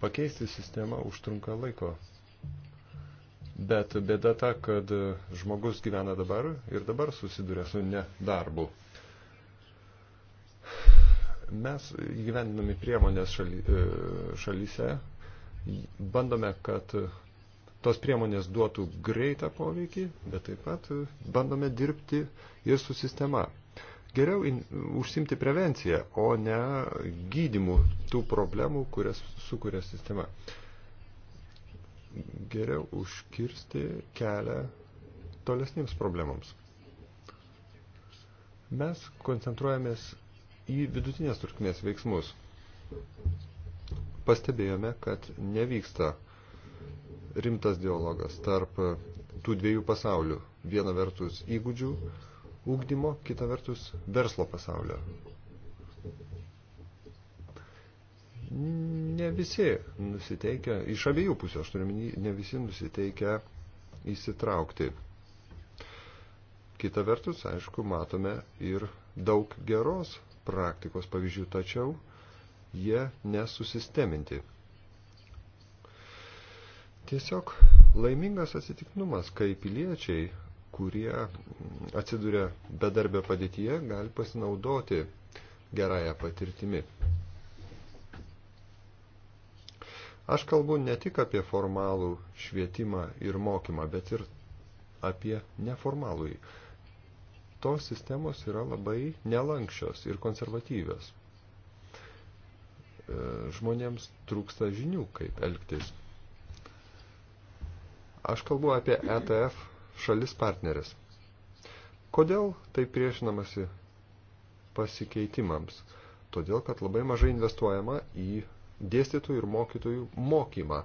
Pakeisti sistemą užtrunka laiko. Bet bėda ta, kad žmogus gyvena dabar ir dabar susiduria su nedarbu. Mes gyvendinami priemonės šaly, e, šalyse, bandome, kad tos priemonės duotų greitą poveikį, bet taip pat bandome dirbti ir su sistema. Geriau in, užsimti prevenciją, o ne gydimu tų problemų, kurias sukuria sistema. Geriau užkirsti kelią tolesniems problemams. Mes koncentruojamės į vidutinės trukmės veiksmus. Pastebėjome, kad nevyksta rimtas dialogas tarp tų dviejų pasaulių. Viena vertus įgūdžių, ūkdymo, kita vertus verslo pasaulio. Ne visi nusiteikia, iš abiejų pusių, aš turiu minį, ne visi nusiteikia įsitraukti. Kita vertus, aišku, matome ir daug geros praktikos pavyzdžių, tačiau jie nesusisteminti. Tiesiog laimingas atsitiknumas, kai piliečiai kurie atsiduria bedarbio padėtyje, gali pasinaudoti gerąją patirtimi. Aš kalbu ne tik apie formalų švietimą ir mokymą, bet ir apie neformalųjį. Tos sistemos yra labai nelankščios ir konservatyvios. E, žmonėms trūksta žinių, kaip elgtis. Aš kalbu apie ETF šalis partnerės. Kodėl tai priešinamasi pasikeitimams? Todėl, kad labai mažai investuojama į dėstytojų ir mokytojų mokymą.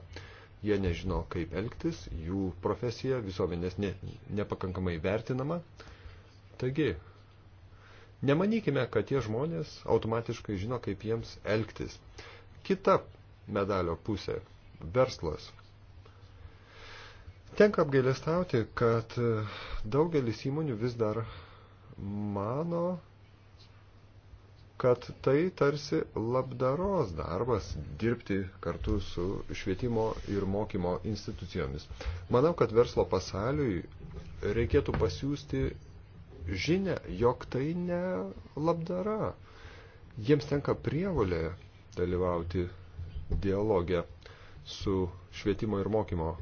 Jie nežino, kaip elgtis, jų profesija visuomenės ne, nepakankamai vertinama. Taigi, nemanykime, kad tie žmonės automatiškai žino, kaip jiems elgtis. Kita medalio pusė – verslas. Tenka apgailestauti, kad daugelis įmonių vis dar mano, kad tai tarsi labdaros darbas dirbti kartu su švietimo ir mokymo institucijomis. Manau, kad verslo pasauliui reikėtų pasiūsti žinę, jog tai ne labdara. Jiems tenka prievolė dalyvauti dialogę su švietimo ir mokymo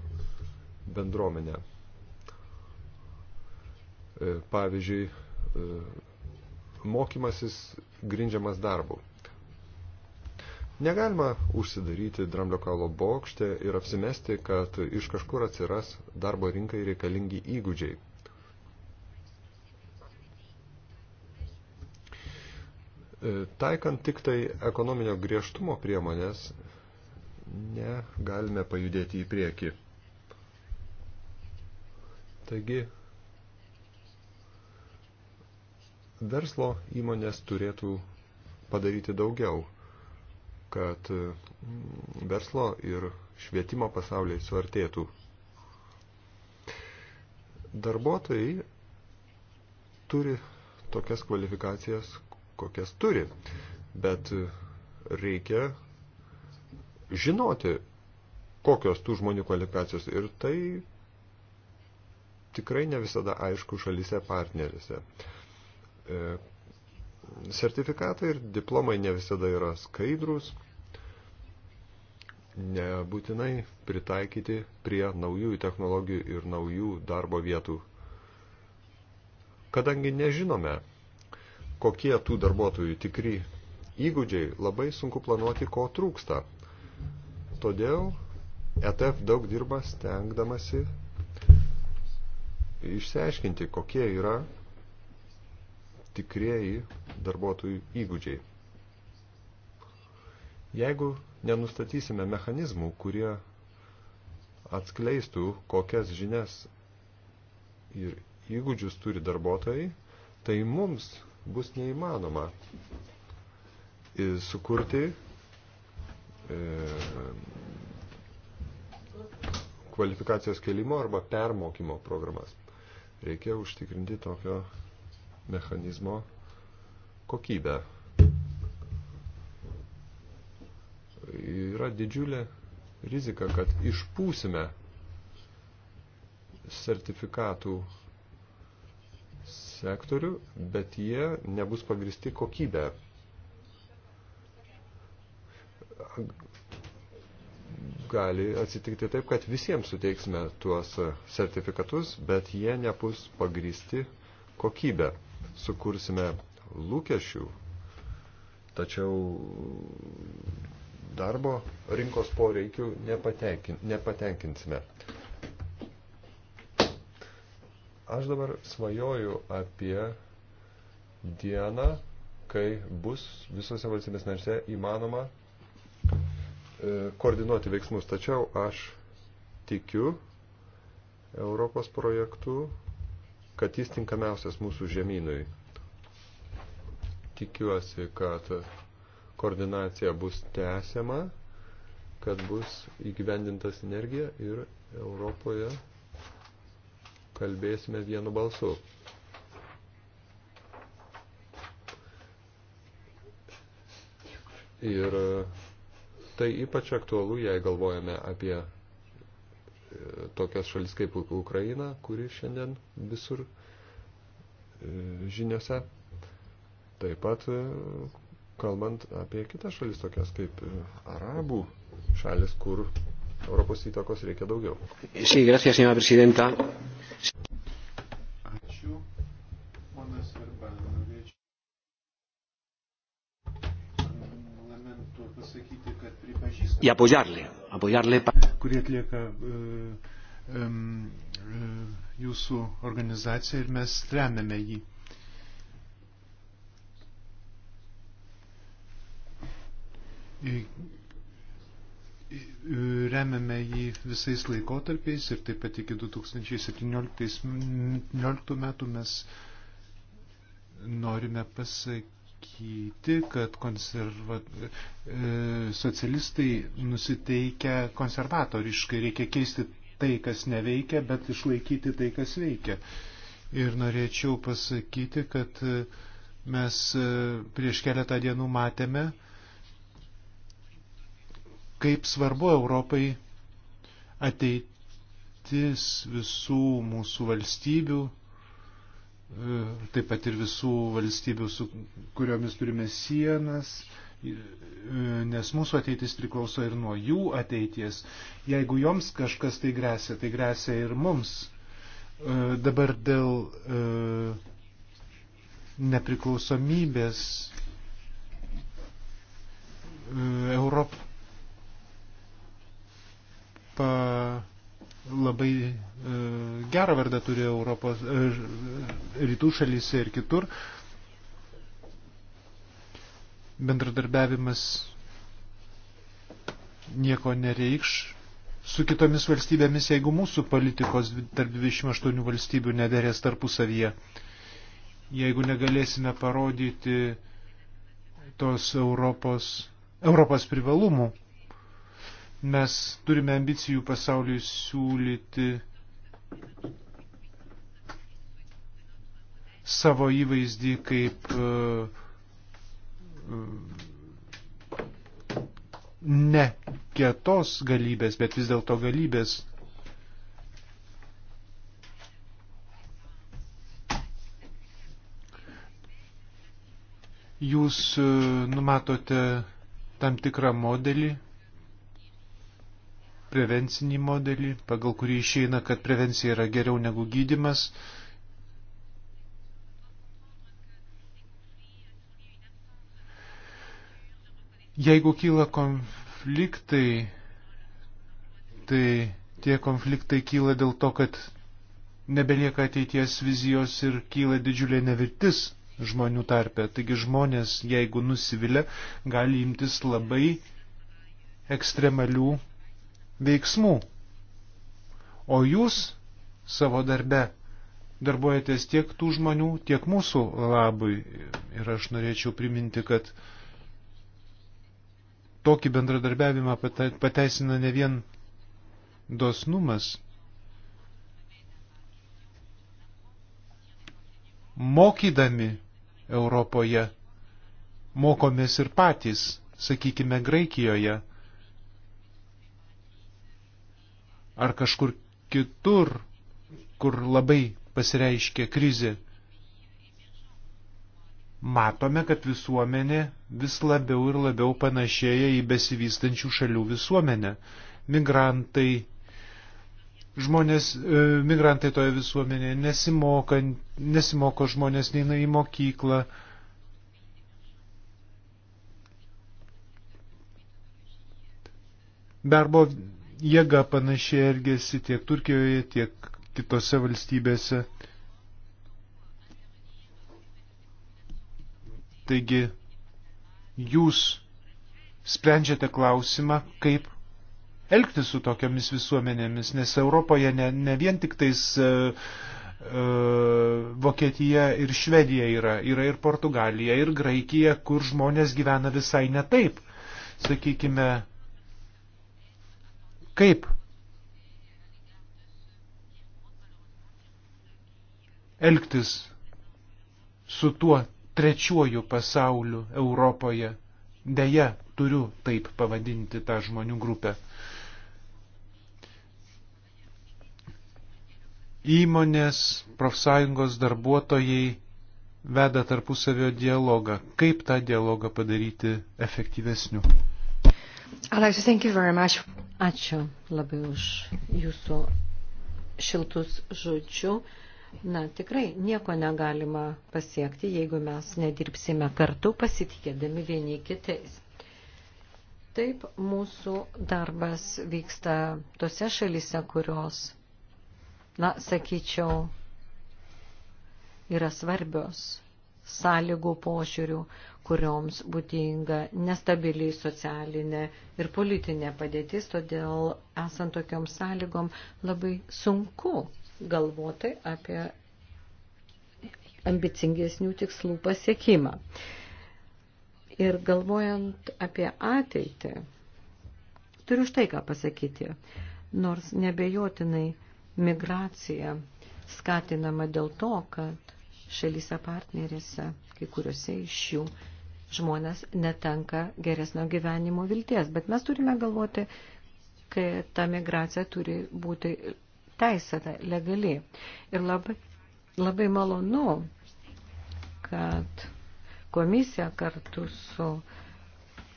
bendruomenę. E, pavyzdžiui, e, mokymasis grindžiamas darbu. Negalima užsidaryti dramblio kalo bokšte ir apsimesti, kad iš kažkur atsiras darbo rinkai reikalingi įgūdžiai. E, taikant tik tai ekonominio griežtumo priemonės, negalime pajudėti į priekį. Taigi verslo įmonės turėtų padaryti daugiau, kad mm, verslo ir švietimo pasauliai suartėtų. Darbuotojai turi tokias kvalifikacijas, kokias turi, bet reikia žinoti, kokios tų žmonių kvalifikacijos ir tai tikrai ne visada aišku šalise partnerėse. E, sertifikatai ir diplomai ne visada yra skaidrus, nebūtinai pritaikyti prie naujų technologijų ir naujų darbo vietų. Kadangi nežinome, kokie tų darbuotojų tikri įgūdžiai, labai sunku planuoti, ko trūksta. Todėl ETF daug dirba stengdamasi išsiaiškinti, kokie yra tikrieji darbuotojų įgūdžiai. Jeigu nenustatysime mechanizmų, kurie atskleistų, kokias žinias ir įgūdžius turi darbuotojai, tai mums bus neįmanoma e, sukurti e, kvalifikacijos kelimo arba permokymo programas. Reikia užtikrinti tokio mechanizmo kokybę. Yra didžiulė rizika, kad išpūsime sertifikatų sektorių, bet jie nebus pagristi kokybę gali atsitikti taip, kad visiems suteiksime tuos sertifikatus, bet jie nebus pagristi kokybę. Sukursime lūkesčių, tačiau darbo rinkos poreikių nepatenkinsime. Aš dabar svajoju apie dieną, kai bus visose valstybės narse įmanoma E, koordinuoti veiksmus. Tačiau aš tikiu Europos projektų, kad jis tinkamiausias mūsų žemynui. Tikiuosi, kad koordinacija bus tęsiama, kad bus įgyvendinta sinergija ir Europoje kalbėsime vienu balsu. Ir uh, Tai ypač aktualu, jei galvojame apie e, tokias šalis kaip Ukraina, kuri šiandien visur e, žiniuose. Taip pat e, kalbant apie kitas šalis, tokias kaip Arabų šalis, kur Europos įtakos reikia daugiau. Sí, gracias, señora presidenta. Ačiū. Ponas Verbanovič. Parlamento pasakyti y apoyarle. apoyarle pa... kurie atlieka uh, um, uh, jūsų organizacija ir mes remiame jį. E, remiame jį visais laikotarpiais ir taip pat iki 2017 metų mes norime pasakyti, pasakyti, kad konserva... E, socialistai nusiteikia konservatoriškai, reikia keisti tai, kas neveikia, bet išlaikyti tai, kas veikia. Ir norėčiau pasakyti, kad e, mes e, prieš keletą dienų matėme, kaip svarbu Europai ateitis visų mūsų valstybių, E, taip pat ir visų valstybių, su kuriomis turime sienas, e, nes mūsų ateitis priklauso ir nuo jų ateities. Jeigu joms kažkas tai grėsia, tai grėsia ir mums. E, dabar dėl nepriklausomybės Europą labai e, gerą vardą turi Europos e, rytų šalyse ir kitur. Bendradarbiavimas nieko nereikš su kitomis valstybėmis, jeigu mūsų politikos tarp 28 valstybių nederės tarpusavyje. Jeigu negalėsime parodyti tos Europos, Europos privalumų Mes turime ambicijų pasauliui siūlyti savo įvaizdį kaip e, e, ne kietos galybės, bet vis dėlto galybės. Jūs e, numatote tam tikrą modelį, prevencinį modelį, pagal kurį išeina, kad prevencija yra geriau negu gydimas. Jeigu kyla konfliktai, tai tie konfliktai kyla dėl to, kad nebelieka ateities vizijos ir kyla didžiulė nevirtis žmonių tarpe. Taigi žmonės, jeigu nusivylę, gali imtis labai ekstremalių veiksmų. O jūs savo darbe darbuojatės tiek tų žmonių, tiek mūsų labui. Ir aš norėčiau priminti, kad tokį bendradarbiavimą pateisina ne vien dosnumas. Mokydami Europoje mokomės ir patys, sakykime, Graikijoje ar kažkur kitur, kur labai pasireiškia krizė, matome, kad visuomenė vis labiau ir labiau panašėja į besivystančių šalių visuomenę. Migrantai, žmonės, e, migrantai toje visuomenėje nesimoka, nesimoko žmonės, neina į mokyklą, darbo jėga panašiai elgesi tiek Turkijoje, tiek kitose valstybėse. Taigi, jūs sprendžiate klausimą, kaip elgtis su tokiamis visuomenėmis, nes Europoje ne, ne vien tik tais uh, Vokietija ir Švedija yra, yra ir Portugalija, ir Graikija, kur žmonės gyvena visai ne taip. Sakykime, Kaip elgtis su tuo trečiuoju pasauliu Europoje? Deja, turiu taip pavadinti tą žmonių grupę. Įmonės, profsąjungos darbuotojai veda tarpusavio dialogą. Kaip tą dialogą padaryti efektyvesniu? Alex, thank you very much. Ačiū labai už jūsų šiltus žodžių. Na, tikrai nieko negalima pasiekti, jeigu mes nedirbsime kartu pasitikėdami vieni kitais. Taip mūsų darbas vyksta tose šalise, kurios, na, sakyčiau, yra svarbios sąlygų požiūrių, kurioms būdinga nestabiliai socialinė ir politinė padėtis, todėl esant tokiom sąlygom labai sunku galvoti apie ambicingesnių tikslų pasiekimą. Ir galvojant apie ateitį, turiu štai ką pasakyti, nors nebejotinai migracija skatinama dėl to, kad šalyse partnerėse, kai kuriuose iš jų žmonės netenka geresnio gyvenimo vilties. Bet mes turime galvoti, kad ta migracija turi būti teisėta, legali. Ir labai, labai malonu, kad komisija kartu su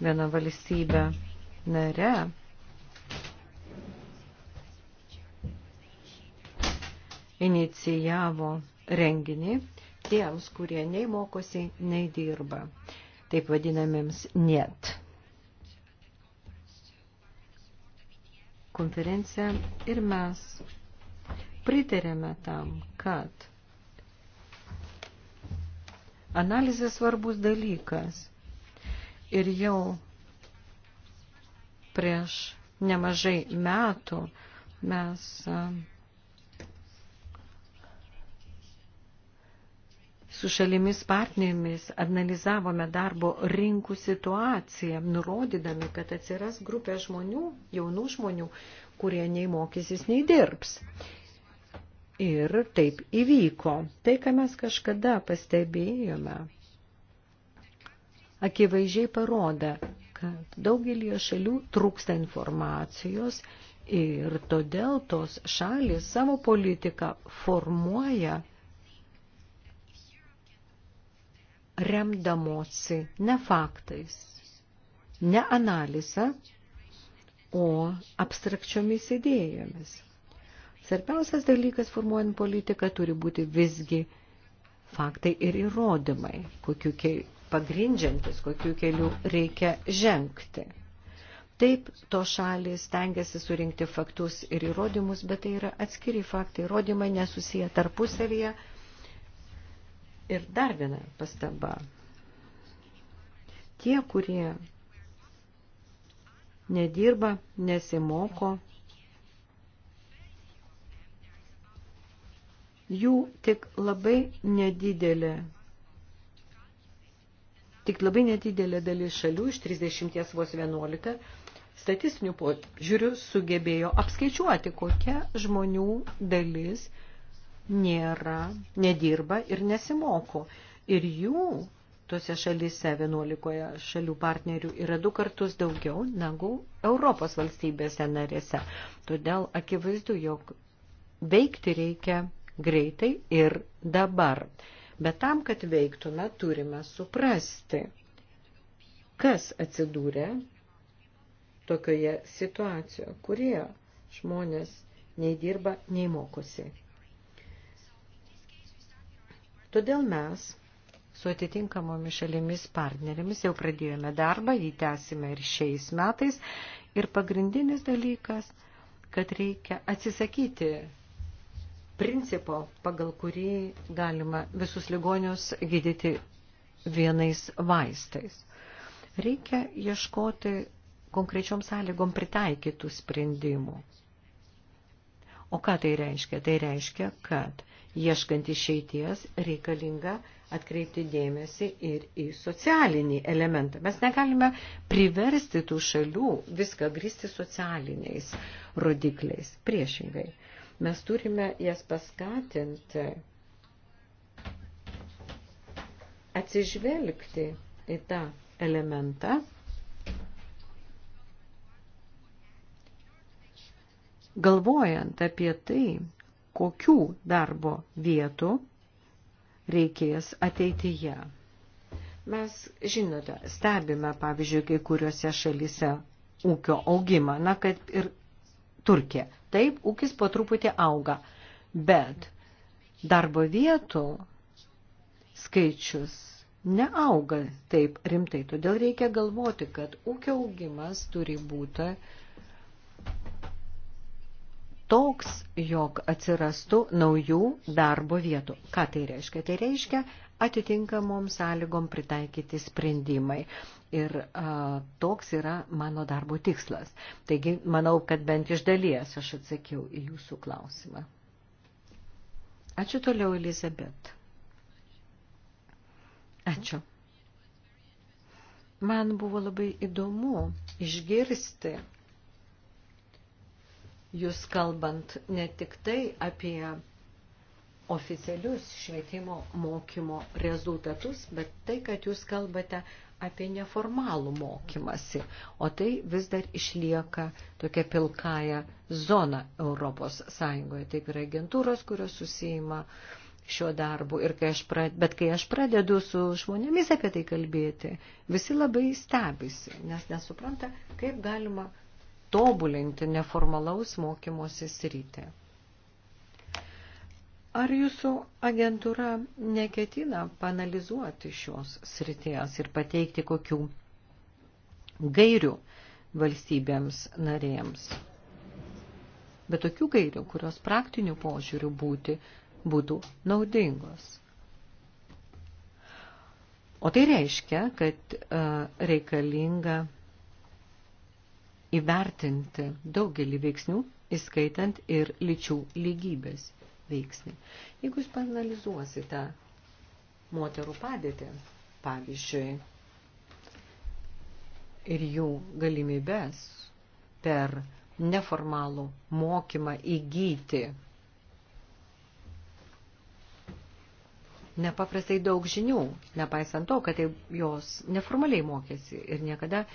viena valstybė nare inicijavo renginį tiems, kurie nei mokosi, nei dirba taip vadinamiems net. Konferencija ir mes pritarėme tam, kad analizė svarbus dalykas ir jau prieš nemažai metų mes su šalimis partnerėmis analizavome darbo rinkų situaciją, nurodydami, kad atsiras grupė žmonių, jaunų žmonių, kurie nei mokysis, nei dirbs. Ir taip įvyko. Tai, ką mes kažkada pastebėjome, akivaizdžiai parodo, kad daugelį šalių trūksta informacijos ir todėl tos šalis savo politiką formuoja remdamosi ne faktais, ne analizą, o abstrakčiomis idėjomis. Svarbiausias dalykas formuojant politiką turi būti visgi faktai ir įrodymai, kokiu keliu pagrindžiantis, kokiu keliu reikia žengti. Taip, to šalis tengiasi surinkti faktus ir įrodymus, bet tai yra atskiri faktai, įrodymai nesusiję tarpusavyje Ir dar viena pastaba. Tie, kurie nedirba, nesimoko, jų tik labai nedidelė tik labai nedidelė dalis šalių iš 30 vos 11 statistinių požiūrių sugebėjo apskaičiuoti, kokia žmonių dalis nėra, nedirba ir nesimoko. Ir jų tose šalyse, 11 šalių partnerių, yra du kartus daugiau negu Europos valstybėse narėse. Todėl akivaizdu, jog veikti reikia greitai ir dabar. Bet tam, kad veiktume, turime suprasti, kas atsidūrė tokioje situacijoje, kurie žmonės nei dirba, nei mokosi Todėl mes su atitinkamomis šalimis partnerėmis jau pradėjome darbą, jį tęsime ir šiais metais. Ir pagrindinis dalykas, kad reikia atsisakyti principo, pagal kurį galima visus ligonius gydyti vienais vaistais. Reikia ieškoti konkrečiom sąlygom pritaikytų sprendimų. O ką tai reiškia? Tai reiškia, kad ieškant išeities, reikalinga atkreipti dėmesį ir į socialinį elementą. Mes negalime priversti tų šalių viską grįsti socialiniais rodikliais. Priešingai, mes turime jas paskatinti atsižvelgti į tą elementą galvojant apie tai, kokių darbo vietų reikės ateityje. Mes, žinote, stebime, pavyzdžiui, kai kuriuose šalyse ūkio augimą, na, kad ir Turkija. Taip, ūkis po truputį auga, bet darbo vietų skaičius neauga taip rimtai. Todėl reikia galvoti, kad ūkio augimas turi būti toks, jog atsirastų naujų darbo vietų. Ką tai reiškia? Tai reiškia atitinkamoms sąlygom pritaikyti sprendimai. Ir a, toks yra mano darbo tikslas. Taigi, manau, kad bent iš dalies aš atsakiau į jūsų klausimą. Ačiū toliau, Elizabet. Ačiū. Man buvo labai įdomu išgirsti jūs kalbant ne tik tai apie oficialius švietimo mokymo rezultatus, bet tai, kad jūs kalbate apie neformalų mokymasi, o tai vis dar išlieka tokia pilkaja zona Europos Sąjungoje. Taip yra agentūros, kurios susijima šiuo darbu. Ir kai aš prad... Bet kai aš pradedu su žmonėmis apie tai kalbėti, visi labai stebisi, nes nesupranta, kaip galima tobulinti neformalaus mokymosi sritį. Ar jūsų agentūra neketina panalizuoti šios srities ir pateikti kokių gairių valstybėms narėms? Bet tokių gairių, kurios praktinių požiūrių būti, būtų naudingos. O tai reiškia, kad e, reikalinga įvertinti daugelį veiksnių, įskaitant ir lyčių lygybės veiksnį. Jeigu jūs panalizuosite moterų padėtį, pavyzdžiui, ir jų galimybės per neformalų mokymą įgyti nepaprastai daug žinių, nepaisant to, kad jos neformaliai mokėsi ir niekada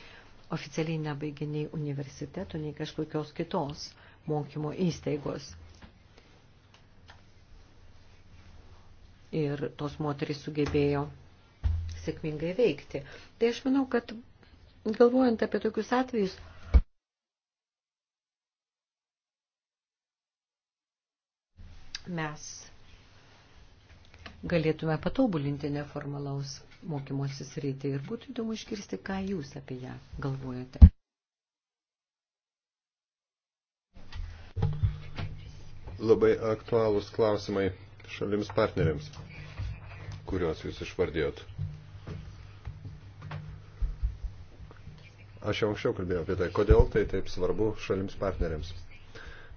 oficialiai nebaigė nei universiteto, nei kažkokios kitos mokymo įstaigos. Ir tos moterys sugebėjo sėkmingai veikti. Tai aš manau, kad galvojant apie tokius atvejus, mes galėtume patobulinti neformalaus mokymosi sritį ir būtų įdomu išgirsti, ką jūs apie ją galvojate. Labai aktualūs klausimai šalims partneriams, kuriuos jūs išvardėjot. Aš jau anksčiau kalbėjau apie tai, kodėl tai taip svarbu šalims partneriams.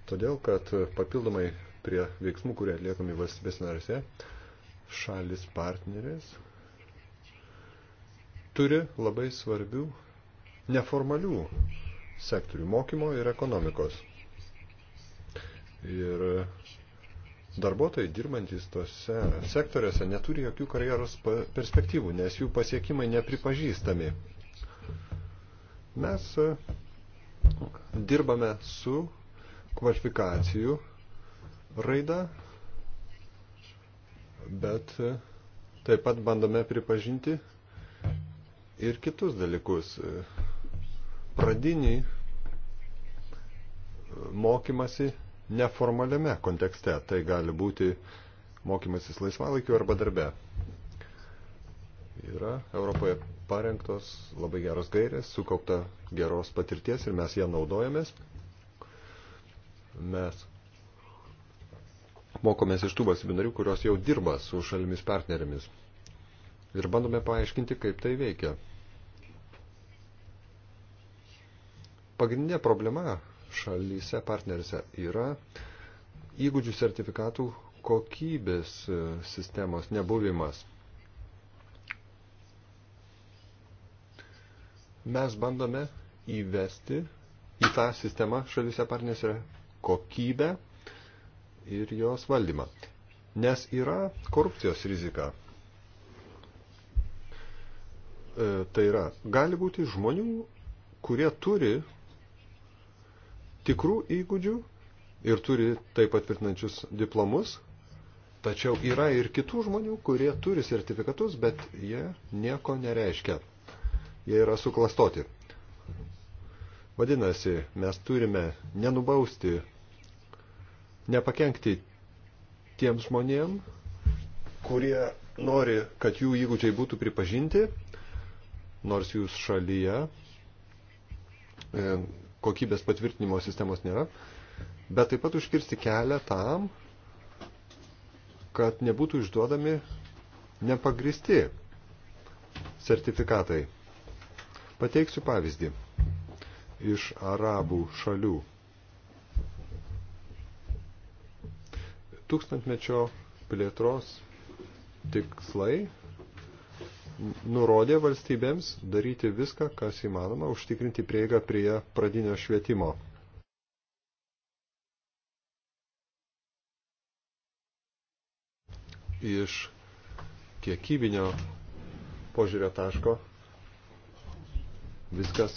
Todėl, kad papildomai prie veiksmų, kurie atliekami valstybės narėse, šalis partnerės turi labai svarbių neformalių sektorių mokymo ir ekonomikos. Ir darbuotojai dirbantis tose sektoriuose neturi jokių karjeros perspektyvų, nes jų pasiekimai nepripažįstami. Mes e, dirbame su kvalifikacijų raida bet e, taip pat bandome pripažinti ir kitus dalykus. E, pradinį e, mokymasi neformaliame kontekste. Tai gali būti mokymasis laisvalaikiu arba darbe. Yra Europoje parengtos labai geros gairės, sukaupta geros patirties ir mes ją naudojamės. Mes mokomės iš tų valstybių narių, kurios jau dirba su šalimis partnerėmis. Ir bandome paaiškinti, kaip tai veikia. Pagrindinė problema šalyse partnerėse yra įgūdžių sertifikatų kokybės e, sistemos nebuvimas. Mes bandome įvesti į tą sistemą šalyse partnerėse kokybę ir jos valdymą. Nes yra korupcijos rizika. E, tai yra, gali būti žmonių, kurie turi tikrų įgūdžių ir turi taip patvirtinančius diplomus, tačiau yra ir kitų žmonių, kurie turi sertifikatus, bet jie nieko nereiškia. Jie yra suklastoti. Vadinasi, mes turime nenubausti nepakengti tiem žmonėm, kurie nori, kad jų įgūdžiai būtų pripažinti, nors jūs šalyje e, kokybės patvirtinimo sistemos nėra, bet taip pat užkirsti kelią tam, kad nebūtų išduodami nepagristi sertifikatai. Pateiksiu pavyzdį iš arabų šalių. tūkstantmečio plėtros tikslai nurodė valstybėms daryti viską, kas įmanoma, užtikrinti prieigą prie pradinio švietimo. Iš kiekybinio požiūrio taško viskas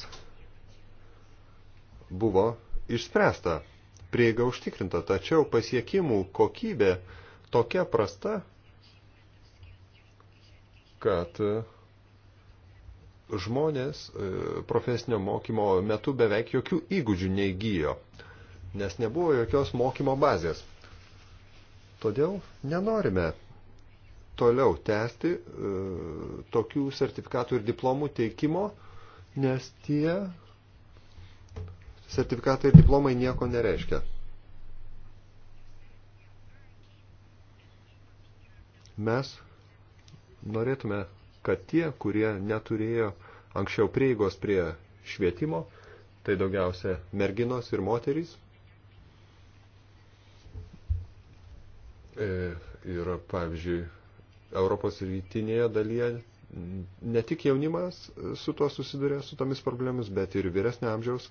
buvo išspręsta prieiga užtikrinta, tačiau pasiekimų kokybė tokia prasta, kad e, žmonės e, profesinio mokymo metu beveik jokių įgūdžių neįgyjo, nes nebuvo jokios mokymo bazės. Todėl nenorime toliau tęsti e, tokių sertifikatų ir diplomų teikimo, nes tie sertifikatai ir diplomai nieko nereiškia. Mes norėtume, kad tie, kurie neturėjo anksčiau prieigos prie švietimo, tai daugiausia merginos ir moterys, ir e, pavyzdžiui, Europos rytinėje dalyje ne tik jaunimas su tuo susiduria, su tomis problemus, bet ir vyresnė amžiaus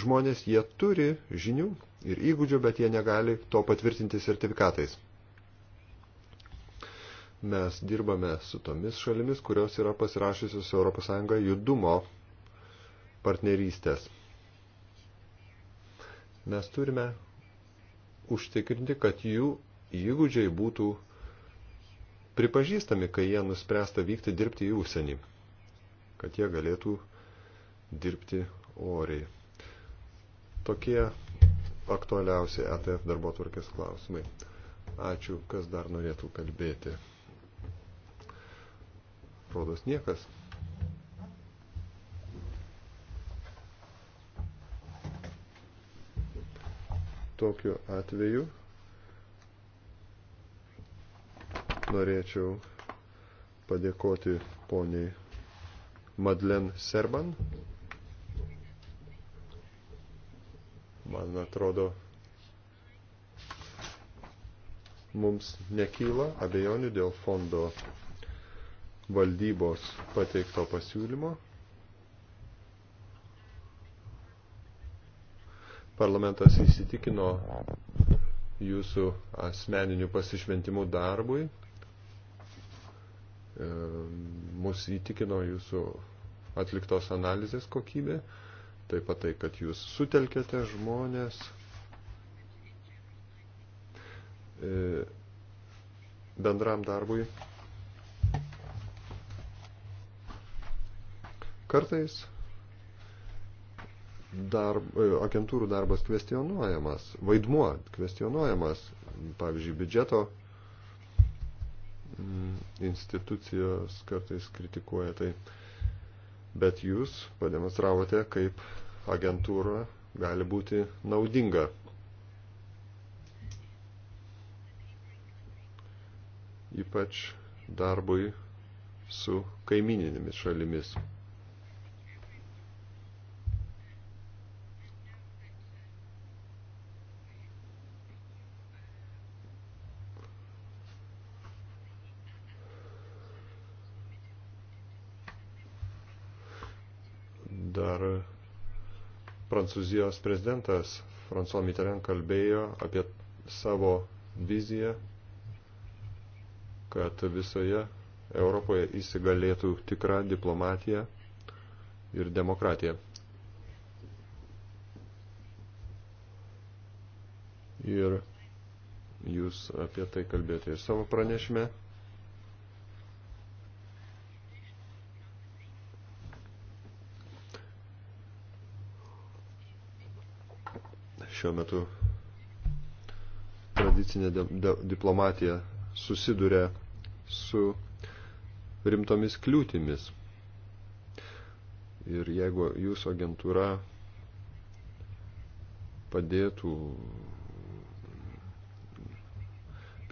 žmonės, jie turi žinių ir įgūdžių, bet jie negali to patvirtinti sertifikatais. Mes dirbame su tomis šalimis, kurios yra pasirašysios ES judumo partnerystės. Mes turime užtikrinti, kad jų įgūdžiai būtų pripažįstami, kai jie nuspręsta vykti dirbti į užsienį, kad jie galėtų dirbti oriai. Tokie aktualiausi ETF darbo tvarkės klausimai. Ačiū, kas dar norėtų kalbėti. Rodos niekas. Tokiu atveju norėčiau padėkoti poniai Madlen Serban. man atrodo, mums nekyla abejonių dėl fondo valdybos pateikto pasiūlymo. Parlamentas įsitikino jūsų asmeninių pasišventimų darbui. Ehm, mus įtikino jūsų atliktos analizės kokybė taip pat tai, kad jūs sutelkėte žmonės, e, bendram darbui. Kartais darb, e, agentūrų darbas kvestionuojamas, vaidmuo kvestionuojamas, pavyzdžiui, biudžeto mm, institucijos kartais kritikuoja tai bet jūs pademonstravote, kaip agentūra gali būti naudinga. Ypač darbui su kaimininėmis šalimis. dar Prancūzijos prezidentas François Mitterrand kalbėjo apie savo viziją, kad visoje Europoje įsigalėtų tikra diplomatija ir demokratija. Ir jūs apie tai kalbėjote ir savo pranešime. šiuo metu tradicinė diplomatija susiduria su rimtomis kliūtimis. Ir jeigu jūsų agentūra padėtų,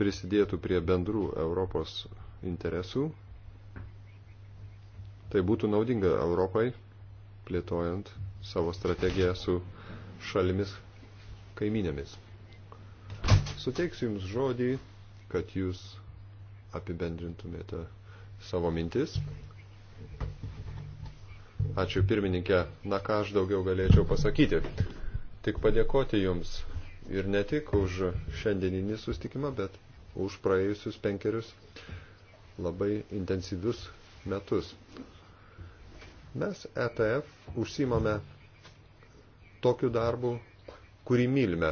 prisidėtų prie bendrų Europos interesų, tai būtų naudinga Europai plėtojant savo strategiją su šalimis kaiminėmis. Suteiksiu Jums žodį, kad Jūs apibendrintumėte savo mintis. Ačiū pirmininkė, na ką aš daugiau galėčiau pasakyti. Tik padėkoti Jums ir ne tik už šiandieninį sustikimą, bet už praėjusius penkerius labai intensyvius metus. Mes ETF užsimame tokiu darbu, kurį mylime.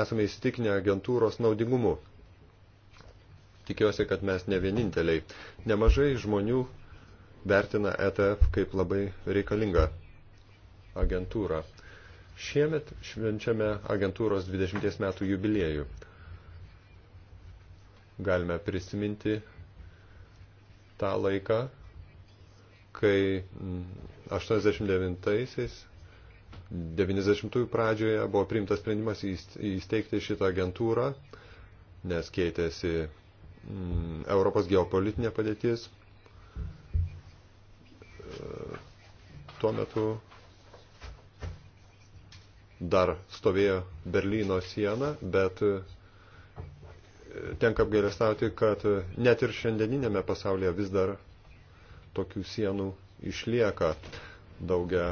Esame įsitikinę agentūros naudingumu. Tikiuosi, kad mes ne vieninteliai. Nemažai žmonių vertina ETF kaip labai reikalingą agentūrą. Šiemet švenčiame agentūros 20 metų jubiliejų. Galime prisiminti tą laiką, kai 89-aisiais 90-ųjų pradžioje buvo priimtas sprendimas įsteigti šitą agentūrą, nes keitėsi mm, Europos geopolitinė padėtis. E, tuo metu dar stovėjo Berlyno siena, bet e, tenka apgailestauti, kad net ir šiandieninėme pasaulyje vis dar tokių sienų išlieka daugia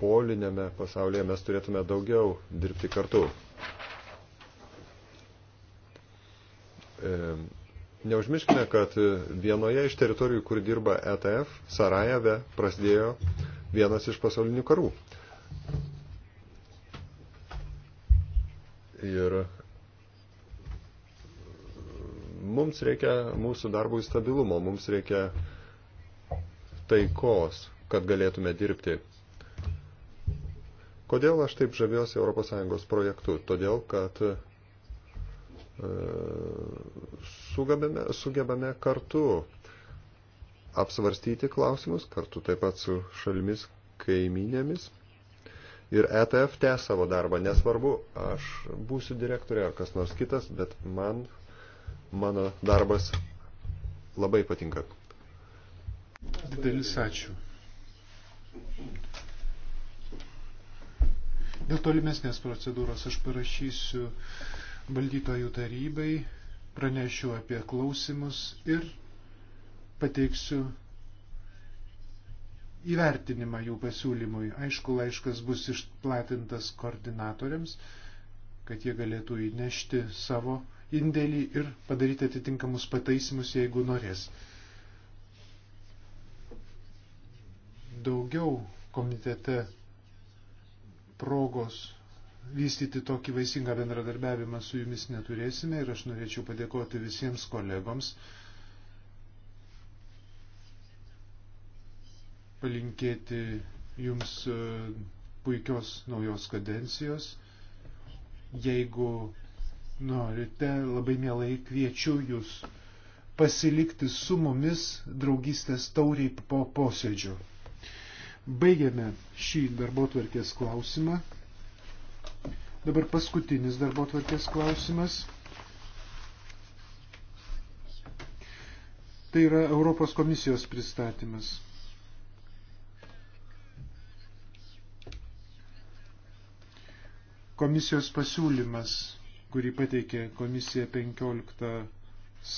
polinėme pasaulyje mes turėtume daugiau dirbti kartu. E, neužmirškime, kad vienoje iš teritorijų, kur dirba ETF, Sarajeve prasidėjo vienas iš pasaulinių karų. Ir mums reikia mūsų darbų stabilumo, mums reikia taikos kad galėtume dirbti. Kodėl aš taip žaviuosi ES projektu? Todėl, kad e, sugebame, sugebame kartu apsvarstyti klausimus, kartu taip pat su šalimis kaiminėmis. Ir ETF tęs savo darbą, nesvarbu, aš būsiu direktorė ar kas nors kitas, bet man mano darbas labai patinka. Didelis ačiū. Dėl tolimesnės procedūros aš parašysiu valdytojų tarybai, pranešiu apie klausimus ir pateiksiu įvertinimą jų pasiūlymui. Aišku, laiškas bus išplatintas koordinatoriams, kad jie galėtų įnešti savo indėlį ir padaryti atitinkamus pataisimus, jeigu norės. daugiau komitete progos vystyti tokį vaisingą bendradarbiavimą su jumis neturėsime ir aš norėčiau padėkoti visiems kolegoms, palinkėti jums e, puikios naujos kadencijos. Jeigu norite, labai mielai kviečiu jūs pasilikti su mumis draugystės tauriai po posėdžio. Baigiame šį darbo tvarkės klausimą. Dabar paskutinis darbo tvarkės klausimas. Tai yra Europos komisijos pristatymas. Komisijos pasiūlymas, kurį pateikė komisija 15,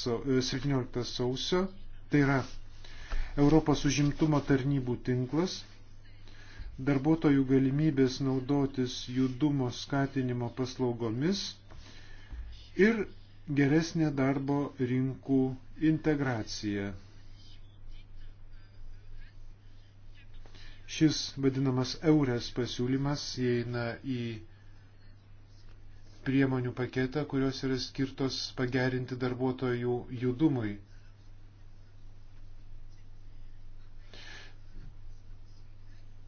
17 e, sausio, tai yra Europos užimtumo tarnybų tinklas darbuotojų galimybės naudotis judumo skatinimo paslaugomis ir geresnė darbo rinkų integracija. Šis vadinamas eurės pasiūlymas įeina į priemonių paketą, kurios yra skirtos pagerinti darbuotojų judumui.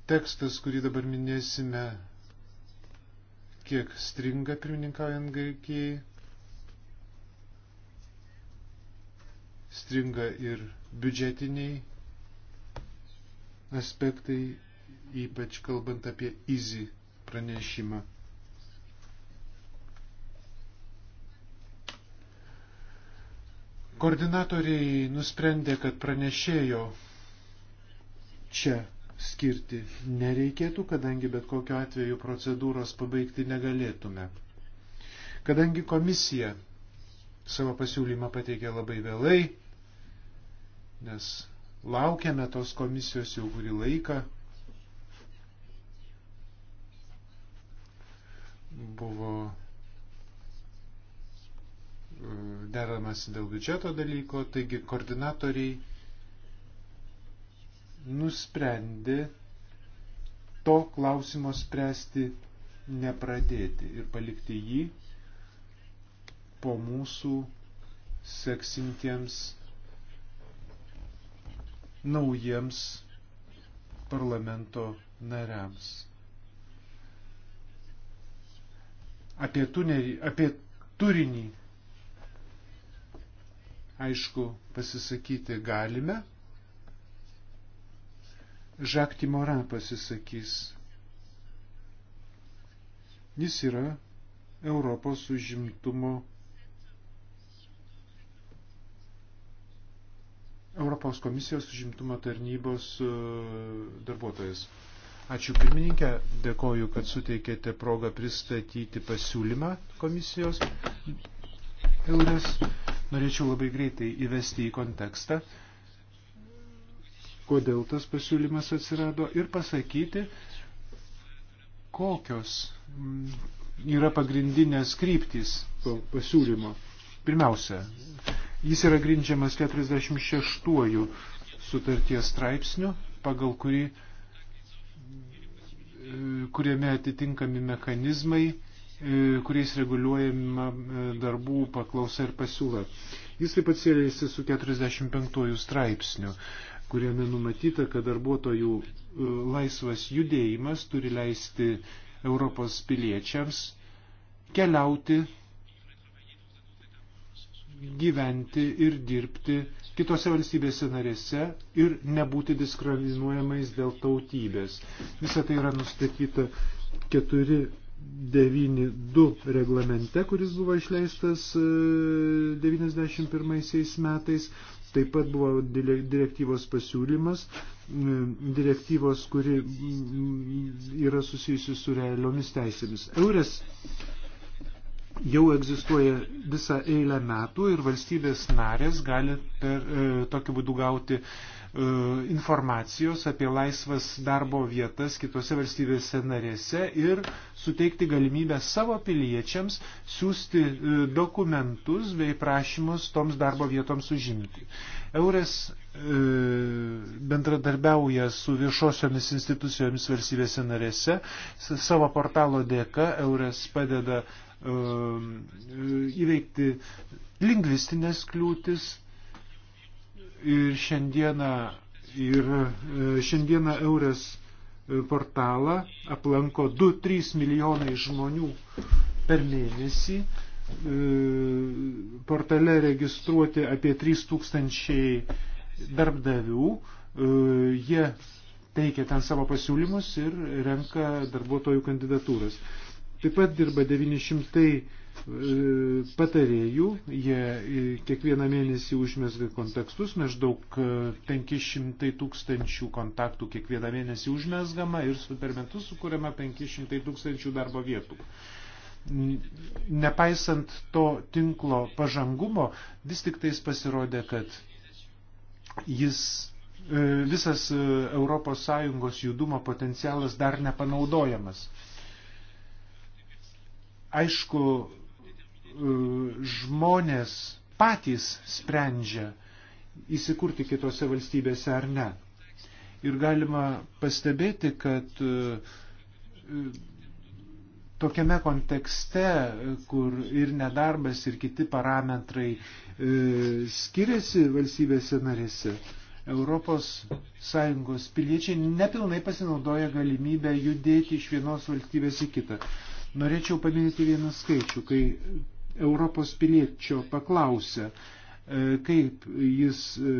tekstas, kurį dabar minėsime, kiek stringa pirmininkaujant Graikijai, stringa ir biudžetiniai aspektai, ypač kalbant apie EASY pranešimą. Koordinatoriai nusprendė, kad pranešėjo čia skirti nereikėtų, kadangi bet kokiu atveju procedūros pabaigti negalėtume. Kadangi komisija savo pasiūlymą pateikė labai vėlai, nes laukiame tos komisijos jau kurį laiką, buvo e, deramas dėl biudžeto dalyko, taigi koordinatoriai nusprendė to klausimo spręsti nepradėti ir palikti jį po mūsų seksintiems naujiems parlamento nariams. Apie, tunerį, apie turinį, aišku, pasisakyti galime, Žakti Mora pasisakys. Jis yra Europos užimtumo Europos komisijos užimtumo tarnybos e, darbuotojas. Ačiū pirmininkė, dėkoju, kad suteikėte progą pristatyti pasiūlymą komisijos. Eures, norėčiau labai greitai įvesti į kontekstą kodėl tas pasiūlymas atsirado ir pasakyti, kokios mm, yra pagrindinės kryptys pasiūlymo. Pirmiausia, jis yra grindžiamas 46 sutarties straipsniu, pagal kurį e, kuriame atitinkami mechanizmai, e, kuriais reguliuojama e, darbų paklausa ir pasiūla. Jis taip pat sėlėsi su 45 straipsniu kuriame numatyta, kad darbuotojų e, laisvas judėjimas turi leisti Europos piliečiams keliauti, gyventi ir dirbti kitose valstybėse narėse ir nebūti diskriminuojamais dėl tautybės. Visą tai yra nustatyta 492 reglamente, kuris buvo išleistas 91 e, metais. Taip pat buvo direktyvos pasiūlymas, direktyvos, kuri yra susijusi su realiomis teisėmis. Eures jau egzistuoja visą eilę metų ir valstybės narės gali per, e, tokiu būdu gauti e, E, informacijos apie laisvas darbo vietas kitose valstybėse narėse ir suteikti galimybę savo piliečiams siūsti e, dokumentus bei prašymus toms darbo vietoms užimti. Eures e, bendradarbiauja su viešosiomis institucijomis valstybėse narėse. Savo portalo dėka Eures padeda įveikti lingvistinės kliūtis, ir šiandieną, ir e, šiandieną Eures e, portalą aplanko 2-3 milijonai žmonių per mėnesį. E, portale registruoti apie 3 tūkstančiai darbdavių. Jie teikia ten savo pasiūlymus ir renka darbuotojų kandidatūras. Taip pat dirba 900 patarėjų, jie kiekvieną mėnesį užmesga kontaktus, maždaug 500 e, tūkstančių kontaktų kiekvieną mėnesį užmesgama ir per metus sukūrėme 500 tūkstančių darbo vietų. Nepaisant to tinklo pažangumo, vis tik tais pasirodė, kad jis e, visas ES judumo potencialas dar nepanaudojamas. Aišku, žmonės patys sprendžia įsikurti kitose valstybėse ar ne. Ir galima pastebėti, kad e, tokiame kontekste, kur ir nedarbas, ir kiti parametrai e, skiriasi valstybėse narėse, ES piliečiai nepilnai pasinaudoja galimybę judėti iš vienos valstybės į kitą. Norėčiau paminėti vieną skaičių, kai Europos piliečio paklausia, e, kaip jis e,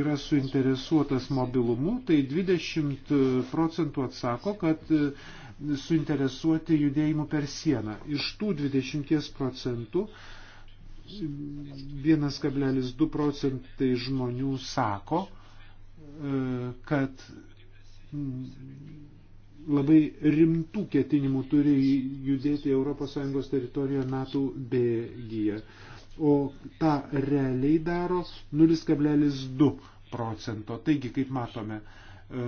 yra suinteresuotas mobilumu, tai 20 procentų atsako, kad e, suinteresuoti judėjimu per sieną. Iš tų 20 procentų 1,2 procentai žmonių sako, kad labai rimtų ketinimų turi judėti ES teritorijoje metų bėgyje. O tą realiai daro 0,2 procento. Taigi, kaip matome, e,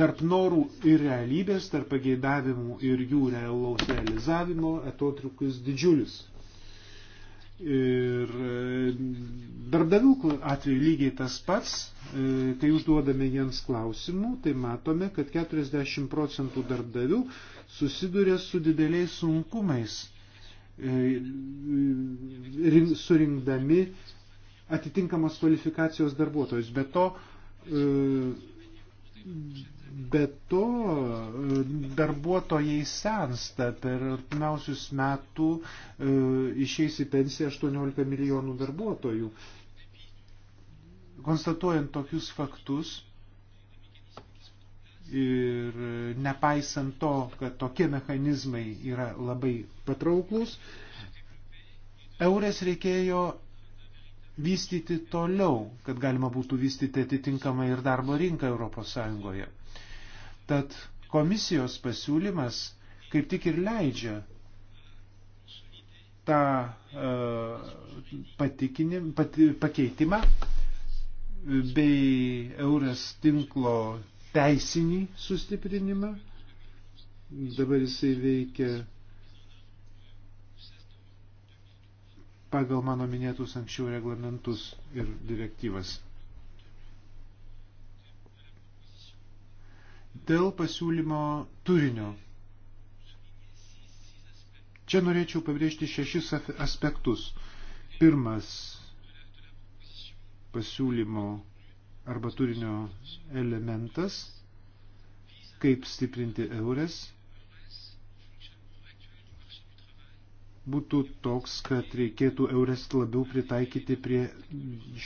tarp norų ir realybės, tarp pageidavimų ir jų realaus realizavimo atotrukis didžiulis. Ir e, darbdavių atveju lygiai tas pats, kai e, užduodame jiems klausimų, tai matome, kad 40 procentų darbdavių susiduria su dideliais sunkumais e, surinkdami atitinkamos kvalifikacijos darbuotojus. Be to, Be to, e, darbuotojai sensta. Per artimiausius metų e, išeis į pensiją 18 milijonų darbuotojų. Konstatuojant tokius faktus ir nepaisant to, kad tokie mechanizmai yra labai patrauklus, eurės reikėjo vystyti toliau, kad galima būtų vystyti atitinkamą ir darbo rinką Europos Sąjungoje. Tad komisijos pasiūlymas kaip tik ir leidžia tą e, patikinim, pat, pakeitimą bei Euras tinklo teisinį sustiprinimą. Dabar jisai veikia pagal mano minėtus anksčiau reglamentus ir direktyvas. dėl pasiūlymo turinio. Čia norėčiau pabrėžti šešis aspektus. Pirmas pasiūlymo arba turinio elementas, kaip stiprinti eures būtų toks, kad reikėtų eures labiau pritaikyti prie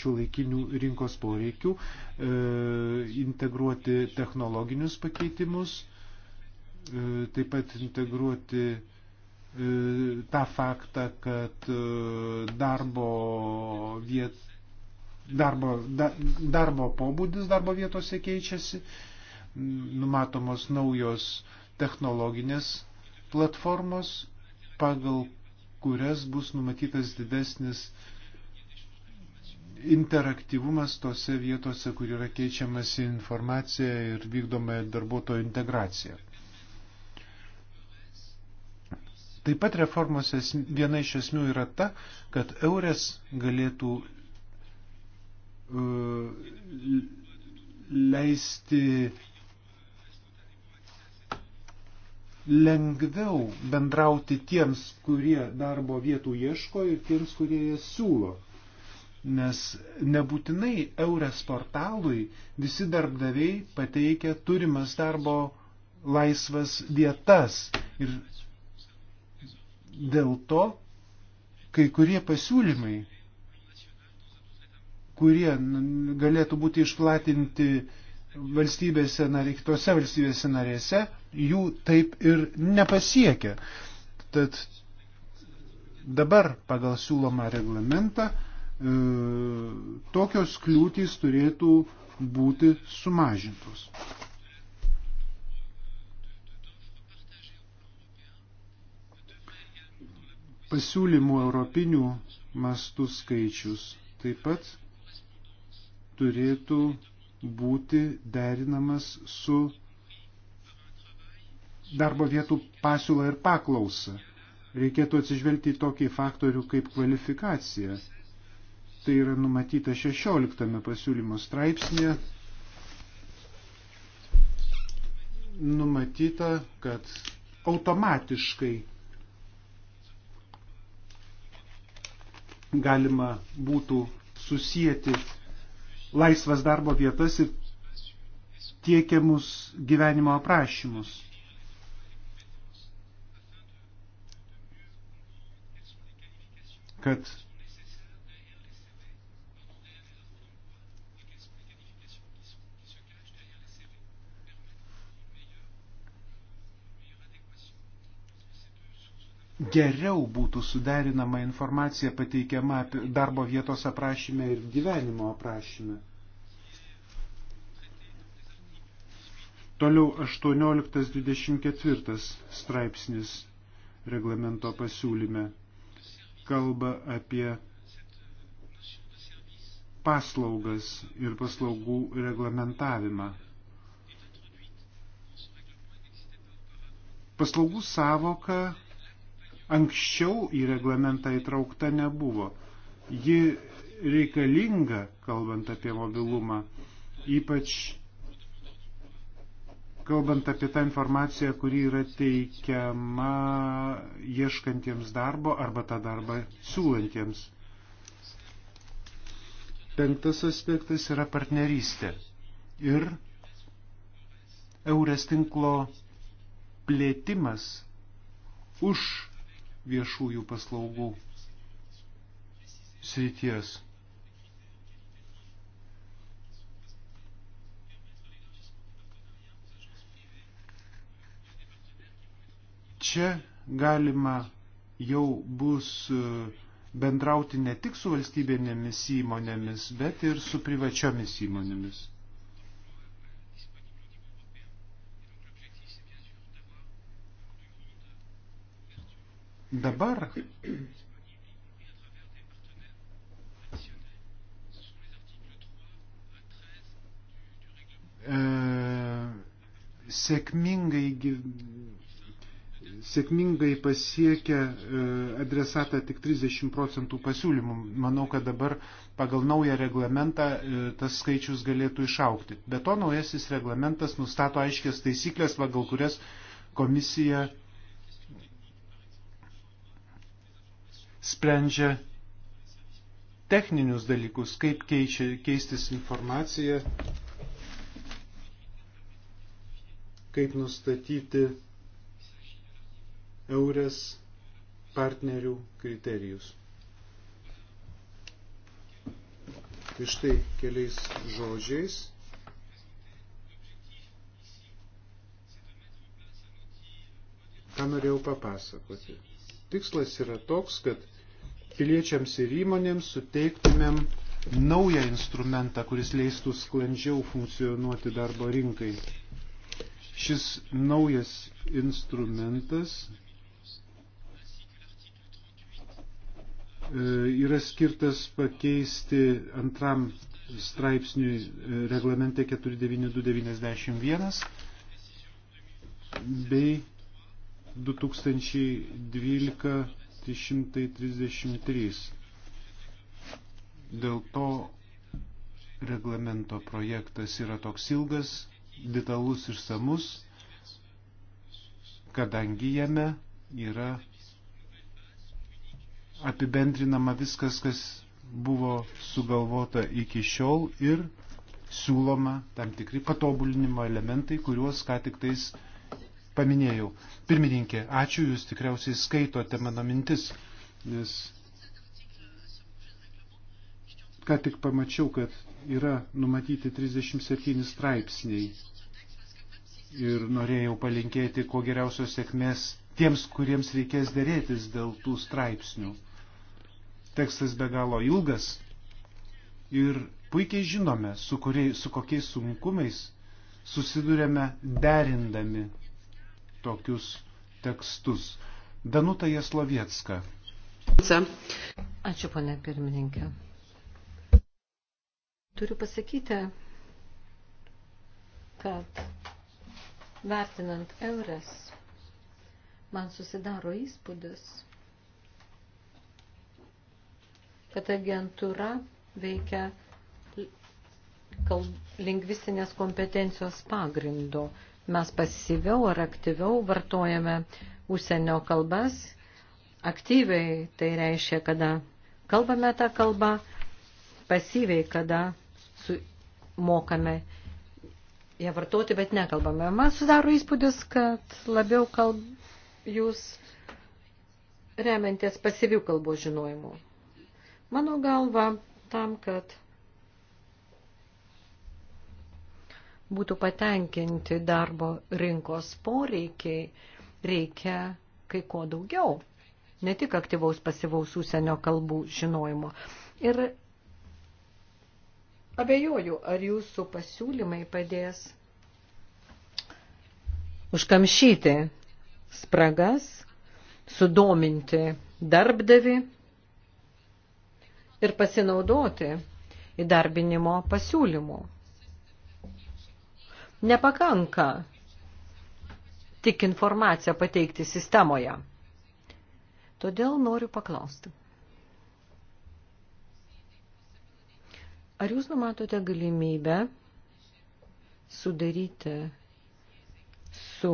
šiuolaikinių rinkos poreikių, e, integruoti technologinius pakeitimus, e, taip pat integruoti e, tą faktą, kad e, darbo viet, darbo, da, darbo pobūdis darbo vietose keičiasi, numatomos naujos technologinės platformos pagal kurias bus numatytas didesnis interaktyvumas tose vietose, kur yra keičiamasi informacija ir vykdoma darbuotojo integracija. Taip pat reformos viena iš esmių yra ta, kad eurės galėtų e, leisti lengviau bendrauti tiems, kurie darbo vietų ieško ir tiems, kurie jas siūlo. Nes nebūtinai Eures portalui visi darbdaviai pateikia turimas darbo laisvas vietas. Ir dėl to kai kurie pasiūlymai, kurie galėtų būti išplatinti valstybėse, kitose valstybėse narėse, jų taip ir nepasiekia. Tad dabar pagal siūlomą reglamentą e, tokios kliūtys turėtų būti sumažintos. Pasiūlymų europinių mastų skaičius taip pat turėtų būti derinamas su darbo vietų pasiūlą ir paklausą. Reikėtų atsižvelgti į tokį faktorių kaip kvalifikacija. Tai yra numatyta 16 pasiūlymo straipsnėje. Numatyta, kad automatiškai galima būtų susijęti laisvas darbo vietas ir tiekiamus gyvenimo aprašymus. kad geriau būtų suderinama informacija pateikiama apie darbo vietos aprašymę ir gyvenimo aprašymę. Toliau 18.24 straipsnis reglamento pasiūlyme kalba apie paslaugas ir paslaugų reglamentavimą. Paslaugų savoka anksčiau į reglamentą įtraukta nebuvo. Ji reikalinga, kalbant apie mobilumą, ypač kalbant apie tą informaciją, kuri yra teikiama ieškantiems darbo arba tą darbą siūlantiems. Penktas aspektas yra partnerystė ir eurės tinklo plėtimas už viešųjų paslaugų srities. čia galima jau bus e, bendrauti ne tik su valstybinėmis įmonėmis, bet ir su privačiomis įmonėmis. Dabar e, sėkmingai sėkmingai pasiekia e, adresatą tik 30 procentų pasiūlymų. Manau, kad dabar pagal naują reglamentą e, tas skaičius galėtų išaukti. Be to, naujasis reglamentas nustato aiškias taisyklės, pagal kurias komisija sprendžia techninius dalykus, kaip keičia, keistis informacija, kaip nustatyti eurės partnerių kriterijus. Tai štai keliais žodžiais. Ką norėjau papasakoti. Tikslas yra toks, kad piliečiams ir įmonėms suteiktumėm naują instrumentą, kuris leistų sklandžiau funkcionuoti darbo rinkai. Šis naujas instrumentas E, yra skirtas pakeisti antram straipsniui e, reglamente 49291 bei 2012-333. Dėl to reglamento projektas yra toks ilgas, detalus ir samus, kadangi jame yra apibendrinama viskas, kas buvo sugalvota iki šiol ir siūloma tam tikri patobulinimo elementai, kuriuos ką tik tais paminėjau. Pirmininkė, ačiū, jūs tikriausiai skaitote mano mintis, nes ką tik pamačiau, kad yra numatyti 37 straipsniai ir norėjau palinkėti kuo geriausios sėkmės tiems, kuriems reikės dėrėtis dėl tų straipsnių. Tekstas be galo ilgas ir puikiai žinome, su, kuriai, su kokiais sunkumais susidurėme derindami tokius tekstus. Danuta Jaslovietska. Ačiū, ponė pirmininkė. Turiu pasakyti, kad vertinant eurės, man susidaro įspūdis, kad agentūra veikia lingvistinės kompetencijos pagrindu. Mes pasyviau ar aktyviau vartojame užsienio kalbas. Aktyviai tai reiškia, kada kalbame tą kalbą, pasyviai, kada su, mokame ją vartoti, bet nekalbame. Man sudaro įspūdis, kad labiau kalb... jūs remiantis pasyvių kalbos žinojimu. Mano galva, tam, kad būtų patenkinti darbo rinkos poreikiai, reikia kai ko daugiau. Ne tik aktyvaus pasivaus užsienio kalbų žinojimo. Ir abejoju, ar jūsų pasiūlymai padės užkamšyti spragas, sudominti darbdavi ir pasinaudoti įdarbinimo pasiūlymų. Nepakanka tik informaciją pateikti sistemoje. Todėl noriu paklausti. Ar jūs numatote galimybę sudaryti su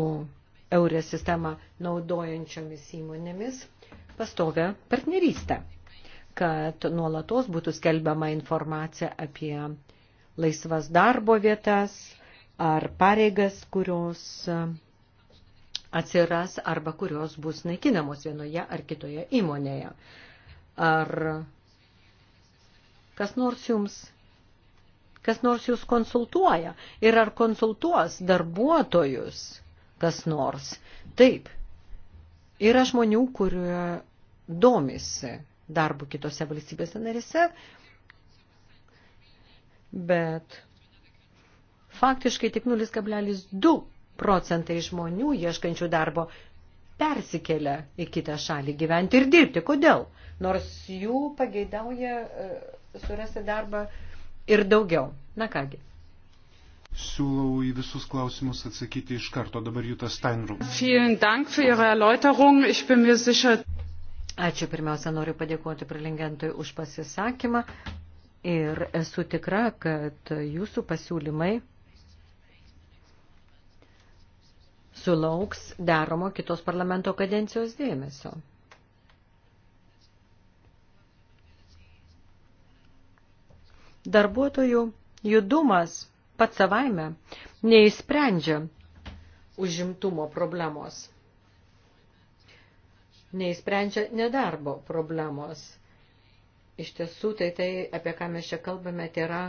eurės sistemą naudojančiomis įmonėmis pastovę partnerystę? kad nuolatos būtų skelbiama informacija apie laisvas darbo vietas ar pareigas, kurios atsiras arba kurios bus naikinamos vienoje ar kitoje įmonėje. Ar kas nors jums, kas nors jūs konsultuoja ir ar konsultuos darbuotojus kas nors. Taip, yra žmonių, kurie domisi darbų kitose valstybėse narėse, bet faktiškai tik 0,2 procentai žmonių ieškančių darbo persikelia į kitą šalį gyventi ir dirbti. Kodėl? Nors jų pageidauja e, surasti darbą ir daugiau. Na kągi. Siūlau į visus klausimus atsakyti iš karto. Dabar Jūta Steinrum. Ačiū. Pirmiausia, noriu padėkoti prelingentui už pasisakymą ir esu tikra, kad jūsų pasiūlymai sulauks daromo kitos parlamento kadencijos dėmesio. Darbuotojų judumas pats savaime neįsprendžia užimtumo problemos neįsprendžia nedarbo problemos. Iš tiesų, tai tai, apie ką mes čia kalbame, tai yra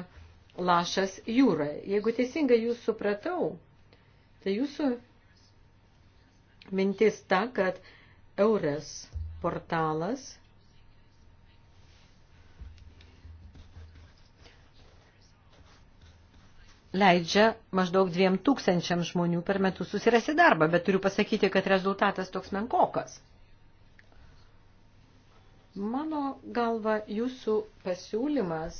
lašas jūrai. Jeigu teisingai jūs supratau, tai jūsų mintis ta, kad Eures portalas leidžia maždaug dviem tūkstančiam žmonių per metus susirasti darbą, bet turiu pasakyti, kad rezultatas toks menkokas. Mano galva, jūsų pasiūlymas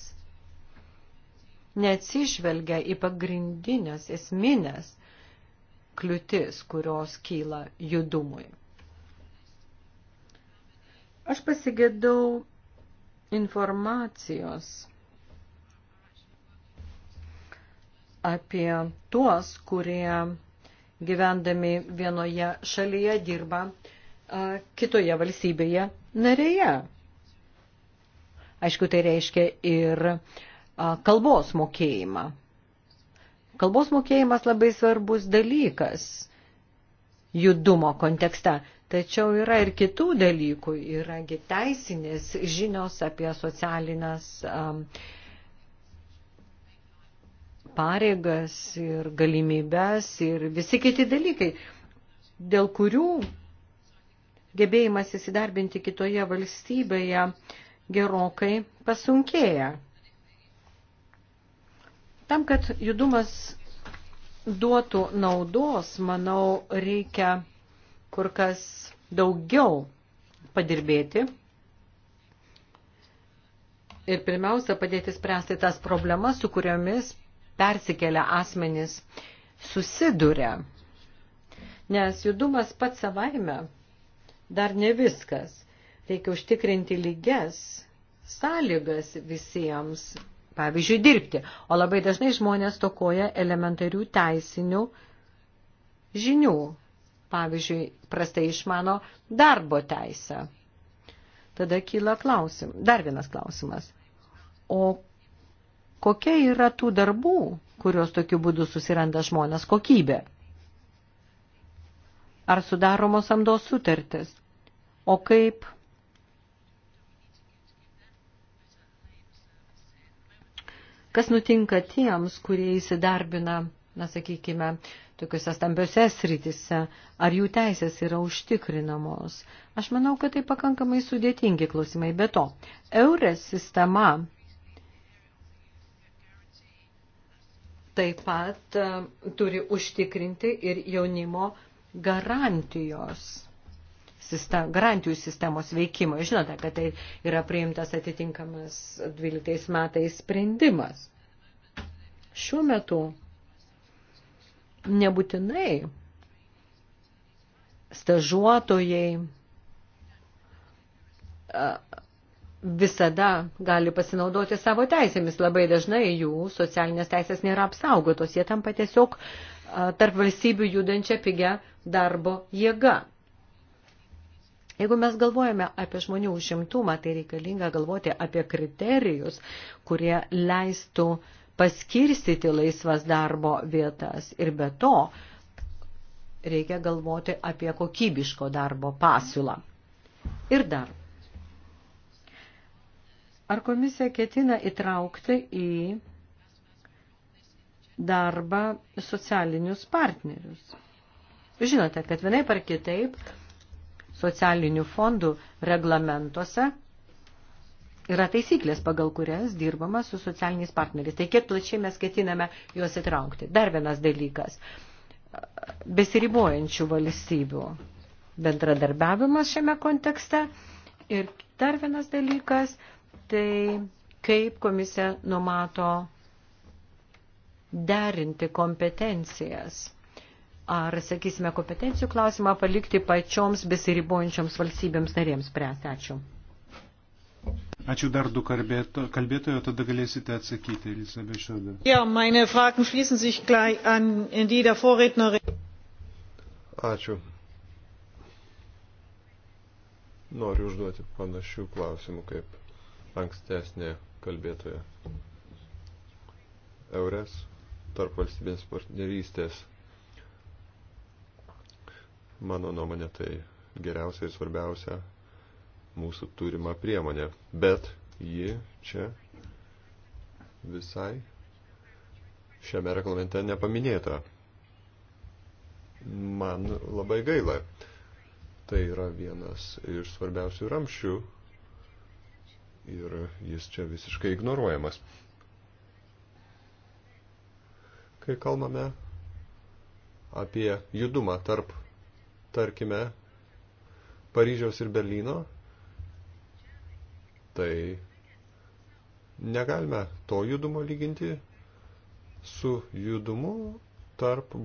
neatsižvelgia į pagrindinės esminės kliūtis, kurios kyla judumui. Aš pasigėdau informacijos apie tuos, kurie gyvendami vienoje šalyje dirba kitoje valstybėje narėje. Aišku, tai reiškia ir kalbos mokėjimą. Kalbos mokėjimas labai svarbus dalykas judumo kontekste. Tačiau yra ir kitų dalykų, yragi teisinės žinios apie socialinės um, pareigas ir galimybės ir visi kiti dalykai, dėl kurių gebėjimas įsidarbinti kitoje valstybėje gerokai pasunkėja. Tam, kad judumas duotų naudos, manau, reikia kur kas daugiau padirbėti ir pirmiausia padėti spręsti tas problemas, su kuriomis persikelia asmenys susiduria. Nes judumas pats savaime dar ne viskas. Reikia užtikrinti lygias sąlygas visiems, pavyzdžiui, dirbti. O labai dažnai žmonės tokoja elementarių teisinių žinių. Pavyzdžiui, prastai išmano darbo teisę. Tada kyla klausimas. Dar vienas klausimas. O kokia yra tų darbų, kurios tokiu būdu susiranda žmonės kokybė? ar sudaromos samdos sutartis. O kaip kas nutinka tiems, kurie įsidarbina, na, sakykime, tokiuose stambiose sritise, ar jų teisės yra užtikrinamos. Aš manau, kad tai pakankamai sudėtingi klausimai. Be to, eurės sistema taip pat uh, turi užtikrinti ir jaunimo uh, garantijos sistem, garantijų sistemos veikimo. Žinote, kad tai yra priimtas atitinkamas 12 metais sprendimas. Šiuo metu nebūtinai stažuotojai visada gali pasinaudoti savo teisėmis. Labai dažnai jų socialinės teisės nėra apsaugotos. Jie tampa tiesiog tarp valstybių judančią pigę darbo jėga. Jeigu mes galvojame apie žmonių užimtumą, tai reikalinga galvoti apie kriterijus, kurie leistų paskirstyti laisvas darbo vietas ir be to reikia galvoti apie kokybiško darbo pasiūlą. Ir dar. Ar komisija ketina įtraukti į darbą socialinius partnerius? Žinote, kad vienai par kitaip socialinių fondų reglamentuose yra taisyklės, pagal kurias dirbama su socialiniais partneriais. Tai kiek plačiai mes ketiname juos įtraukti. Dar vienas dalykas. Besiribojančių valstybių bendradarbiavimas šiame kontekste. Ir dar vienas dalykas, tai kaip komisija numato derinti kompetencijas ar, sakysime, kompetencijų klausimą palikti pačioms besiribojančioms valstybėms narėms spręsti. Ačiū. Ačiū dar du kalbėto, kalbėtojo, tada galėsite atsakyti, Elisabeth Šoda. Ja, meine Fragen fließen sich gleich an die der Vorrednerin. Ačiū. Noriu užduoti panašių klausimų kaip ankstesnė kalbėtoja. Eures tarp valstybės partnerystės mano nuomonė, tai geriausia ir svarbiausia mūsų turima priemonė. Bet ji čia visai šiame reglamente nepaminėta. Man labai gaila. Tai yra vienas iš svarbiausių ramščių ir jis čia visiškai ignoruojamas. Kai kalbame apie judumą tarp tarkime, Paryžiaus ir Berlyno, tai negalime to judumo lyginti su judumu tarp,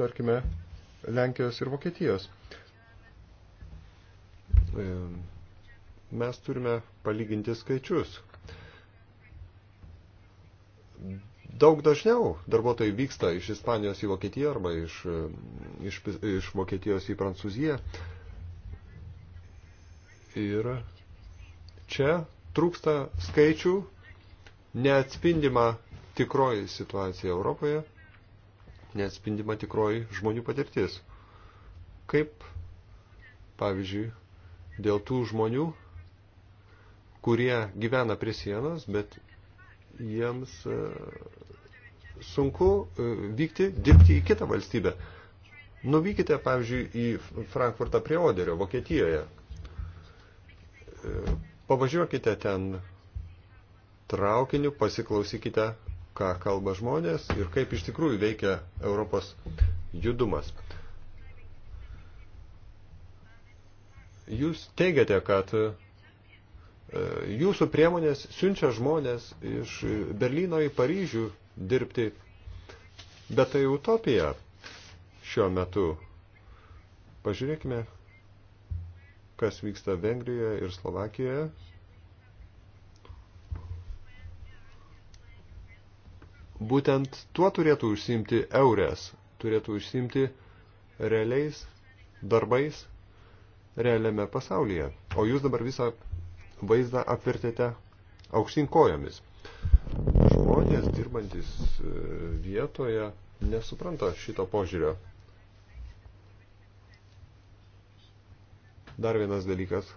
tarkime, Lenkijos ir Vokietijos. Mes turime palyginti skaičius. Daug dažniau darbuotojai vyksta iš Ispanijos į Vokietiją arba iš, e, iš, iš Vokietijos į Prancūziją. Ir čia trūksta skaičių neatspindima tikroji situacija Europoje, neatspindima tikroji žmonių patirtis. Kaip, pavyzdžiui, dėl tų žmonių, kurie gyvena prie sienos, bet jiems e, sunku e, vykti, dirbti į kitą valstybę. Nuvykite, pavyzdžiui, į Frankfurtą prie Oderio, Vokietijoje. E, pavažiuokite ten traukiniu, pasiklausykite, ką kalba žmonės ir kaip iš tikrųjų veikia Europos judumas. Jūs teigiate, kad E, jūsų priemonės siunčia žmonės iš Berlyno į Paryžių dirbti, bet tai utopija šiuo metu. Pažiūrėkime, kas vyksta Vengrijoje ir Slovakijoje. Būtent tuo turėtų užsiimti eurės, turėtų užsiimti realiais darbais realiame pasaulyje. O jūs dabar visą vaizdą apvertėte aukštyn kojomis. Žmonės dirbantis e, vietoje nesupranta šito požiūrio. Dar vienas dalykas.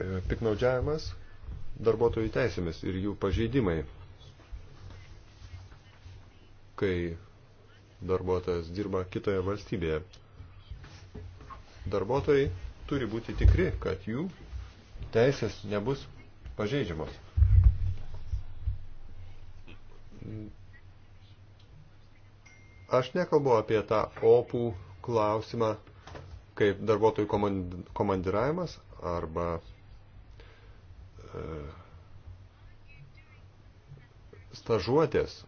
E, piknaudžiavimas darbuotojų teisėmis ir jų pažeidimai, kai darbuotojas dirba kitoje valstybėje. Darbuotojai turi būti tikri, kad jų teisės nebus pažeidžiamos. Aš nekalbu apie tą opų klausimą kaip darbuotojų komandiravimas arba e, stažuotės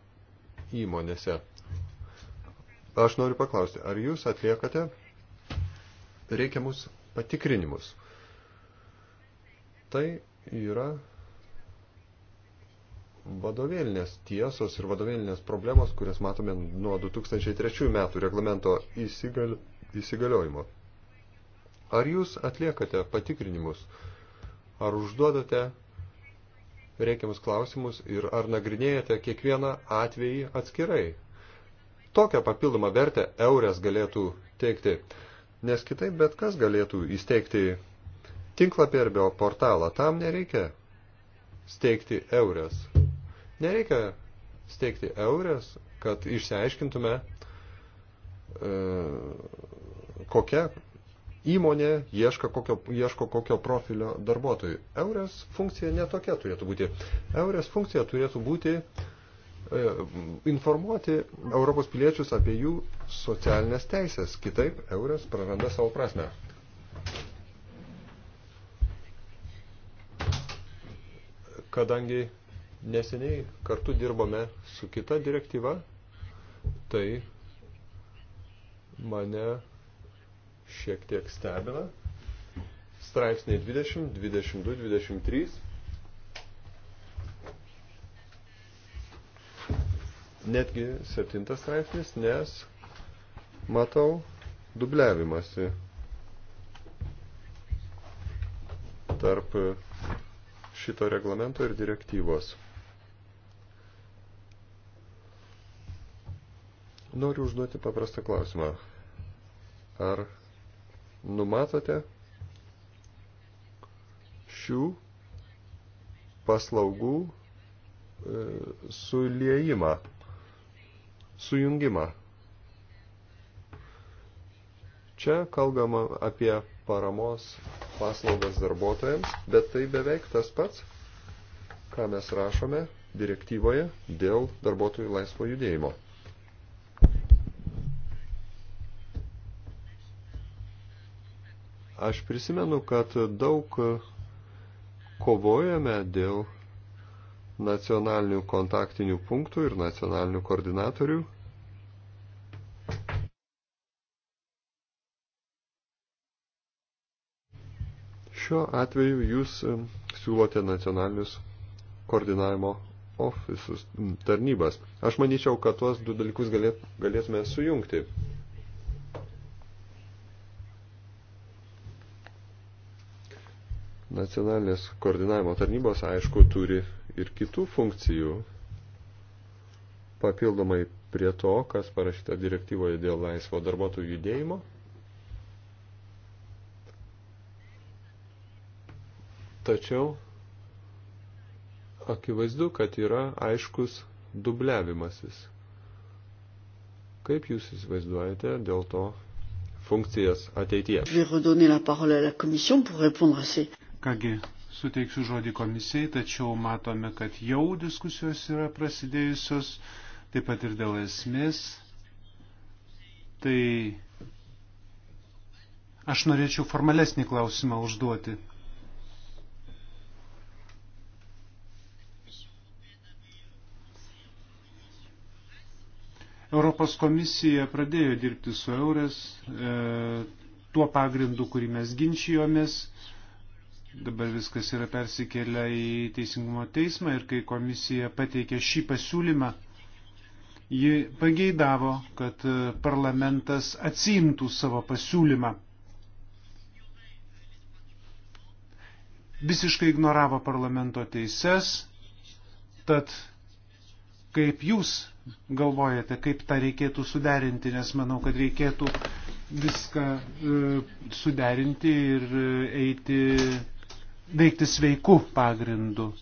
įmonėse. Aš noriu paklausti, ar jūs atliekate reikiamus patikrinimus? Tai yra vadovėlinės tiesos ir vadovėlinės problemos, kurias matome nuo 2003 metų reglamento įsigal, įsigaliojimo. Ar jūs atliekate patikrinimus, ar užduodate reikiamus klausimus ir ar nagrinėjate kiekvieną atvejį atskirai? tokią papildomą vertę eurės galėtų teikti. Nes kitaip bet kas galėtų įsteigti tinklapį arba portalą. Tam nereikia steigti eurės. Nereikia steigti eurės, kad išsiaiškintume, e, kokia įmonė ieško kokio, ieško kokio profilio darbuotojų. Eurės funkcija netokia turėtų būti. Eurės funkcija turėtų būti uh, E, informuoti Europos piliečius apie jų socialinės teisės. Kitaip, eurės praranda savo prasme. Kadangi neseniai kartu dirbome su kita direktyva, tai mane šiek tiek stebina. Straipsniai 20, 22, 23 netgi septintas straipsnis, nes matau dubliavimasi tarp šito reglamento ir direktyvos. Noriu užduoti paprastą klausimą. Ar numatote šių paslaugų e, suliejimą? sujungimą. Čia kalbama apie paramos paslaugas darbuotojams, bet tai beveik tas pats, ką mes rašome direktyvoje dėl darbuotojų laisvo judėjimo. Aš prisimenu, kad daug kovojame dėl nacionalinių kontaktinių punktų ir nacionalinių koordinatorių. Šiuo atveju jūs siūlote nacionalinius koordinavimo ofisus, tarnybas. Aš manyčiau, kad tuos du dalykus galėt, galėtume sujungti. Nacionalinės koordinavimo tarnybos, aišku, turi ir kitų funkcijų papildomai prie to, kas parašyta direktyvoje dėl laisvo darbuotojų judėjimo. Tačiau akivaizdu, kad yra aiškus dubliavimasis. Kaip jūs įsivaizduojate dėl to funkcijas ateityje? Kągi, suteiksiu žodį komisijai, tačiau matome, kad jau diskusijos yra prasidėjusios, taip pat ir dėl esmės. Tai aš norėčiau formalesnį klausimą užduoti. Europos komisija pradėjo dirbti su eurės e, tuo pagrindu, kurį mes ginčijomės. E, Dabar viskas yra persikėlę į Teisingumo teismą ir kai komisija pateikė šį pasiūlymą, ji pageidavo, kad e, parlamentas atsimtų savo pasiūlymą. Visiškai ignoravo parlamento teises, tad kaip jūs galvojate, kaip tą reikėtų suderinti, nes manau, kad reikėtų viską e, suderinti ir e, eiti veikti sveiku pagrindu.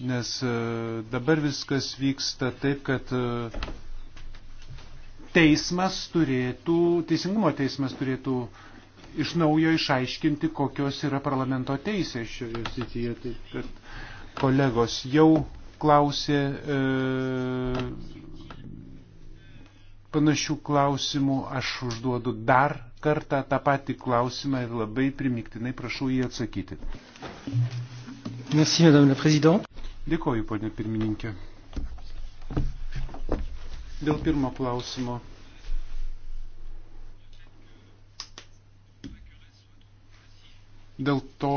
Nes e, dabar viskas vyksta taip, kad e, teismas turėtų, teisingumo teismas turėtų iš naujo išaiškinti, kokios yra parlamento teisės šioje srityje. Taip, kad kolegos jau klausė e, panašių klausimų, aš užduodu dar kartą tą patį klausimą ir labai primiktinai prašau jį atsakyti. Merci, madame la présidente. Dėkoju, ponė pirmininkė. Dėl pirmo klausimo. Dėl to,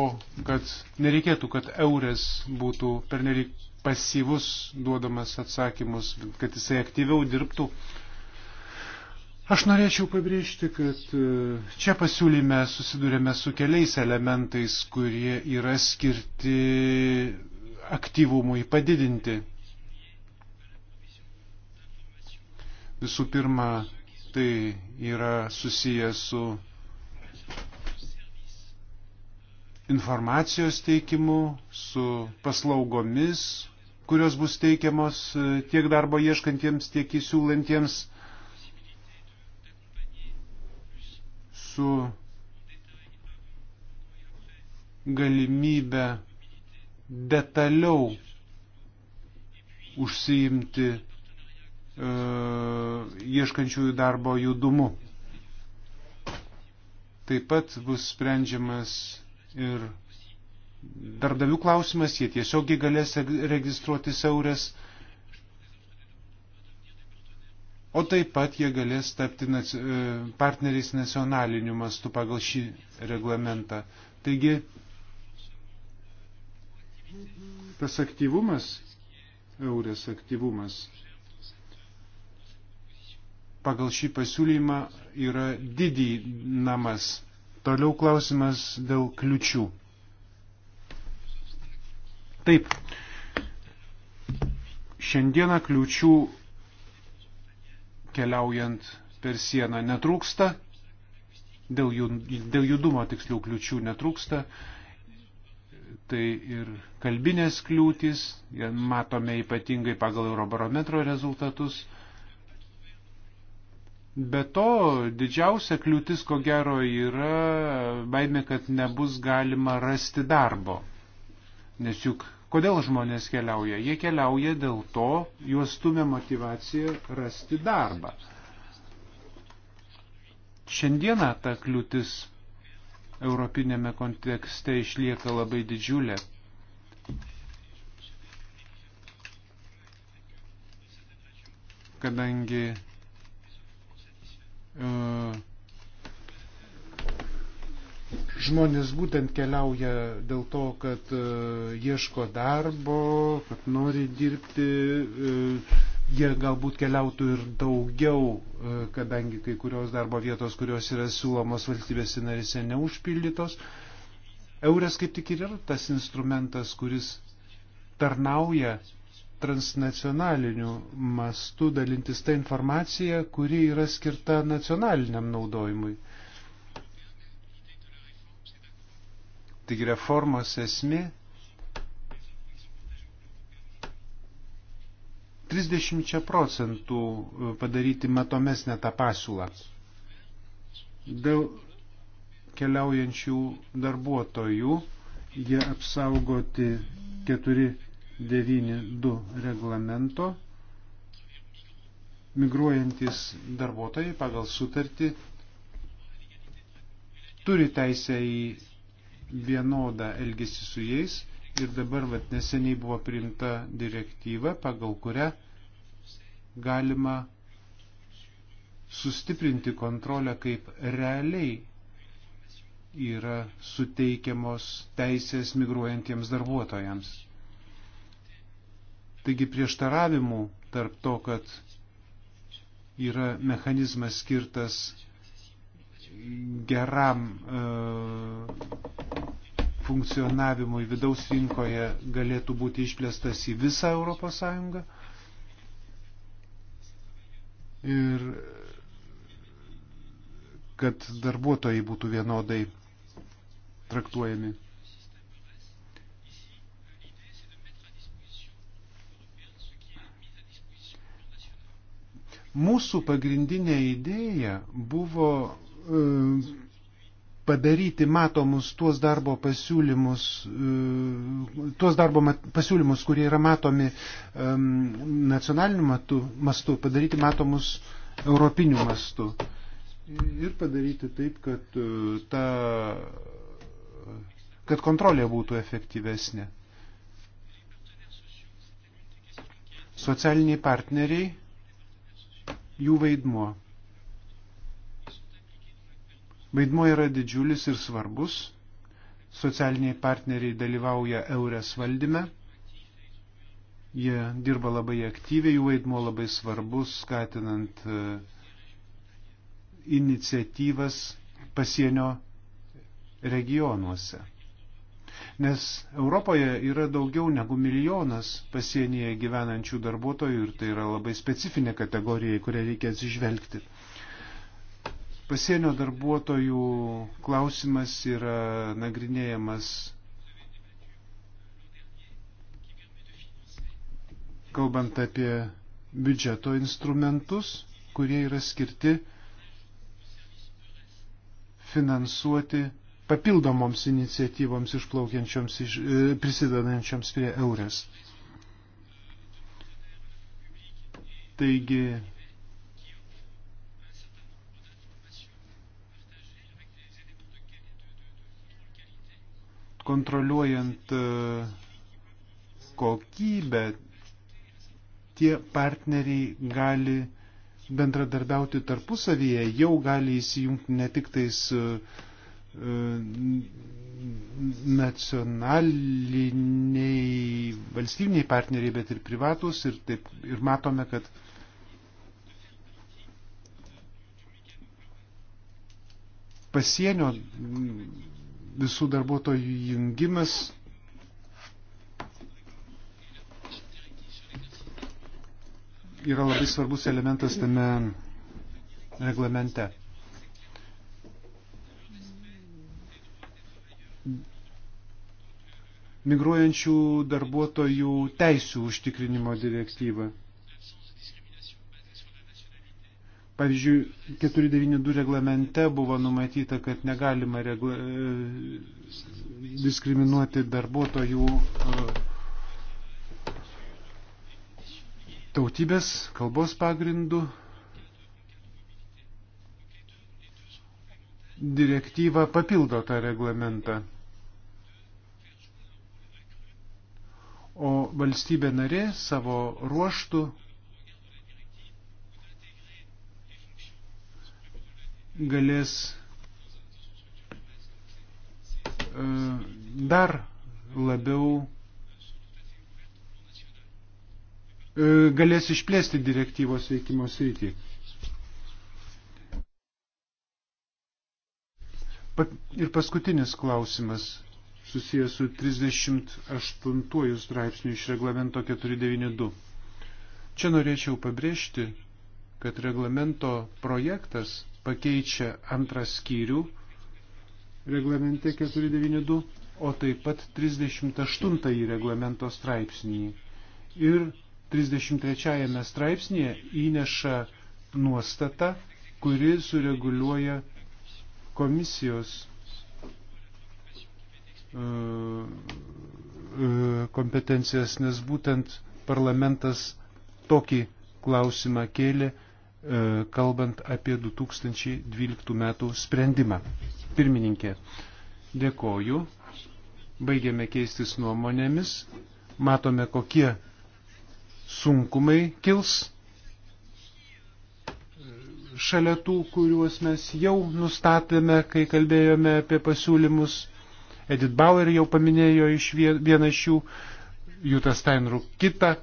kad nereikėtų, kad eurės būtų pernelyg pasyvus duodamas atsakymus, kad jisai aktyviau dirbtų. Uh, Aš norėčiau pabrėžti, kad e, čia pasiūlyme susidurėme su keliais elementais, kurie yra skirti aktyvumui padidinti. Visų pirma, tai yra susiję su informacijos teikimu, su paslaugomis, kurios bus teikiamos e, tiek darbo ieškantiems, tiek įsiūlantiems su galimybę detaliau užsiimti e, ieškančiųjų darbo judumu. Taip pat bus sprendžiamas ir darbdavių klausimas, jie tiesiogiai galės registruoti saurės. E, o taip pat jie galės tapti e, partneriais nacionaliniu mastu pagal šį reglamentą. Taigi, tas aktyvumas, eurės aktyvumas, pagal šį pasiūlymą yra didinamas. Toliau klausimas dėl kliučių. Taip, šiandieną kliučių keliaujant per sieną netrūksta, dėl, jų, dėl judumo tiksliau kliučių netrūksta. Tai ir kalbinės kliūtis, matome ypatingai pagal Eurobarometro rezultatus. Be to, didžiausia kliūtis, ko gero, yra baime, kad nebus galima rasti darbo. Nes juk Kodėl žmonės keliauja? Jie keliauja dėl to, juos stumia motivacija rasti darbą. Šiandieną ta kliūtis europinėme kontekste išlieka labai didžiulė. Kadangi uh, Žmonės būtent keliauja dėl to, kad e, ieško darbo, kad nori dirbti, e, jie galbūt keliautų ir daugiau, e, kadangi kai kurios darbo vietos, kurios yra siūlomos valstybės narise, neužpildytos. Euras kaip tik ir yra tas instrumentas, kuris tarnauja transnacionaliniu mastu dalintis tą informaciją, kuri yra skirta nacionaliniam naudojimui. Taigi reformos esmė 30 procentų e, padaryti matomesnę tą pasiūlą dėl keliaujančių darbuotojų jie apsaugoti 492 reglamento migruojantis darbuotojai pagal sutartį turi teisę į vienodą elgesį su jais ir dabar vat, neseniai buvo priimta direktyva, pagal kurią galima sustiprinti kontrolę, kaip realiai yra suteikiamos teisės migruojantiems darbuotojams. Taigi prieštaravimų tarp to, kad yra mechanizmas skirtas geram e, funkcionavimui vidaus rinkoje galėtų būti išplėstas į visą Europos Sąjungą. Ir kad darbuotojai būtų vienodai traktuojami. Mūsų pagrindinė idėja buvo E, padaryti matomus tuos darbo pasiūlymus, e, tuos darbo pasiūlymus, kurie yra matomi e, nacionaliniu matu, mastu, padaryti matomus europiniu mastu. Ir padaryti taip, kad, ta, kad kontrolė būtų efektyvesnė. Socialiniai partneriai, jų vaidmuo. Vaidmuo yra didžiulis ir svarbus. Socialiniai partneriai dalyvauja eurės valdyme. Jie dirba labai aktyviai, jų vaidmuo labai svarbus, skatinant e, iniciatyvas pasienio regionuose. Nes Europoje yra daugiau negu milijonas pasienyje gyvenančių darbuotojų ir tai yra labai specifinė kategorija, į kurią reikia atsižvelgti. Pasienio darbuotojų klausimas yra nagrinėjamas kalbant apie biudžeto instrumentus, kurie yra skirti finansuoti papildomoms iniciatyvoms išplaukiančioms, iš, e, prisidedančioms prie eurės. Taigi kontroliuojant e, kokybę, tie partneriai gali bendradarbiauti tarpusavyje, jau gali įsijungti ne tik tais e, nacionaliniai valstybiniai partneriai, bet ir privatus ir, taip, ir matome, kad pasienio visų darbuotojų jungimas. Yra labai svarbus elementas tame reglamente. Migruojančių darbuotojų teisų užtikrinimo direktyva. Pavyzdžiui, 492 reglamente buvo numatyta, kad negalima regla... E, diskriminuoti darbuotojų e, tautybės, kalbos pagrindų. Direktyva papildo tą reglamentą. O valstybė narė savo ruoštų galės e, dar labiau e, galės išplėsti direktyvos veikimo sritį. Ir paskutinis klausimas susijęs su 38 straipsniu iš reglamento 492. Čia norėčiau pabrėžti, kad reglamento projektas pakeičia antrą skyrių reglamente 492, o taip pat 38 reglamento straipsnį. Ir 33 straipsnėje įneša nuostata, kuri sureguliuoja komisijos e, e, kompetencijas, nes būtent parlamentas tokį klausimą kėlė E, kalbant apie 2012 metų sprendimą. Pirmininkė, dėkoju. Baigėme keistis nuomonėmis. Matome, kokie sunkumai kils šalia tų, kuriuos mes jau nustatėme, kai kalbėjome apie pasiūlymus. Edith Bauer jau paminėjo iš vieną iš jų, Jutta Steinruk kitą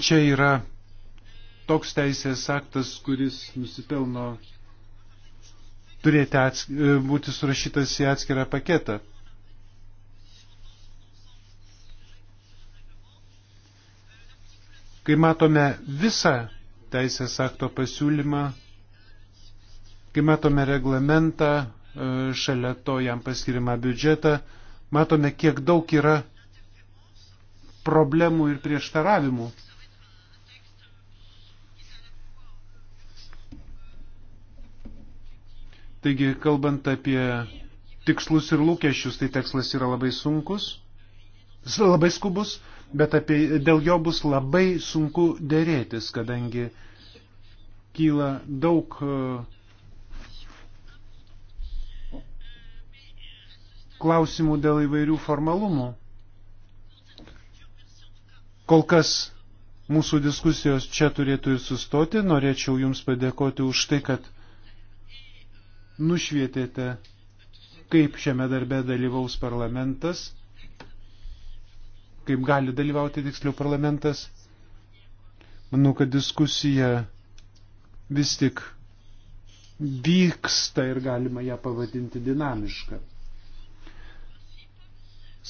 Čia yra toks teisės aktas, kuris nusipelno turėti ats, e, būti surašytas į atskirą paketą. Kai matome visą teisės akto pasiūlymą, kai matome reglamentą, e, šalia to jam paskirimą biudžetą, matome, kiek daug yra problemų ir prieštaravimų Taigi, kalbant apie tikslus ir lūkesčius, tai tikslas yra labai sunkus, labai skubus, bet apie, dėl jo bus labai sunku dėrėtis, kadangi kyla daug e, klausimų dėl įvairių formalumų. Kol kas mūsų diskusijos čia turėtų ir sustoti. Norėčiau Jums padėkoti už tai, kad nušvietėte, kaip šiame darbe dalyvaus parlamentas, kaip gali dalyvauti tiksliau parlamentas. Manau, kad diskusija vis tik vyksta ir galima ją pavadinti dinamišką.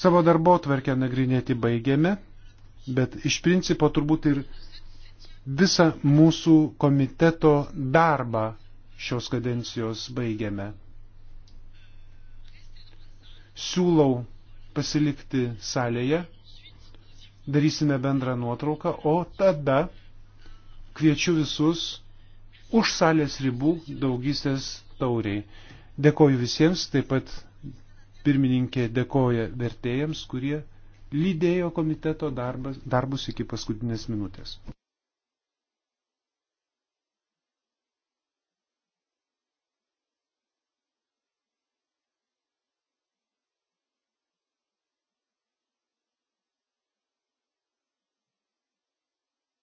Savo darbo tvarkę nagrinėti baigėme, bet iš principo turbūt ir visą mūsų komiteto darbą šios kadencijos baigiame. Siūlau pasilikti salėje, darysime bendrą nuotrauką, o tada kviečiu visus už salės ribų daugystės tauriai. Dėkoju visiems, taip pat pirmininkė dėkoja vertėjams, kurie lydėjo komiteto darbas, darbus iki paskutinės minutės.